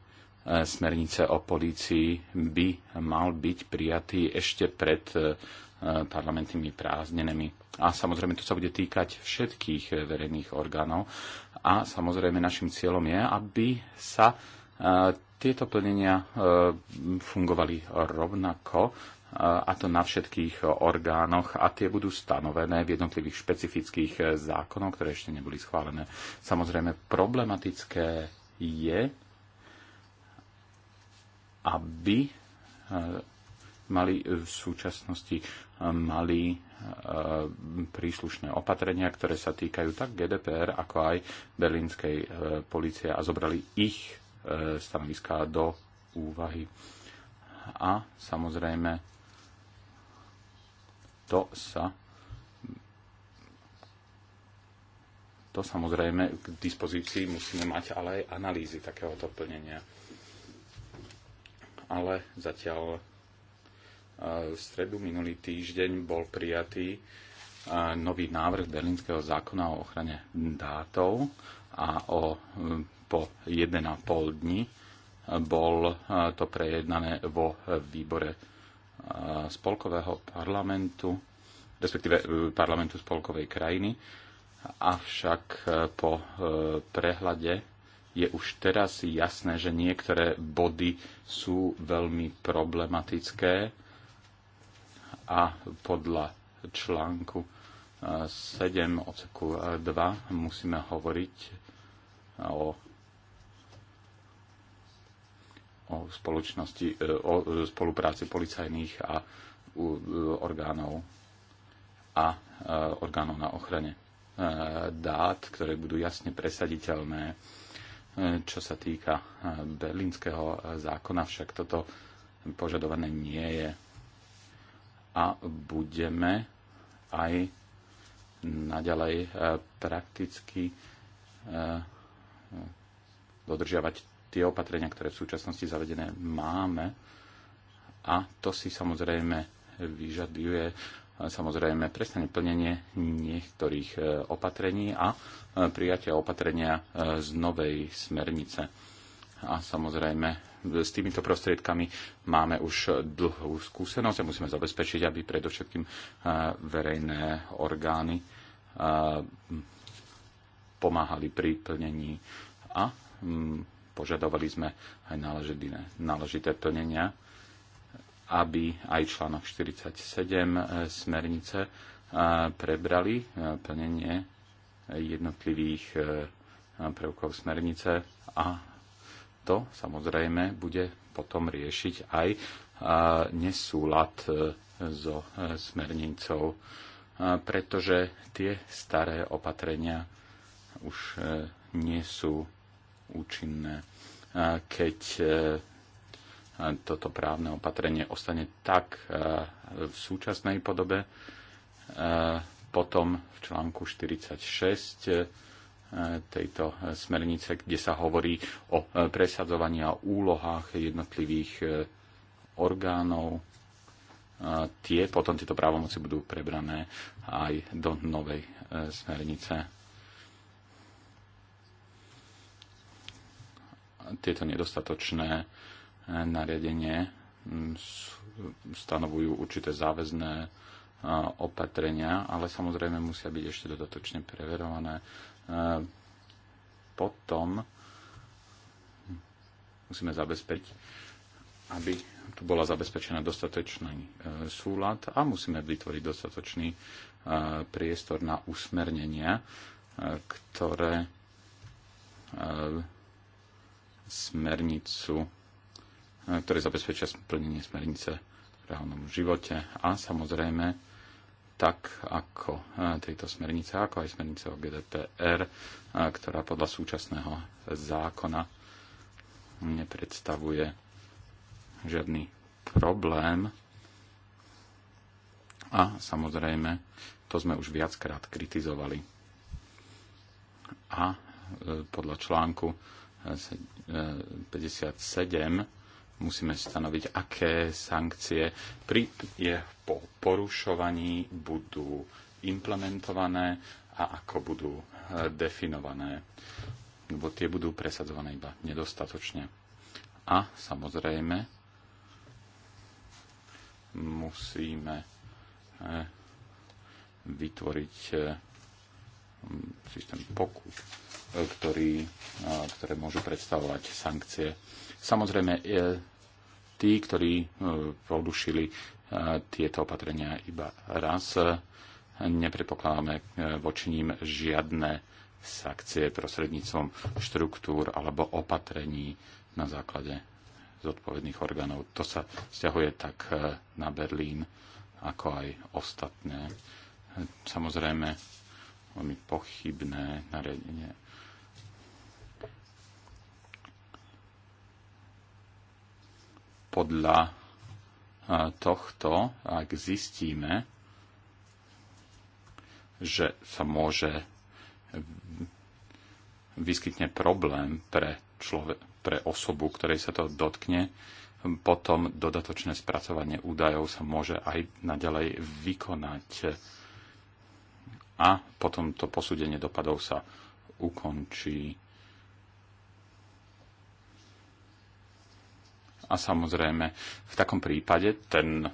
smernice o polícii by mal byť prijatý ešte pred parlamentnými prázdnenami. A samozrejme, to sa bude týkať všetkých verejných orgánov, a samozrejme našim cieľom je, aby sa e, tieto plnenia e, fungovali rovnako e, a to na všetkých orgánoch a tie budú stanovené v jednotlivých špecifických zákonoch, ktoré ešte neboli schválené. Samozrejme problematické je, aby mali v súčasnosti mali E, príslušné opatrenia, ktoré sa týkajú tak GDPR, ako aj berlínskej e, policie a zobrali ich e, stanoviská do úvahy. A samozrejme, to sa to samozrejme k dispozícii musíme mať ale aj analýzy takéhoto plnenia. Ale zatiaľ v stredu minulý týždeň bol prijatý nový návrh Berlínskeho zákona o ochrane dátov a o, po 1,5 dní bol to prejednané vo výbore spolkového parlamentu, respektíve e, parlamentu spolkovej krajiny. Avšak e, po e, prehľade je už teraz jasné, že niektoré body sú veľmi problematické a podľa článku 7 e, odseku 2 e, musíme hovoriť o o spoločnosti, e, o spolupráci policajných a orgánov a orgánov na ochrane dát, ktoré budú jasne presaditeľné. Čo sa týka berlínskeho zákona, však toto požadované nie je a budeme aj naďalej e, prakticky e, dodržiavať tie opatrenia, ktoré v súčasnosti zavedené máme. A to si samozrejme vyžaduje e, samozrejme prestane plnenie niektorých opatrení a prijatia opatrenia z novej smernice. A samozrejme s týmito prostriedkami máme už dlhú skúsenosť a musíme zabezpečiť, aby predovšetkým eh, verejné orgány eh, pomáhali pri plnení a mm, požadovali sme aj náležité plnenia, aby aj článok 47 eh, smernice prebrali plnenie jednotlivých prvkov smernice a to samozrejme bude potom riešiť aj nesúlad e, so e, smernicou, pretože tie staré opatrenia už nie sú účinné. Keď e, toto právne opatrenie ostane tak v súčasnej podobe, potom v článku 46 tejto eh, smernice, kde sa hovorí o eh, presadzovaní a úlohách jednotlivých eh, orgánov. Tie potom tieto právomoci budú prebrané aj do novej smernice. Tieto nedostatočné nariadenie mm, stanovujú určité záväzné opatrenia, ale samozrejme musia byť ešte dodatočne preverované potom musíme zabezpečiť, aby tu bola zabezpečená dostatočný e, súlad a musíme vytvoriť dostatočný e, priestor na usmernenia, e, ktoré smernicu, ktoré zabezpečia splnenie smernice v reálnom živote a samozrejme tak ako e, tejto smernice, ako aj smernice o GDPR, e, ktorá podľa súčasného zákona nepredstavuje žiadny problém. A samozrejme, to sme už viackrát kritizovali. A e, podľa článku 57 musíme stanoviť, aké sankcie pri jeho po porušovaní budú implementované a ako budú eh, definované, lebo tie budú presadzované iba nedostatočne. A samozrejme musíme eh, vytvoriť eh, systém pokut, ktorý, ktoré môžu predstavovať sankcie Samozrejme, e, tí, ktorí e, produšili e, tieto opatrenia iba raz, nepredpokladáme voči ním žiadne sankcie prostredníctvom štruktúr alebo opatrení na základe zodpovedných orgánov. To sa vzťahuje tak na Berlín, ako aj ostatné. Samozrejme, veľmi pochybné nariadenie podľa tohto, ak zistíme, že sa môže vyskytne problém pre, človek, pre osobu, ktorej sa to dotkne, potom dodatočné spracovanie údajov sa môže aj naďalej vykonať a potom to posúdenie dopadov sa ukončí a samozrejme v takom prípade ten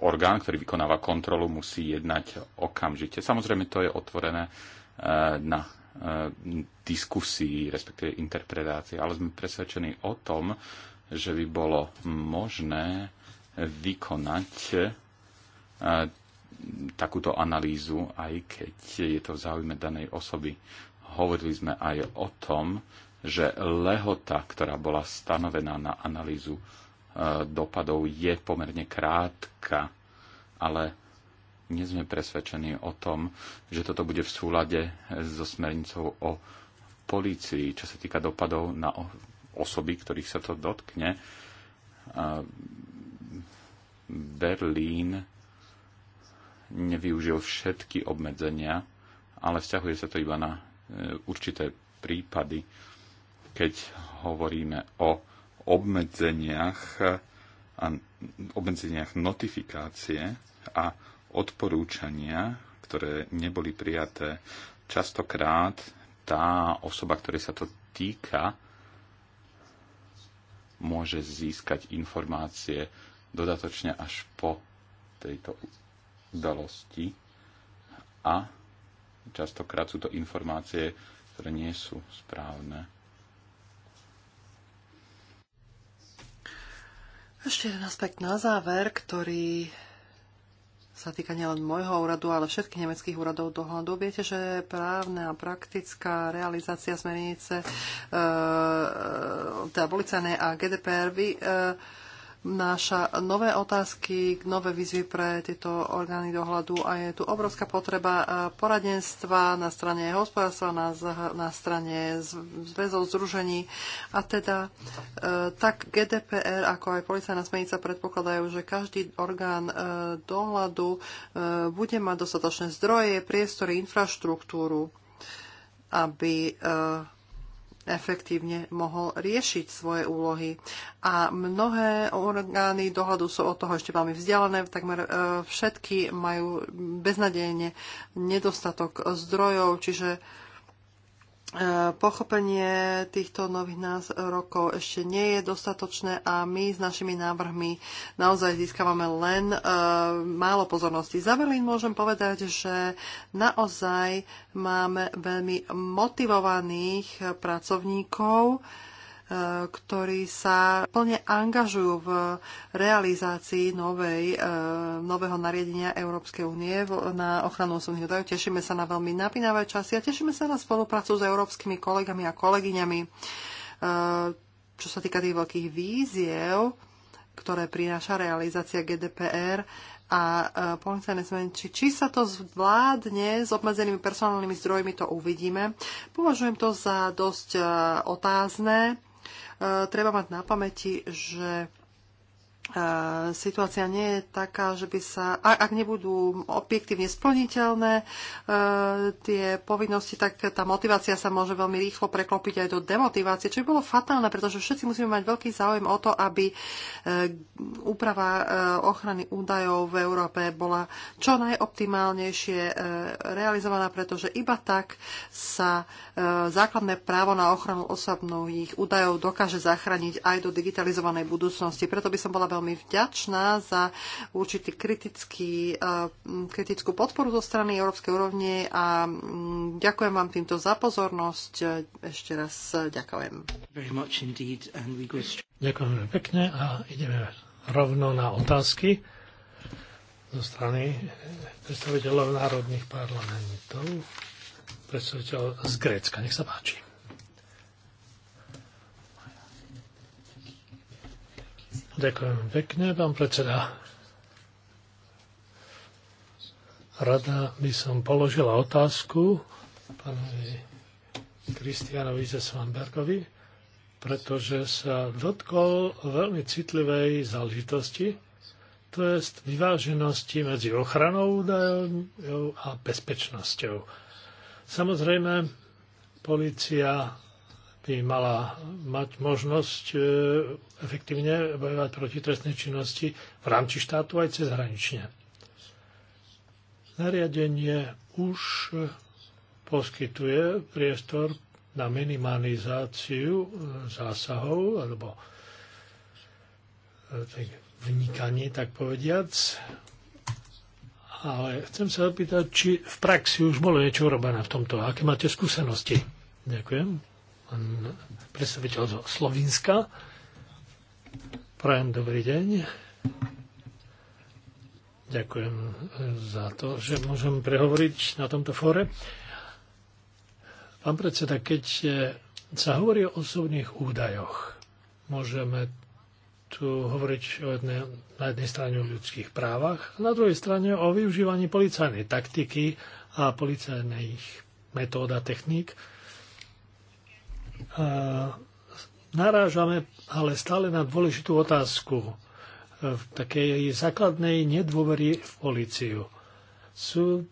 orgán, ktorý vykonáva kontrolu, musí jednať okamžite. Samozrejme to je otvorené eh, na eh, diskusii, respektíve interpretácii, ale sme presvedčení o tom, že by bolo možné vykonať eh, takúto analýzu, aj keď je to v záujme danej osoby hovorili sme aj o tom, že lehota, ktorá bola stanovená na analýzu e, dopadov, je pomerne krátka, ale nie sme presvedčení o tom, že toto bude v súlade so smernicou o polícii, čo sa týka dopadov na osoby, ktorých sa to dotkne. E, Berlín nevyužil všetky obmedzenia, ale vzťahuje sa to iba na určité prípady, keď hovoríme o obmedzeniach, a obmedzeniach notifikácie a odporúčania, ktoré neboli prijaté. Častokrát tá osoba, ktorej sa to týka, môže získať informácie dodatočne až po tejto udalosti a Častokrát sú to informácie, ktoré nie sú správne.
Ešte jeden aspekt na záver, ktorý sa týka nielen môjho úradu, ale všetkých nemeckých úradov dohľadu. Viete, že právna a praktická realizácia smernice e, e teda policajnej a GDPR vy, e, vnáša nové otázky, nové výzvy pre tieto orgány dohľadu a je tu obrovská potreba eh, poradenstva na strane hospodárstva, na, na strane zväzov, združení a teda eh, tak GDPR ako aj policajná smenica predpokladajú, že každý orgán eh, dohľadu bude mať dostatočné zdroje, priestory, infraštruktúru, aby efektívne mohol riešiť svoje úlohy. A mnohé orgány dohľadu sú od toho ešte veľmi vzdialené, takmer e, všetky majú beznadejne nedostatok zdrojov, čiže E, pochopenie týchto nových nás rokov ešte nie je dostatočné a my s našimi návrhmi naozaj získavame len e, málo pozornosti. Za Berlín môžem povedať, že naozaj máme veľmi motivovaných pracovníkov, e, E, ktorí sa plne angažujú v realizácii novej, e, nového nariadenia Európskej únie na ochranu osobných údajov. Tešíme sa na veľmi napínavé časy a tešíme sa na spoluprácu s európskymi kolegami a kolegyňami. E, čo sa týka tých veľkých víziev, ktoré prináša realizácia GDPR, a policajné zmeny. Či, či sa to zvládne s obmedzenými personálnymi zdrojmi, to uvidíme. Považujem to za dosť otázne treba mať na pamäti, že e, situácia nie je taká, že by sa, ak nebudú objektívne splniteľné e, tie povinnosti, tak tá motivácia sa môže veľmi rýchlo preklopiť aj do demotivácie, čo by bolo fatálne, pretože všetci musíme mať veľký záujem o to, aby e, úprava ochrany údajov v Európe bola čo najoptimálnejšie realizovaná, pretože iba tak sa základné právo na ochranu osobných údajov dokáže zachrániť aj do digitalizovanej budúcnosti. Preto by som bola veľmi vďačná za určitý kritický, eh, kritickú podporu zo strany európskej úrovne a mm, ďakujem vám týmto za pozornosť. Ešte raz ďakujem.
Ďakujem pekne a ideme rovno na otázky zo strany predstaviteľov národných parlamentov predstaviteľ z Grécka. Nech sa páči. Ďakujem pekne, pán predseda. Rada by som položila otázku pánovi Kristianovi Zesvanbergovi, pretože sa dotkol veľmi citlivej záležitosti, to je vyváženosti medzi ochranou údajov a bezpečnosťou. Samozrejme, policia by mala mať možnosť e, efektívne bojovať proti trestnej činnosti v rámci štátu aj cezhranične. Nariadenie už poskytuje priestor na minimalizáciu e, zásahov alebo e, vnikanie, tak povediac, ale chcem sa opýtať, či v praxi už bolo niečo urobené v tomto. Aké máte skúsenosti? Ďakujem. Pán predstaviteľ zo Slovenska. Prajem dobrý deň. Ďakujem za to, že môžem prehovoriť na tomto fóre. Pán predseda, keď sa hovorí o osobných údajoch, môžeme tu hovoriť o jedne, na jednej strane o ľudských právach, na druhej strane o využívaní policajnej taktiky a policajných metód a techník. A narážame ale stále na dôležitú otázku v takej základnej nedôvery v policiu. Sú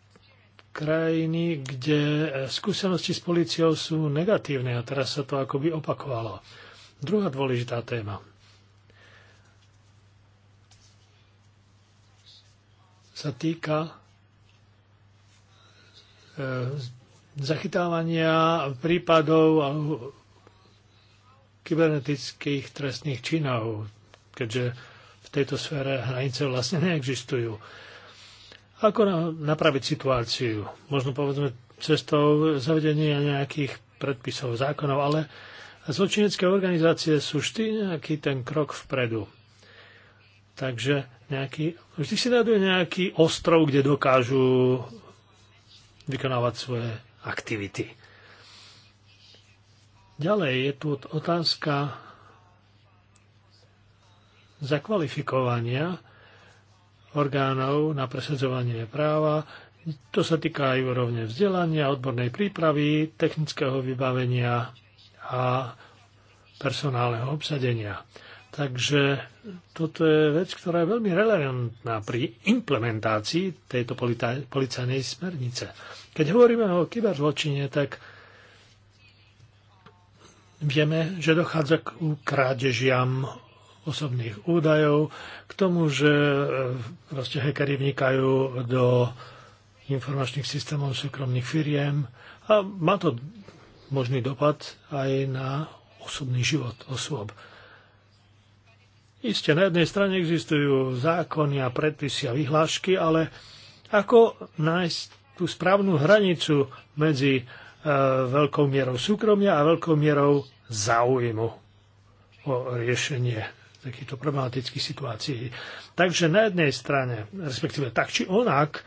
krajiny, kde skúsenosti s policiou sú negatívne a teraz sa to akoby opakovalo. Druhá dôležitá téma. sa týka e, zachytávania prípadov kybernetických trestných činov, keďže v tejto sfére hranice vlastne neexistujú. Ako napraviť situáciu? Možno povedzme cestou zavedenia nejakých predpisov, zákonov, ale zločinecké organizácie sú vždy nejaký ten krok vpredu. Takže nejaký, vždy si nájdu nejaký ostrov, kde dokážu vykonávať svoje aktivity. Ďalej je tu otázka zakvalifikovania orgánov na presadzovanie práva. To sa týka aj úrovne vzdelania, odbornej prípravy, technického vybavenia a personálneho obsadenia. Takže toto je vec, ktorá je veľmi relevantná pri implementácii tejto policajnej smernice. Keď hovoríme o kyberzločine, tak vieme, že dochádza k krádežiam osobných údajov, k tomu, že e, proste hekery vnikajú do informačných systémov súkromných firiem a má to možný dopad aj na osobný život osôb. Isté, na jednej strane existujú zákony a predpisy a vyhlášky, ale ako nájsť tú správnu hranicu medzi e, veľkou mierou súkromia a veľkou mierou záujmu o riešenie takýchto problematických situácií. Takže na jednej strane, respektíve tak či onak,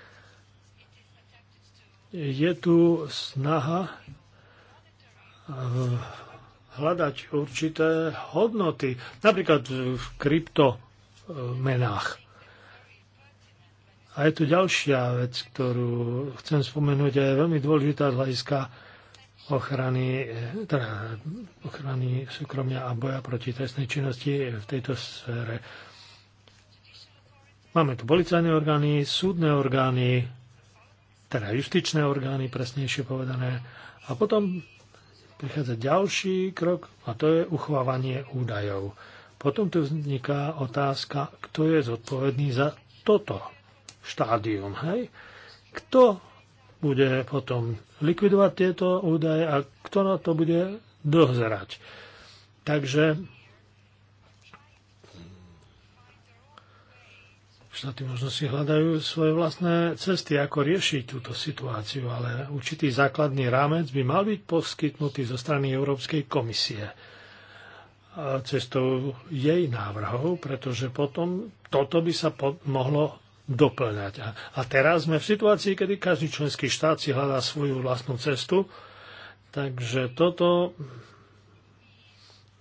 je tu snaha e, hľadať určité hodnoty, napríklad v kryptomenách. A je tu ďalšia vec, ktorú chcem spomenúť a je veľmi dôležitá z hľadiska ochrany, teda ochrany súkromia a boja proti trestnej činnosti v tejto sfére. Máme tu policajné orgány, súdne orgány, teda justičné orgány, presnejšie povedané, a potom prichádza ďalší krok a to je uchovávanie údajov. Potom tu vzniká otázka, kto je zodpovedný za toto štádium. Hej? Kto bude potom likvidovať tieto údaje a kto na to bude dozerať. Takže Štáty možno si hľadajú svoje vlastné cesty, ako riešiť túto situáciu, ale určitý základný rámec by mal byť poskytnutý zo strany Európskej komisie cestou jej návrhov, pretože potom toto by sa po- mohlo doplňať. A, a teraz sme v situácii, kedy každý členský štát si hľadá svoju vlastnú cestu, takže toto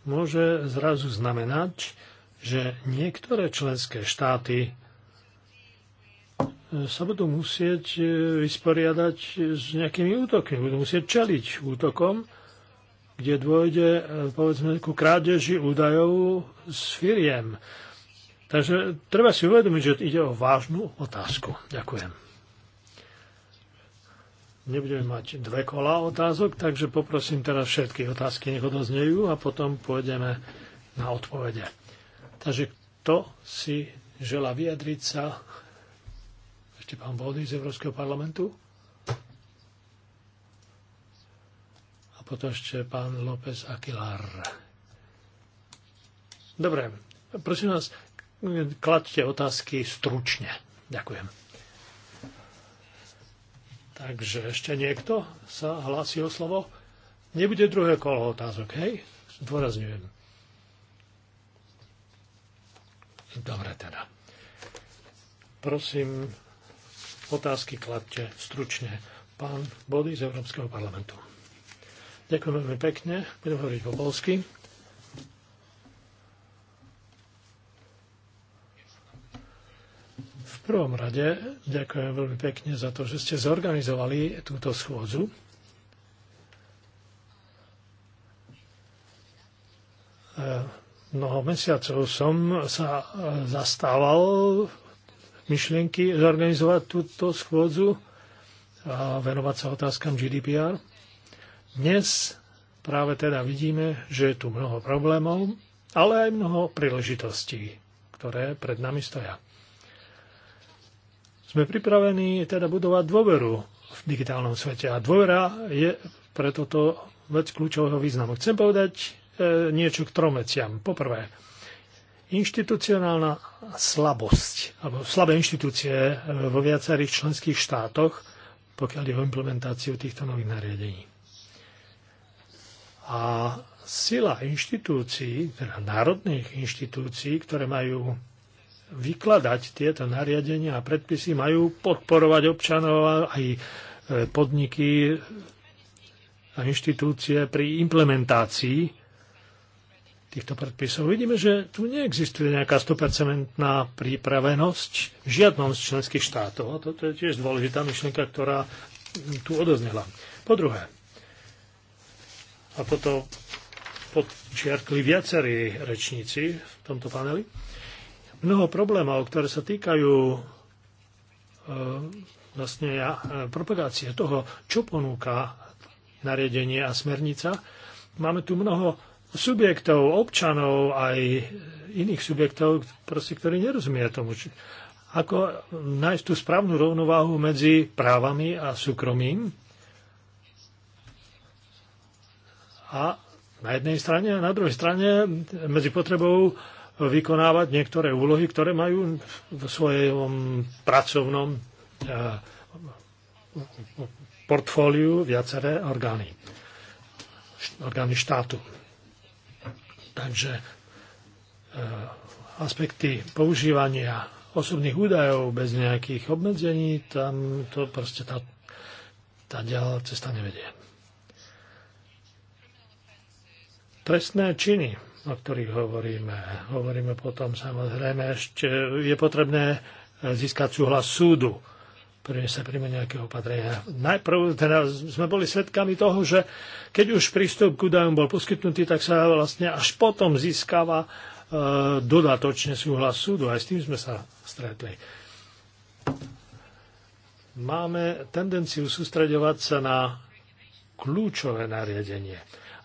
môže zrazu znamenať, že niektoré členské štáty sa budú musieť e, vysporiadať s nejakými útokmi. Budú musieť čeliť útokom, kde dôjde e, povedzme ku krádeži údajov z firiem. Takže treba si uvedomiť, že ide o vážnu otázku. Ďakujem. Nebudeme mať dve kola otázok, takže poprosím teraz všetky otázky, nech odoznejú a potom pôjdeme na odpovede. Takže kto si žela vyjadriť sa ešte pán Vody z Európskeho parlamentu. A potom ešte pán López Aquilar. Dobre, prosím vás, kladte otázky stručne. Ďakujem. Takže ešte niekto sa hlási o slovo? Nebude druhé kolo otázok, hej? Dôrazňujem. Dobre teda. Prosím, Otázky kladte stručne. Pán Body z Európskeho parlamentu. Ďakujem veľmi pekne. Budem hovoriť po polsky. V prvom rade ďakujem veľmi pekne za to, že ste zorganizovali túto schôdzu. E, mnoho mesiacov som sa e, zastával myšlienky zorganizovať túto schôdzu a venovať sa otázkam GDPR. Dnes práve teda vidíme, že je tu mnoho problémov, ale aj mnoho príležitostí, ktoré pred nami stoja. Sme pripravení teda budovať dôveru v digitálnom svete a dôvera je pre toto vec kľúčového významu. Chcem povedať e, niečo k trom veciam. Poprvé, inštitucionálna slabosť, alebo slabé inštitúcie eh, vo viacerých členských štátoch, pokiaľ je o implementáciu týchto nových nariadení. A sila inštitúcií, teda národných inštitúcií, ktoré majú vykladať tieto nariadenia a predpisy, majú podporovať občanov aj eh, podniky a inštitúcie pri implementácii týchto predpisov. Vidíme, že tu neexistuje nejaká 100% prípravenosť v žiadnom z členských štátov. A toto je tiež dôležitá myšlienka, ktorá tu odoznela. Po druhé, a toto podčiarkli viacerí rečníci v tomto paneli, mnoho problémov, ktoré sa týkajú e, vlastne e, propagácie toho, čo ponúka nariadenie a smernica. Máme tu mnoho subjektov, občanov, aj iných subjektov, proste, ktorí nerozumia tomu. Či, ako nájsť tú správnu rovnováhu medzi právami a súkromím a na jednej strane a na druhej strane medzi potrebou vykonávať niektoré úlohy, ktoré majú v svojom pracovnom e, portfóliu viaceré orgány, orgány štátu. Takže eh, aspekty používania osobných údajov bez nejakých obmedzení, tam to proste tá, tá ďalá cesta nevedie. Trestné činy, o ktorých hovoríme. Hovoríme potom samozrejme ešte, je potrebné eh, získať súhlas súdu prvne sa príjme nejaké opatrenia. Najprv teda sme boli svedkami toho, že keď už prístup k údajom bol poskytnutý, tak sa vlastne až potom získava e, dodatočne súhlas súdu. Aj s tým sme sa stretli. Máme tendenciu sústredovať sa na kľúčové nariadenie.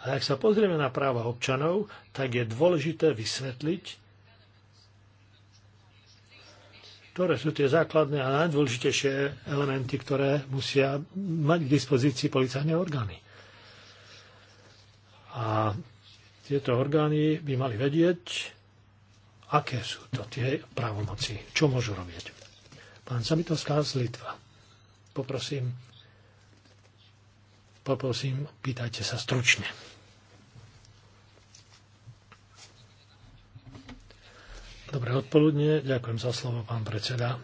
A ak sa pozrieme na práva občanov, tak je dôležité vysvetliť, ktoré sú tie základné a najdôležitejšie elementy, ktoré musia mať k dispozícii policajné orgány. A tieto orgány by mali vedieť, aké sú to tie právomoci, čo môžu robiť. Pán Samitovská z Litva. Poprosím, poprosím, pýtajte sa stručne. Dobré odpoludne, ďakujem za slovo, pán predseda.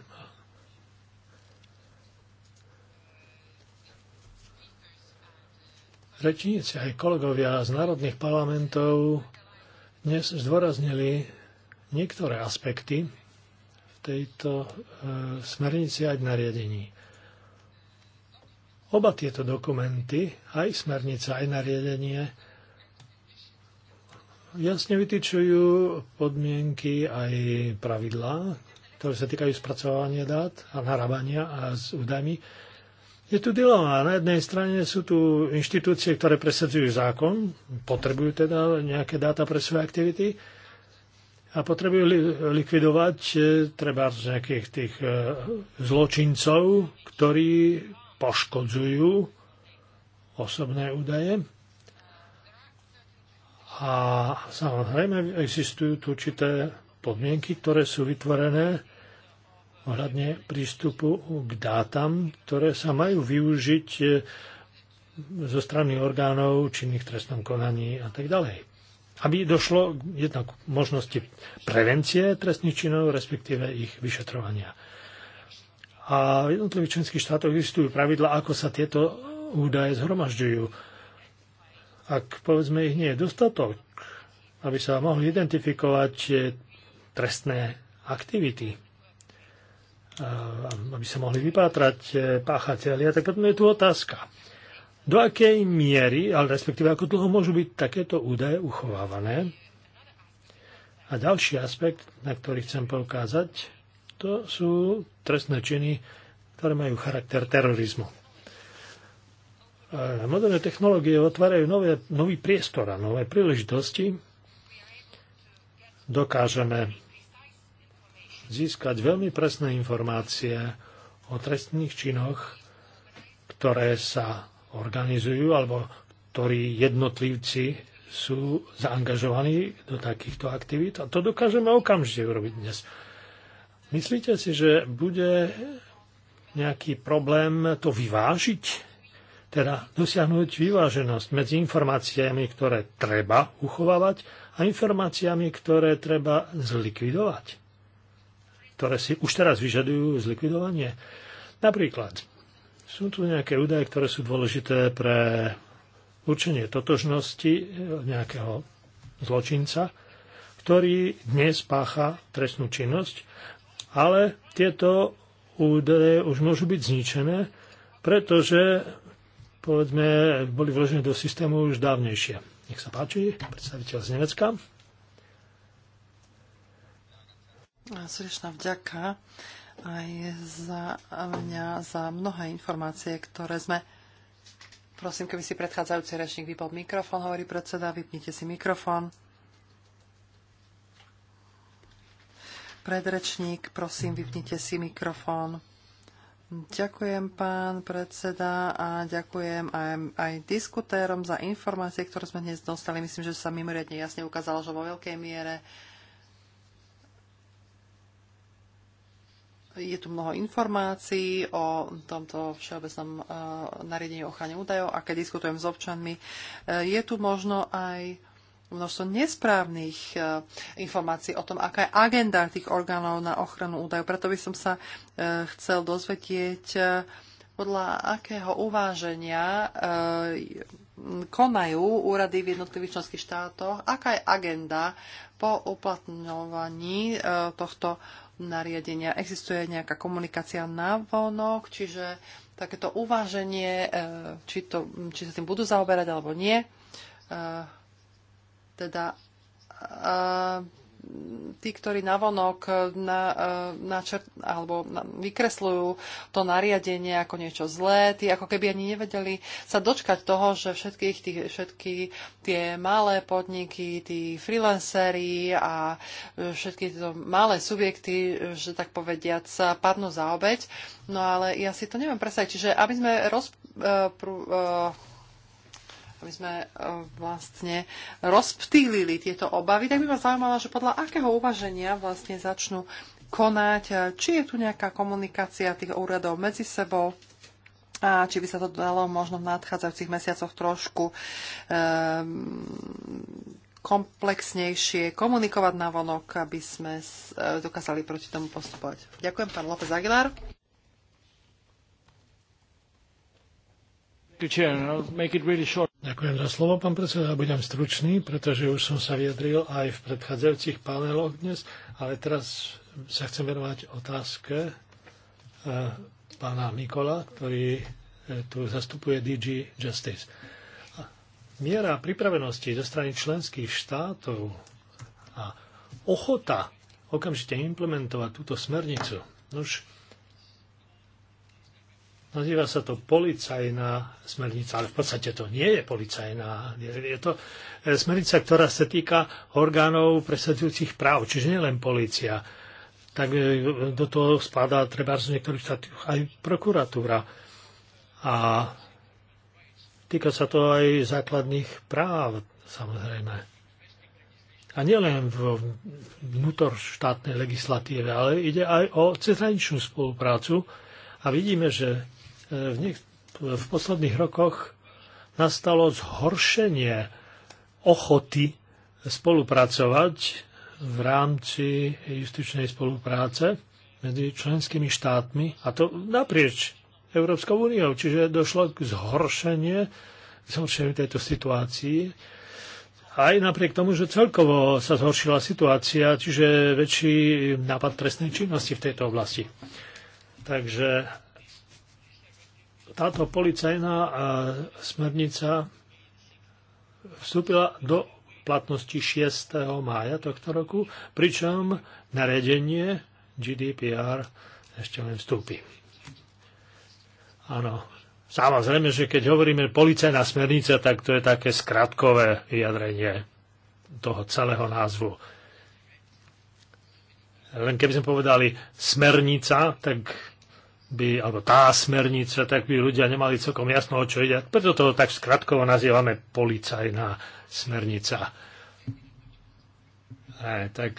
Rečníci aj kolegovia z národných parlamentov dnes zdôraznili niektoré aspekty v tejto e, smernici aj nariadení. Oba tieto dokumenty, aj smernica, aj nariadenie, jasne vytýčujú podmienky aj pravidlá, ktoré sa týkajú spracovania dát a narábania a s údajmi. Je tu dilema. Na jednej strane sú tu inštitúcie, ktoré presadzujú zákon, potrebujú teda nejaké dáta pre svoje aktivity a potrebujú li- likvidovať e, treba z nejakých tých e, zločincov, ktorí poškodzujú osobné údaje a samozrejme existujú tu určité podmienky, ktoré sú vytvorené ohľadne prístupu k dátam, ktoré sa majú využiť e, zo strany orgánov činných trestnom konaní a tak ďalej. Aby došlo jednak k možnosti prevencie trestných činov, respektíve ich vyšetrovania. A v jednotlivých členských štátoch existujú pravidla, ako sa tieto údaje zhromažďujú ak povedzme ich nie je dostatok, aby sa mohli identifikovať eh, trestné aktivity, aby sa mohli vypátrať eh, páchatelia, tak potom je tu otázka. Do akej miery, ale respektíve ako dlho môžu byť takéto údaje uchovávané? A ďalší aspekt, na ktorý chcem poukázať, to sú trestné činy, ktoré majú charakter terorizmu. Moderné technológie otvárajú nové, nový priestor a nové príležitosti. Dokážeme získať veľmi presné informácie o trestných činoch, ktoré sa organizujú alebo ktorí jednotlivci sú zaangažovaní do takýchto aktivít. A to dokážeme okamžite urobiť dnes. Myslíte si, že bude nejaký problém to vyvážiť teda dosiahnuť vyváženosť medzi informáciami, ktoré treba uchovávať a informáciami, ktoré treba zlikvidovať. Ktoré si už teraz vyžadujú zlikvidovanie. Napríklad, sú tu nejaké údaje, ktoré sú dôležité pre určenie totožnosti e, nejakého zločinca, ktorý dnes pácha trestnú činnosť, ale tieto údaje už môžu byť zničené, pretože povedzme, boli vložené do systému už dávnejšie. Nech sa páči, predstaviteľ z Nemecka.
Srdečná vďaka aj za mňa, za mnohé informácie, ktoré sme... Prosím, keby si predchádzajúci rečník vypol mikrofón, hovorí predseda, vypnite si mikrofón. Predrečník, prosím, vypnite si mikrofón. Ďakujem, pán predseda, a ďakujem aj, aj diskutérom za informácie, ktoré sme dnes dostali. Myslím, že sa mimoriadne jasne ukázalo, že vo veľkej miere je tu mnoho informácií o tomto všeobecnom uh, nariadení ochrany ochrane údajov a keď diskutujem s občanmi, uh, je tu možno aj množstvo nesprávnych e, informácií o tom, aká je agenda tých orgánov na ochranu údajov. Preto by som sa e, chcel dozvedieť, e, podľa akého uváženia konajú úrady v jednotlivých členských štátoch, aká je agenda po uplatňovaní tohto nariadenia. Existuje nejaká komunikácia na vonok, čiže takéto uváženie, či, to, či sa tým budú zaoberať alebo nie, teda eh, tí, ktorí navonok eh, na, eh, na čert, alebo na, vykresľujú to nariadenie ako niečo zlé, tí ako keby ani nevedeli sa dočkať toho, že všetkých tých, všetky tie malé podniky, tí freelancery a všetky tieto malé subjekty, že tak povediať, sa padnú za obeď. No ale ja si to neviem presať. Čiže aby sme roz, uh, pr, uh, aby sme e, vlastne rozptýlili tieto obavy, tak by ma zaujímalo, že podľa akého uvaženia vlastne začnú konať, e, či je tu nejaká komunikácia tých úradov medzi sebou, a či by sa to dalo možno v nadchádzajúcich mesiacoch trošku um, komplexnejšie komunikovať na vonok, aby sme e, dokázali proti tomu postupovať. Ďakujem, pán López Aguilar.
Ďakujem za slovo, pán predseda. Budem stručný, pretože už som sa vyjadril aj v predchádzajúcich paneloch dnes, ale teraz sa chcem venovať otázke eh, pána Mikola, ktorý eh, tu zastupuje DG Justice. Miera pripravenosti zo strany členských štátov a ochota okamžite implementovať túto smernicu. Už Nazýva sa to policajná smernica, ale v podstate to nie je policajná. Je to e, smernica, ktorá sa týka orgánov presadzujúcich práv, čiže nielen policia. Tak e, do toho spadá treba z niektorých štátov aj prokuratúra. A týka sa to aj základných práv, samozrejme. A nielen v vnútorštátnej legislatíve, ale ide aj o cezhraničnú spoluprácu. A vidíme, že E, v, niek- v posledných rokoch nastalo zhoršenie ochoty spolupracovať v rámci justičnej spolupráce medzi členskými štátmi, a to naprieč Európskou úniou, čiže došlo k zhoršenie, zhoršeniu tejto situácii. Aj napriek tomu, že celkovo sa zhoršila situácia, čiže väčší nápad trestnej činnosti v tejto oblasti. Takže táto policajná e, smernica vstúpila do platnosti 6. mája tohto roku, pričom naredenie GDPR ešte len vstúpi. Áno, samozrejme, že keď hovoríme policajná smernica, tak to je také skratkové vyjadrenie toho celého názvu. Len keby sme povedali smernica, tak by, alebo tá smernica, tak by ľudia nemali celkom jasno, o čo ide. Preto to tak skratkovo nazývame policajná smernica. E, tak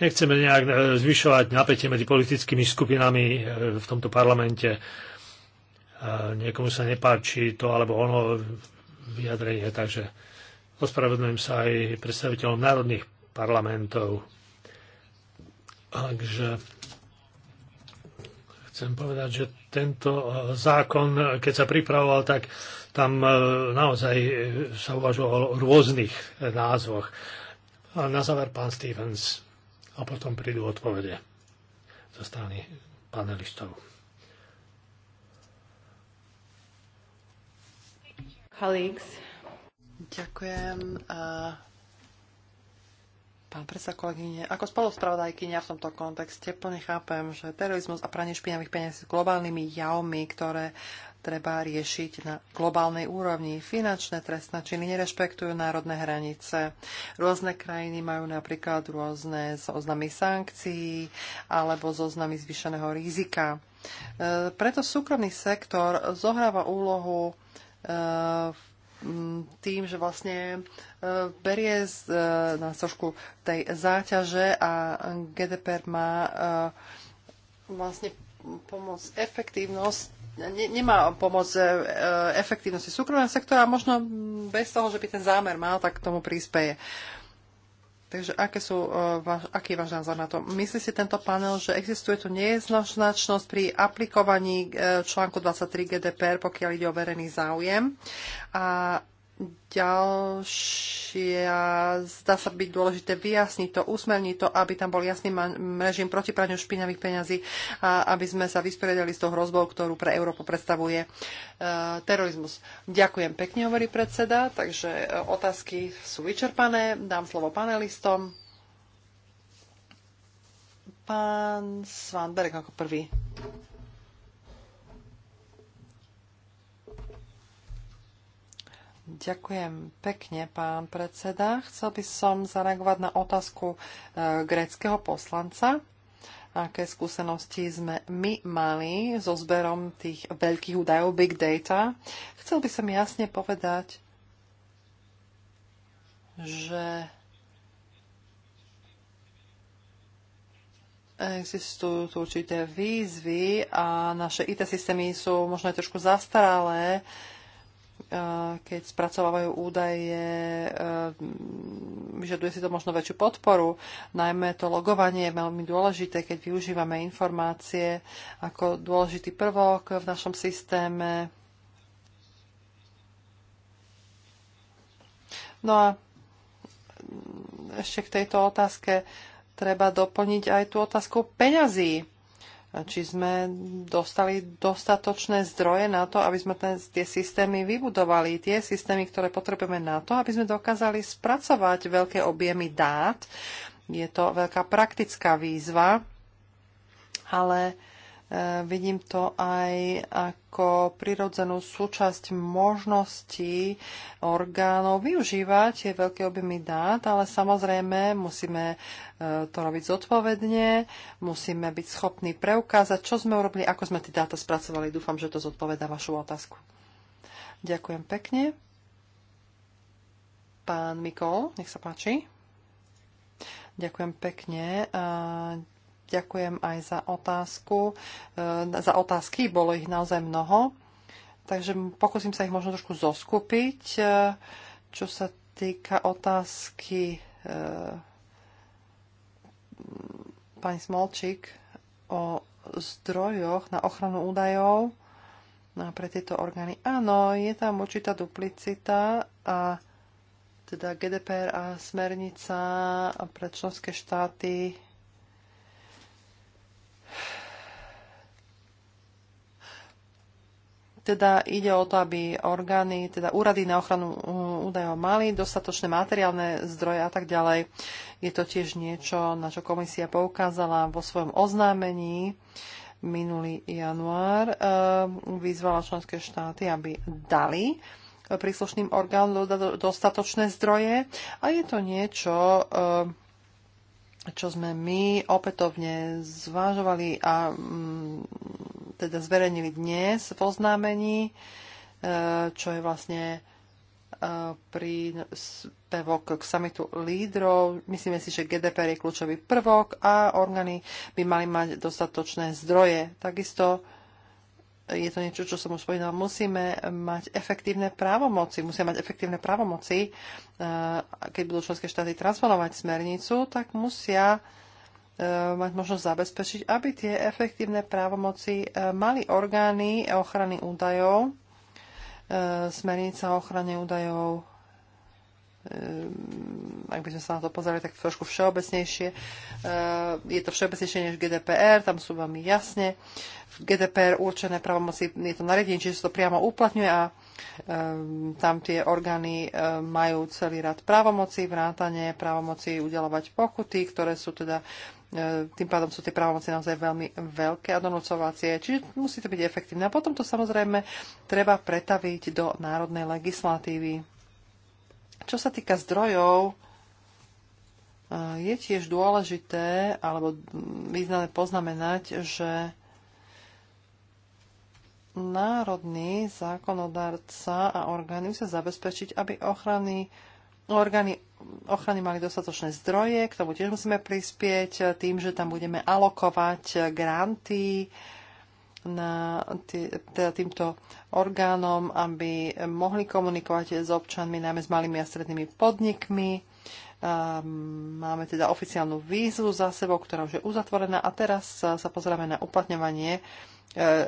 nechceme nejak e, zvyšovať napätie medzi politickými skupinami e, v tomto parlamente. E, niekomu sa nepáči to alebo ono vyjadrenie, takže ospravedlňujem sa aj predstaviteľom národných parlamentov. Takže Chcem povedať, že tento eh, zákon, eh, keď sa pripravoval, tak tam eh, naozaj sa uvažovalo o rôznych názvoch. A na záver pán Stevens a potom prídu odpovede zo strany panelistov.
Ďakujem. Uh Pán predseda kolegyne, ako spoluspravodajkynia v tomto kontexte plne chápem, že terorizmus a pranie špinavých peniazí sú globálnymi javmi, ktoré treba riešiť na globálnej úrovni. Finančné trestné činy nerešpektujú národné hranice. Rôzne krajiny majú napríklad rôzne zoznamy sankcií alebo zoznamy zvýšeného rizika. E, preto súkromný sektor zohráva úlohu e, v tým, že vlastne e, berie z, e, na trošku tej záťaže a GDPR má e, vlastne pomoc efektívnosť nemá pomoc efektívnosti súkromného sektora a možno bez toho, že by ten zámer mal, tak k tomu príspeje. Uh, Takže aké sú, e, váš, aký je váš názor na to? Myslí si tento panel, že existuje tu nejednoznačnosť pri aplikovaní e, článku 23 GDPR, pokiaľ ide o verejný záujem? A Ďalšia, zdá sa byť dôležité vyjasniť to, usmerniť to, aby tam bol jasný režim proti praniu špinavých peňazí a aby sme sa vysporiadali s tou hrozbou, ktorú pre Európu predstavuje e, terorizmus. Ďakujem pekne, hovorí predseda, takže e, otázky sú vyčerpané. Dám slovo panelistom. Pán Svanberg ako prvý. Ďakujem pekne, pán predseda. Chcel by som zareagovať na otázku e, gréckého poslanca. Aké skúsenosti sme my mali so zberom tých veľkých údajov Big Data? Chcel by som jasne povedať, že existujú tu určité výzvy a naše IT systémy sú možno aj trošku zastaralé keď spracovávajú údaje, e, vyžaduje si to možno väčšiu podporu. Najmä to logovanie je veľmi dôležité, keď využívame informácie ako dôležitý prvok v našom systéme. No a ešte k tejto otázke treba doplniť aj tú otázku peňazí či sme dostali dostatočné zdroje na to, aby sme ten, tie systémy vybudovali, tie systémy, ktoré potrebujeme na to, aby sme dokázali spracovať veľké objemy dát. Je to veľká praktická výzva, ale Eh, vidím to aj ako prirodzenú súčasť možností orgánov využívať tie veľké objemy dát, ale samozrejme musíme eh, to robiť zodpovedne, musíme byť schopní preukázať, čo sme urobili, ako sme tie dáta spracovali. Dúfam, že to zodpoveda vašu otázku. Ďakujem pekne. Pán Mikol, nech sa páči. Ďakujem pekne. Eh, Ďakujem aj za otázku. E, za otázky bolo ich naozaj mnoho, takže pokúsim sa ich možno trošku zoskupiť. E, čo sa týka otázky e, pani Smolčík o zdrojoch na ochranu údajov no, pre tieto orgány. Áno, je tam určitá duplicita a teda GDPR a smernica pre členské štáty Teda ide o to, aby orgány, teda úrady na ochranu uh, údajov mali dostatočné materiálne zdroje a tak ďalej. Je to tiež niečo, na čo komisia poukázala vo svojom oznámení minulý január. Uh, vyzvala členské štáty, aby dali príslušným orgánom dostatočné zdroje a je to niečo, uh, čo sme my opätovne zvážovali a mm, teda zverejnili dnes v oznámení, e, čo je vlastne pri e, prvok k samitu lídrov. Myslíme si, že GDPR je kľúčový prvok a orgány by mali mať dostatočné zdroje. Takisto je to niečo, čo som už spomínala, musíme mať efektívne právomoci. Musia mať efektívne právomoci. E, keď budú členské štáty transformovať smernicu, tak musia E, mať možnosť zabezpečiť, aby tie efektívne právomoci e, mali orgány ochrany údajov. E, smernica o ochrane údajov, ak by sme sa na to pozreli tak trošku všeobecnejšie, je to všeobecnejšie než GDPR, tam sú veľmi jasne v GDPR určené právomoci, je to nariadenie, čiže sa to priamo uplatňuje a tam tie orgány majú celý rad právomoci, vrátanie právomoci udelovať pokuty, ktoré sú teda E, tým pádom sú tie právomoci naozaj veľmi veľké a donúcovacie, čiže musí to byť efektívne. A potom to samozrejme treba pretaviť do národnej legislatívy. Čo sa týka zdrojov, e, je tiež dôležité alebo významné poznamenať, že národný zákonodárca a orgány musia zabezpečiť, aby ochrany orgány ochrany mali dostatočné zdroje, k tomu tiež musíme prispieť tým, že tam budeme alokovať granty na tý, teda týmto orgánom, aby mohli komunikovať s občanmi, najmä s malými a strednými podnikmi. Máme teda oficiálnu výzvu za sebou, ktorá už je uzatvorená a teraz sa pozeráme na uplatňovanie e,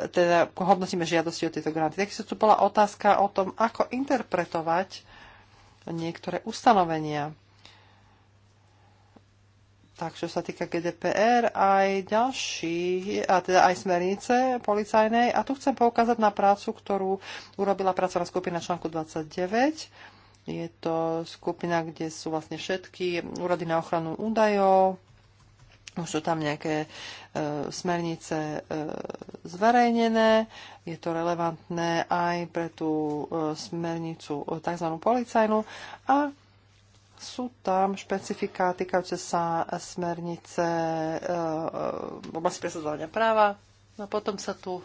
teda hodnotíme žiadosti o tieto granty. Takisto tu bola otázka o tom, ako interpretovať niektoré ustanovenia. Tak, čo sa týka GDPR, aj ďalší, a teda aj smernice policajnej. A tu chcem poukázať na prácu, ktorú urobila pracovná skupina článku 29. Je to skupina, kde sú vlastne všetky úrady na ochranu údajov, už sú tam nejaké e, smernice e, zverejnené, je to relevantné aj pre tú e, smernicu e, tzv. policajnú a sú tam špecifiká týkajúce sa smernice e, e oblasti presadzovania práva. No a potom sa tu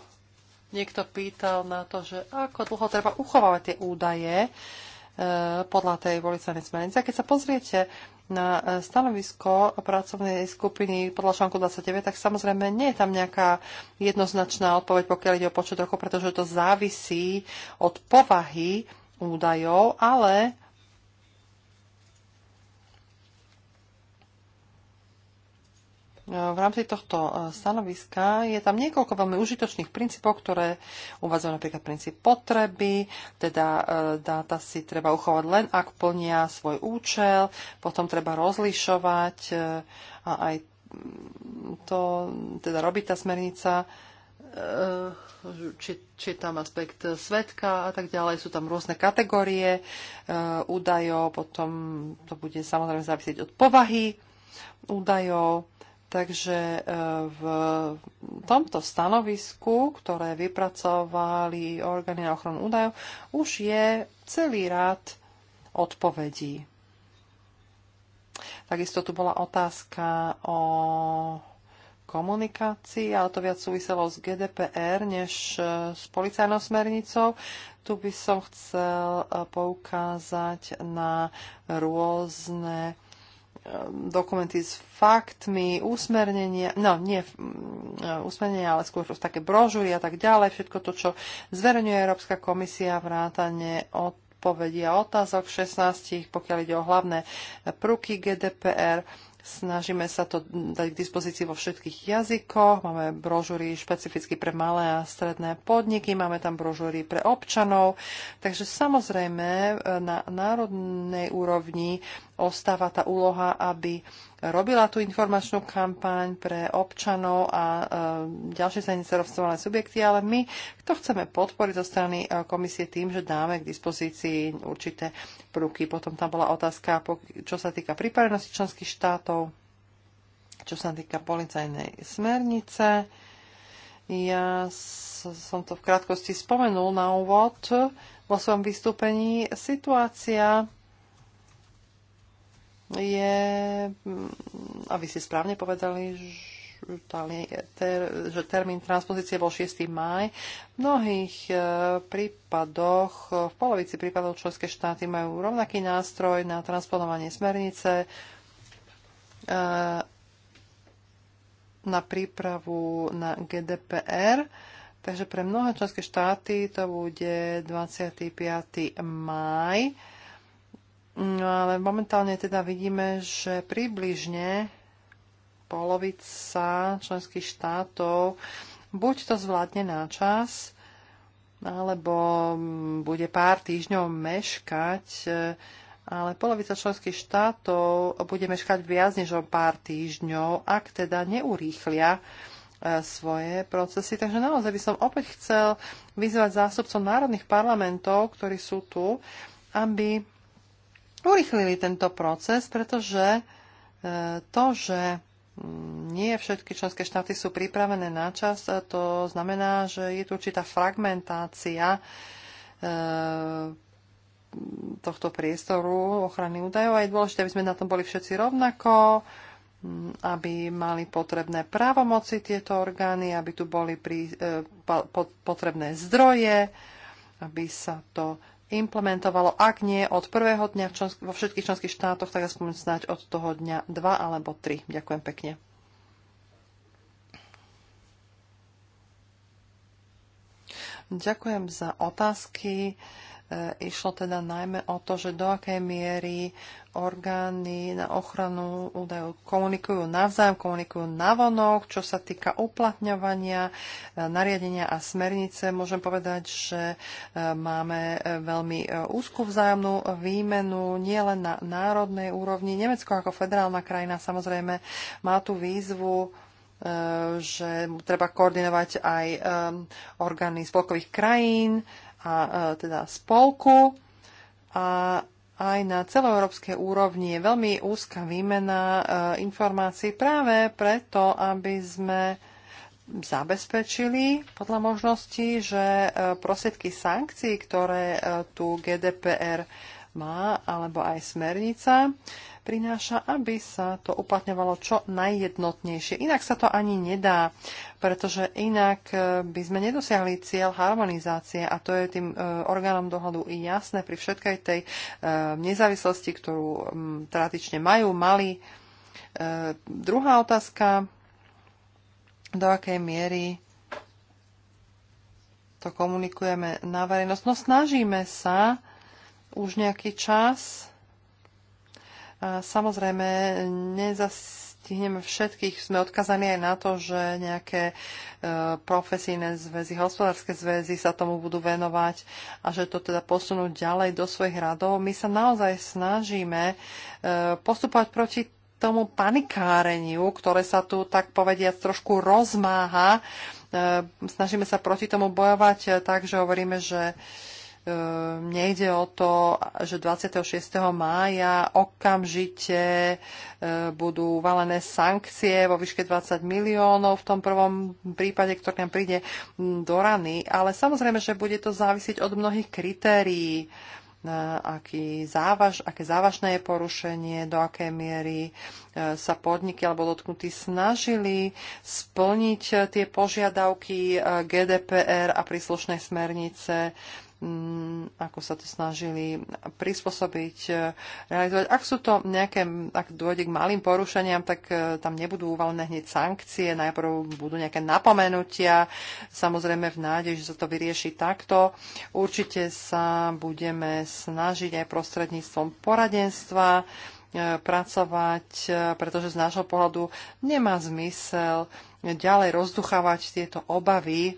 niekto pýtal na to, že ako dlho treba uchovávať tie údaje e, podľa tej policajnej smernice. A keď sa pozriete na e, stanovisko pracovnej skupiny podľa článku 29, tak samozrejme nie je tam nejaká jednoznačná odpoveď, pokiaľ ide o počet rokov, pretože to závisí od povahy údajov, ale v rámci tohto e, stanoviska je tam niekoľko veľmi užitočných princípov, ktoré uvádzajú napríklad princíp potreby, teda e, dáta si treba uchovať len ak plnia svoj účel, potom treba rozlišovať e, a aj to teda robí tá smernica, či, či tam aspekt svetka a tak ďalej. Sú tam rôzne kategórie údajov, potom to bude samozrejme závisieť od povahy údajov Takže e, v tomto stanovisku, ktoré vypracovali orgány na ochranu údajov, už je celý rád odpovedí. Takisto tu bola otázka o komunikácii, ale to viac súviselo s GDPR než e, s policajnou smernicou. Tu by som chcel e, poukázať na rôzne Ehm, dokumenty s faktmi, usmernenia, no nie e, usmernenia, ale skôr také brožúry a tak ďalej, všetko to, čo zverejňuje Európska komisia, vrátane odpovedia, a otázok 16, pokiaľ ide o hlavné prúky GDPR. Snažíme sa to dať k dispozícii vo všetkých jazykoch. Máme brožúry špecificky pre malé a stredné podniky, máme tam brožúry pre občanov. Takže samozrejme e, na národnej úrovni ostáva tá úloha, aby robila tú informačnú kampaň pre občanov a e, ďalšie zainteresované subjekty, ale my to chceme podporiť zo strany e, komisie tým, že dáme k dispozícii určité prúky. Potom tam bola otázka, čo sa týka pripravenosti členských štátov, čo sa týka policajnej smernice. Ja som to v krátkosti spomenul na úvod vo svojom vystúpení. Situácia je, mm, a vy ste správne povedali, že termín transpozície bol 6. maj, V mnohých e, prípadoch, v polovici prípadov členské štáty majú rovnaký nástroj na transponovanie smernice e, na prípravu na GDPR. Takže pre mnohé členské štáty to bude 25. maj. No ale momentálne teda vidíme, že približne polovica členských štátov buď to zvládne na čas, alebo bude pár týždňov meškať, e, ale polovica členských štátov bude meškať viac než o pár týždňov, ak teda neurýchlia e, svoje procesy. Takže naozaj by som opäť chcel vyzvať zástupcov národných parlamentov, ktorí sú tu, aby urychlili tento proces, pretože e, to, že mm, nie všetky členské štáty sú pripravené na čas, e, to znamená, že je tu určitá fragmentácia e, tohto priestoru ochrany údajov a je dôležité, aby sme na tom boli všetci rovnako, mm, aby mali potrebné právomoci tieto orgány, aby tu boli potrebné zdroje, aby sa to implementovalo, ak nie od prvého dňa vo všetkých členských štátoch, tak aspoň snáď od toho dňa 2 alebo 3. Ďakujem pekne. Ďakujem za otázky. E, išlo teda najmä o to, že do akej miery orgány na ochranu údajov komunikujú navzájom, komunikujú navonok, čo sa týka uplatňovania e, nariadenia a smernice. Môžem povedať, že e, máme veľmi úzkú vzájomnú výmenu, nielen na národnej úrovni. Nemecko ako federálna krajina samozrejme má tú výzvu že treba koordinovať aj orgány spolkových krajín, a e, teda spolku a aj na celoeurópskej úrovni je veľmi úzka výmena e, informácií práve preto, aby sme zabezpečili podľa možností, že e, prosiedky sankcií, ktoré tu GDPR má, alebo aj smernica, prináša, aby sa to uplatňovalo čo najjednotnejšie. Inak sa to ani nedá, pretože inak e, by sme nedosiahli cieľ harmonizácie a to je tým e, orgánom dohľadu i jasné pri všetkej tej e, nezávislosti, ktorú tradične majú, mali. Druhá otázka, do akej miery to komunikujeme na verejnosť. No snažíme sa už nejaký čas Samozrejme, nezastihneme všetkých. Sme odkazaní aj na to, že nejaké e, profesijné zväzy, hospodárske zväzy sa tomu budú venovať a že to teda posunú ďalej do svojich radov. My sa naozaj snažíme e, postupovať proti tomu panikáreniu, ktoré sa tu tak povediať trošku rozmáha. E, snažíme sa proti tomu bojovať tak, že hovoríme, že Ehm, nejde o to, že 26. mája okamžite ehm, budú uvalené sankcie vo výške 20 miliónov v tom prvom prípade, ktorý nám príde mm, do rany, ale samozrejme, že bude to závisieť od mnohých kritérií ehm, aký závaž, aké závažné je porušenie, do akej miery sa podniky alebo dotknutí snažili splniť tie požiadavky GDPR a príslušnej smernice ako sa to snažili prispôsobiť, e, realizovať. Ak sú to nejaké, ak dôjde k malým porušeniam, tak e, tam nebudú uvalené hneď sankcie, najprv budú nejaké napomenutia, samozrejme v nádeji, že sa to vyrieši takto. Určite sa budeme snažiť aj prostredníctvom poradenstva e, pracovať, pretože z nášho pohľadu nemá zmysel ďalej rozduchávať tieto obavy,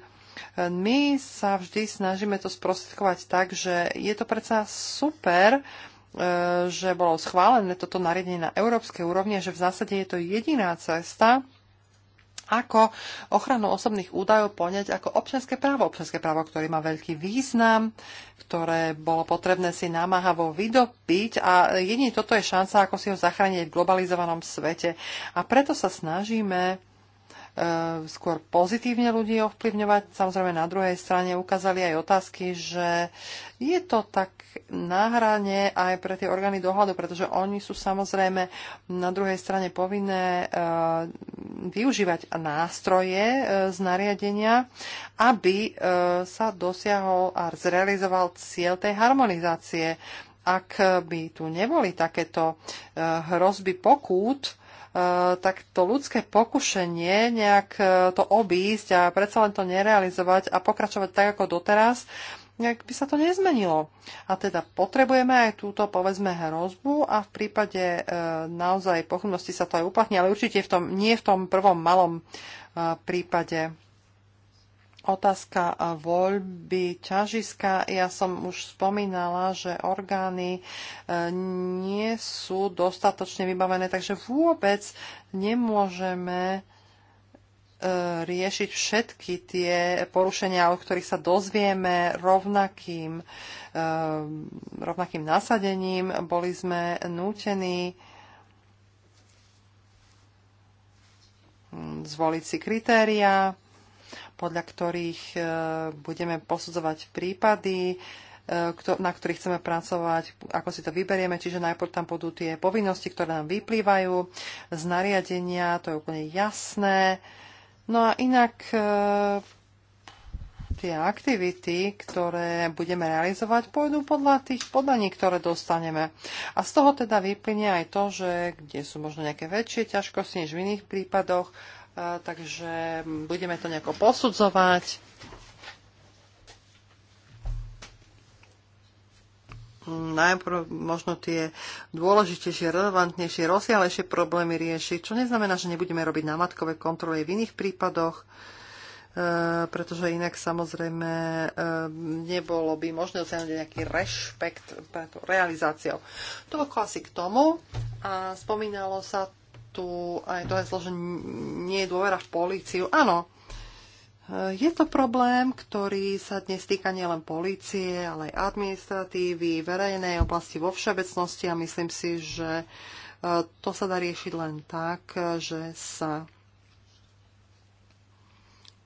my sa vždy snažíme to sprostredkovať tak, že je to predsa super, e, že bolo schválené toto nariadenie na európskej úrovni, že v zásade je to jediná cesta, ako ochranu osobných údajov poňať ako občianské právo. Občianské právo, ktoré má veľký význam, ktoré bolo potrebné si namáhavo vydopiť a jediný toto je šanca, ako si ho zachrániť v globalizovanom svete. A preto sa snažíme E, skôr pozitívne ľudí ovplyvňovať. Samozrejme na druhej strane ukázali aj otázky, že je to tak náhranie aj pre tie orgány dohľadu, pretože oni sú samozrejme na druhej strane povinné e, využívať nástroje e, z nariadenia, aby sa dosiahol a zrealizoval cieľ tej harmonizácie. Ak by tu neboli takéto hrozby pokút, Eh, tak to ľudské pokušenie nejak eh, to obísť a predsa len to nerealizovať a pokračovať tak ako doteraz, nejak by sa to nezmenilo. A teda potrebujeme aj túto, povedzme, hrozbu a v prípade e, naozaj pochybnosti sa to aj uplatní, ale určite v tom, nie v tom prvom malom e, prípade. Otázka voľby ťažiska. Ja som už spomínala, že orgány e, nie sú dostatočne vybavené, takže vôbec nemôžeme e, riešiť všetky tie porušenia, o ktorých sa dozvieme rovnakým, e, rovnakým nasadením. Boli sme nútení zvoliť si kritéria, podľa ktorých e, budeme posudzovať prípady, e, na ktorých chceme pracovať, ako si to vyberieme. Čiže najprv tam budú tie povinnosti, ktoré nám vyplývajú z nariadenia, to je úplne jasné. No a inak e, tie aktivity, ktoré budeme realizovať, pôjdu podľa tých podaní, ktoré dostaneme. A z toho teda vyplynie aj to, že kde sú možno nejaké väčšie ťažkosti než v iných prípadoch, takže budeme to nejako posudzovať. Najprv možno tie dôležitejšie, relevantnejšie, rozsiahlejšie problémy riešiť, čo neznamená, že nebudeme robiť námatkové kontroly v iných prípadoch, e, pretože inak samozrejme e, nebolo by možné oceniť nejaký rešpekt pre tú realizáciu. To bolo asi k tomu a spomínalo sa tu aj doneslo, že nie je dôvera v políciu. Áno, e, je to problém, ktorý sa dnes týka nielen polície, ale aj administratívy, verejnej oblasti vo všeobecnosti a myslím si, že e, to sa dá riešiť len tak, že sa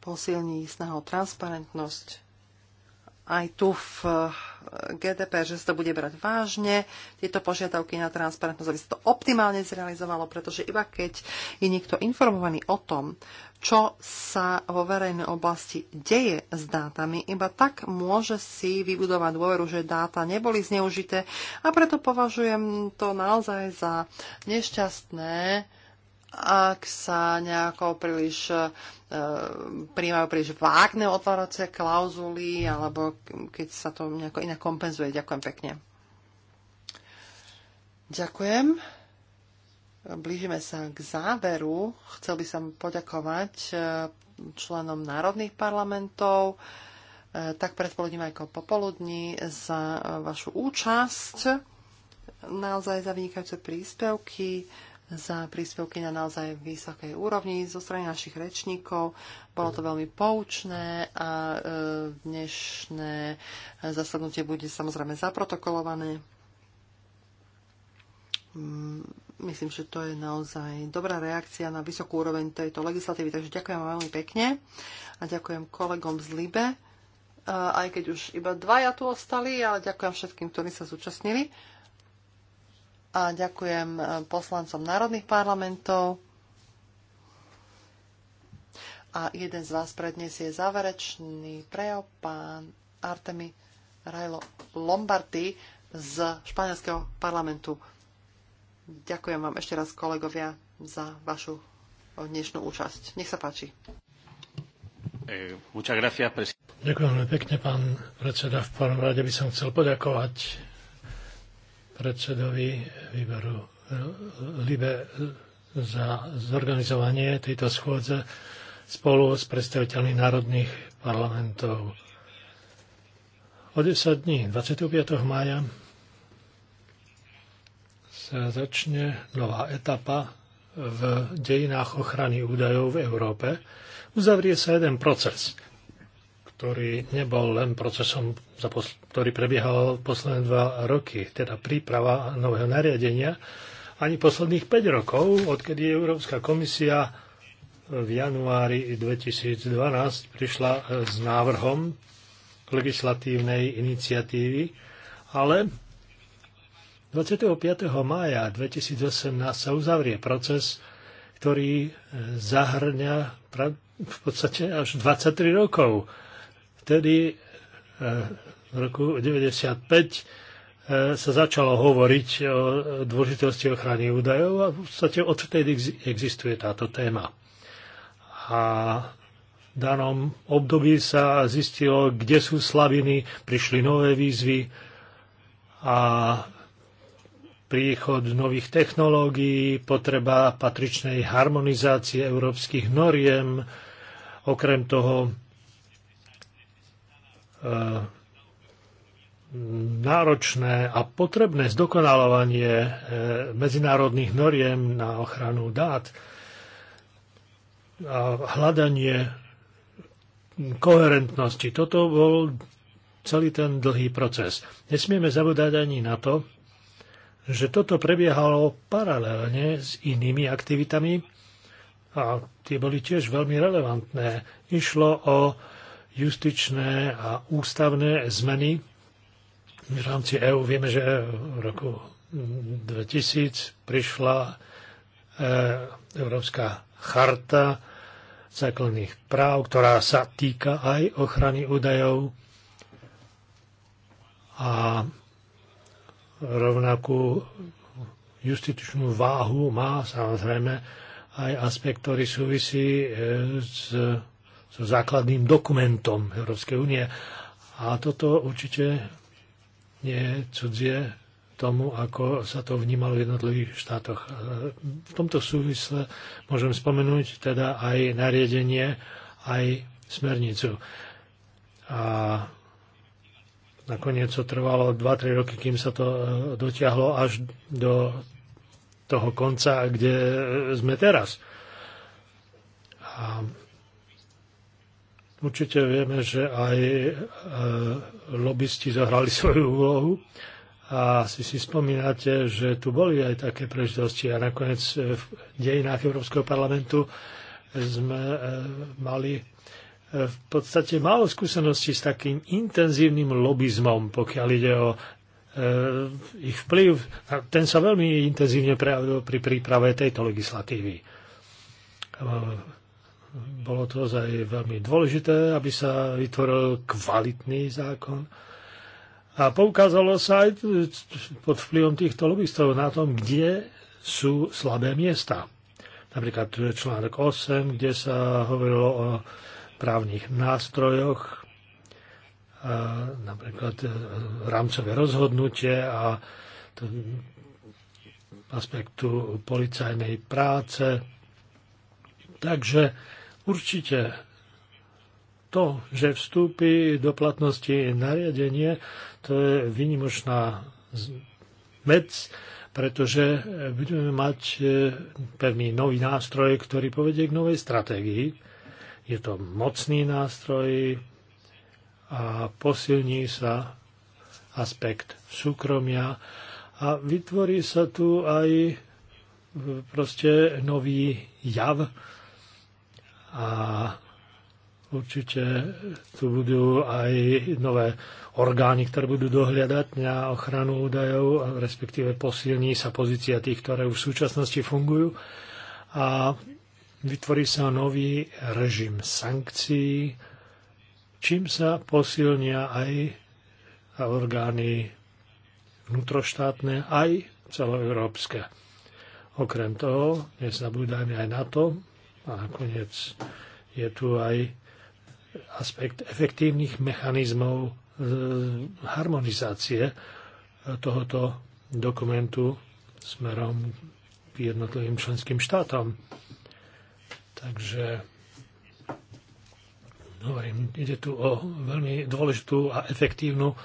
posilní snaha o transparentnosť aj tu v eh, GDP, že sa to bude brať vážne, tieto požiadavky na transparentnosť, aby sa to optimálne zrealizovalo, pretože iba keď je niekto informovaný o tom, čo sa vo verejnej oblasti deje s dátami, iba tak môže si vybudovať dôveru, že dáta neboli zneužité a preto považujem to naozaj za nešťastné, ak sa nejako príliš e, príjmajú príliš vágne otváracie klauzuly, alebo keď sa to nejako inak kompenzuje. Ďakujem pekne. Ďakujem. Blížime sa k záveru. Chcel by som poďakovať e, členom národných parlamentov, e, tak predpoludním ako popoludní, za e, vašu účasť, naozaj za vynikajúce príspevky za príspevky na naozaj vysokej úrovni zo strany našich rečníkov. Bolo to veľmi poučné a e, dnešné zasadnutie bude samozrejme zaprotokolované. Mm, myslím, že to je naozaj dobrá reakcia na vysokú úroveň tejto legislatívy, takže ďakujem veľmi pekne a ďakujem kolegom z LIBE, e, aj keď už iba dvaja tu ostali, ale ďakujem všetkým, ktorí sa zúčastnili a ďakujem e, poslancom národných parlamentov. A jeden z vás predniesie záverečný prejav pán Artemi Rajlo Lombardy z španielského parlamentu. Ďakujem vám ešte raz, kolegovia, za vašu dnešnú účasť. Nech sa páči.
E, ďakujem veľmi pekne, pán predseda. V prvom rade by som chcel poďakovať predsedovi výboru Libe za zorganizovanie tejto schôdze spolu s predstaviteľmi národných parlamentov. O 10 dní, 25. mája, sa začne nová etapa v dejinách ochrany údajov v Európe. Uzavrie sa jeden proces, ktorý nebol len procesom, ktorý prebiehal posledné dva roky, teda príprava nového nariadenia, ani posledných 5 rokov, odkedy Európska komisia v januári 2012 prišla eh, s návrhom legislatívnej iniciatívy, ale 25. mája 2018 sa uzavrie proces, ktorý eh, zahrňa v podstate až 23 rokov vtedy eh, v roku 1995 eh, sa začalo hovoriť o dôležitosti ochrany údajov a v podstate odtedy existuje táto téma. A v danom období sa zistilo, kde sú slabiny, prišli nové výzvy a príchod nových technológií, potreba patričnej harmonizácie európskych noriem, okrem toho náročné a potrebné zdokonalovanie e, medzinárodných noriem na ochranu dát a hľadanie koherentnosti. Toto bol celý ten dlhý proces. Nesmieme zabúdať ani na to, že toto prebiehalo paralelne s inými aktivitami a tie boli tiež veľmi relevantné. Išlo o justičné a ústavné zmeny v rámci EÚ. Vieme, že v roku 2000 prišla e, Európska charta základných práv, ktorá sa týka aj ochrany údajov a rovnakú justičnú váhu má samozrejme aj aspekt, ktorý súvisí e, s so základným dokumentom Európskej únie. A toto určite nie je cudzie tomu, ako sa to vnímalo v jednotlivých štátoch. E, v tomto súvisle môžem spomenúť teda aj nariadenie, aj smernicu. A nakoniec to trvalo 2-3 roky, kým sa to e, dotiahlo až do toho konca, kde sme teraz. A Určite vieme, že aj e, lobbysti zahrali svoju úlohu a si si spomínate, že tu boli aj také prežitosti a nakoniec e, v dejinách Európskeho parlamentu sme e, mali e, v podstate málo skúseností s takým intenzívnym lobizmom, pokiaľ ide o e, ich vplyv. A ten sa veľmi intenzívne prejavil pri príprave tejto legislatívy. E, bolo to ozaj veľmi dôležité, aby sa vytvoril kvalitný zákon. A poukázalo sa aj pod vplyvom týchto lobbystov na tom, kde sú slabé miesta. Napríklad článok 8, kde sa hovorilo o právnych nástrojoch, napríklad e, rámcové rozhodnutie a aspektu policajnej práce. Takže Určite to, že vstúpi do platnosti nariadenie, to je vynimočná vec, pretože budeme mať e, pevný nový nástroj, ktorý povedie k novej stratégii. Je to mocný nástroj a posilní sa aspekt súkromia a vytvorí sa tu aj proste nový jav, a určite tu budú aj nové orgány, ktoré budú dohľadať na ochranu údajov, respektíve posilní sa pozícia tých, ktoré už v súčasnosti fungujú a vytvorí sa nový režim sankcií, čím sa posilnia aj orgány vnútroštátne, aj celoeurópske. Okrem toho, nezabúdajme aj na to, a nakoniec je tu aj aspekt efektívnych mechanizmov e, harmonizácie e, tohoto dokumentu smerom k jednotlivým členským štátom. Takže no, hovorím, ide tu o veľmi dôležitú a efektívnu e,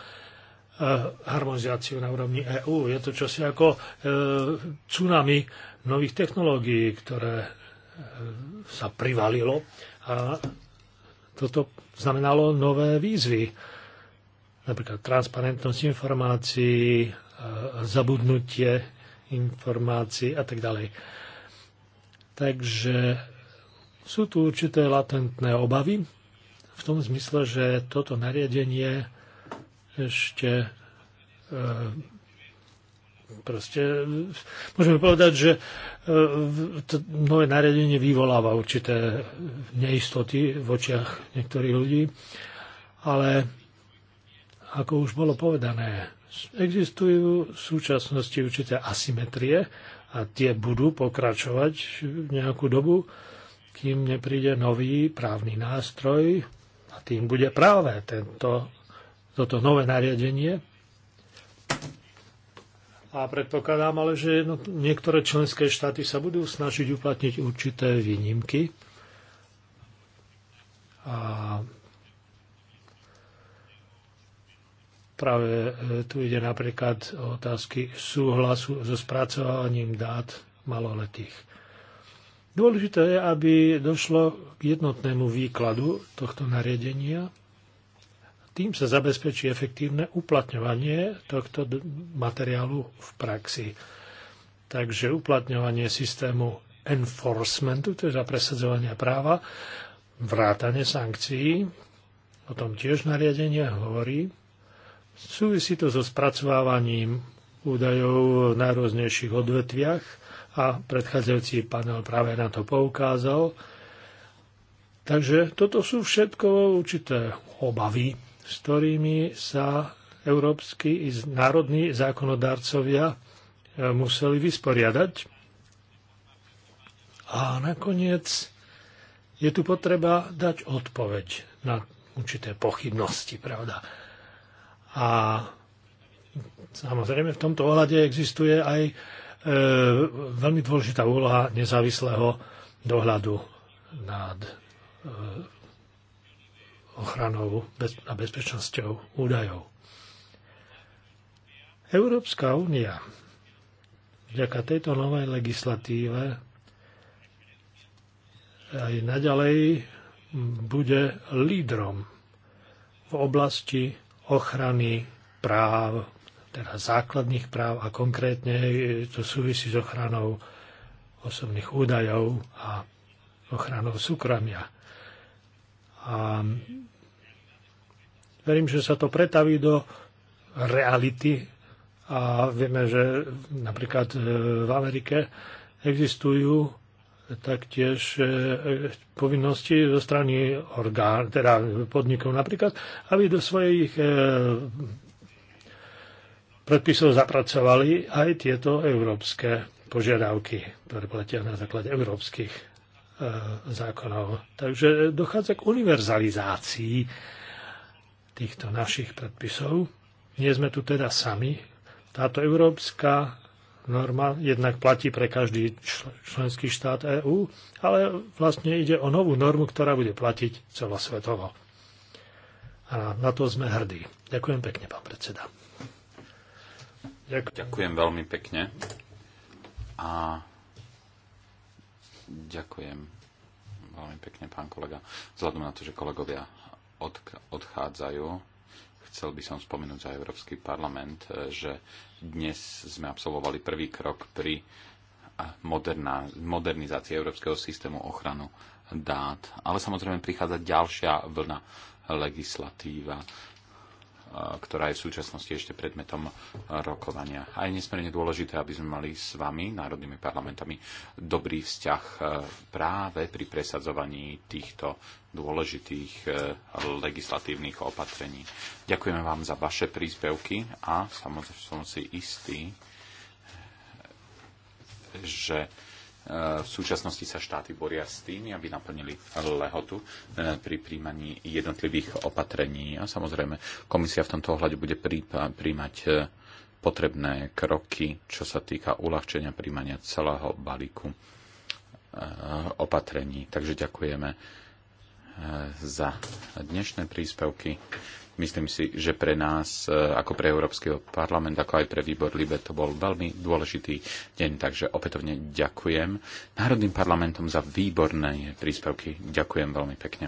harmonizáciu na úrovni EÚ. Je to čosi ako tsunami nových technológií, ktoré sa privalilo a toto znamenalo nové výzvy. Napríklad transparentnosť informácií, e, zabudnutie informácií a tak ďalej. Takže sú tu určité latentné obavy v tom zmysle, že toto nariadenie ešte e, Proste môžeme povedať, že e, to nové nariadenie vyvoláva určité neistoty v očiach niektorých ľudí, ale ako už bolo povedané, existujú v súčasnosti určité asymetrie a tie budú pokračovať nejakú dobu, kým nepríde nový právny nástroj a tým bude práve tento, toto nové nariadenie a predpokladám ale, že jedno, niektoré členské štáty sa budú snažiť uplatniť určité výnimky. A práve e, tu ide napríklad o otázky súhlasu so spracovaním dát maloletých. Dôležité je, aby došlo k jednotnému výkladu tohto nariadenia tým sa zabezpečí efektívne uplatňovanie tohto materiálu v praxi. Takže uplatňovanie systému enforcementu, teda presadzovania práva, vrátanie sankcií, o tom tiež nariadenie hovorí, súvisí to so spracovávaním údajov v najrôznejších odvetviach a predchádzajúci panel práve na to poukázal. Takže toto sú všetko určité obavy, s ktorými sa európsky i národní zákonodárcovia e, museli vysporiadať. A nakoniec je tu potreba dať odpoveď na určité pochybnosti, pravda. A samozrejme v tomto ohľade existuje aj e, veľmi dôležitá úloha nezávislého dohľadu nad e, ochranou a bezpečnosťou údajov. Európska únia vďaka tejto novej legislatíve aj naďalej bude lídrom v oblasti ochrany práv, teda základných práv a konkrétne to súvisí s ochranou osobných údajov a ochranou súkromia. A Verím, že sa to pretaví do reality a vieme, že napríklad e, v Amerike existujú taktiež e, povinnosti zo strany orgán, teda podnikov napríklad, aby do svojich e, predpisov zapracovali aj tieto európske požiadavky, ktoré platia na základe európskych zákonov. Takže dochádza k univerzalizácii týchto našich predpisov. Nie sme tu teda sami. Táto európska norma jednak platí pre každý členský štát EÚ, ale vlastne ide o novú normu, ktorá bude platiť celosvetovo. A na to sme hrdí. Ďakujem pekne, pán predseda.
Ďakujem, ďakujem veľmi pekne. A ďakujem veľmi pekne, pán kolega. Vzhľadom na to, že kolegovia odchádzajú, chcel by som spomenúť za Európsky parlament, e, že dnes sme absolvovali prvý krok pri moderná, modernizácii európskeho systému ochranu dát. Ale samozrejme prichádza ďalšia vlna legislatíva, ktorá je v súčasnosti ešte predmetom rokovania. A je nesmierne dôležité, aby sme mali s vami, národnými parlamentami, dobrý vzťah e, práve pri presadzovaní týchto dôležitých e, legislatívnych opatrení. Ďakujeme vám za vaše príspevky a samozrejme som si istý, že v súčasnosti sa štáty boria s tým, aby naplnili lehotu e, pri príjmaní jednotlivých opatrení. A samozrejme, komisia v tomto ohľade bude príjmať e, potrebné kroky, čo sa týka uľahčenia príjmania celého balíku e, opatrení. Takže ďakujeme za dnešné príspevky myslím si, že pre nás, e, ako pre Európskeho parlament, ako aj pre výbor Libe, to bol veľmi dôležitý deň. Takže opätovne ďakujem Národným parlamentom za výborné príspevky. Ďakujem veľmi pekne.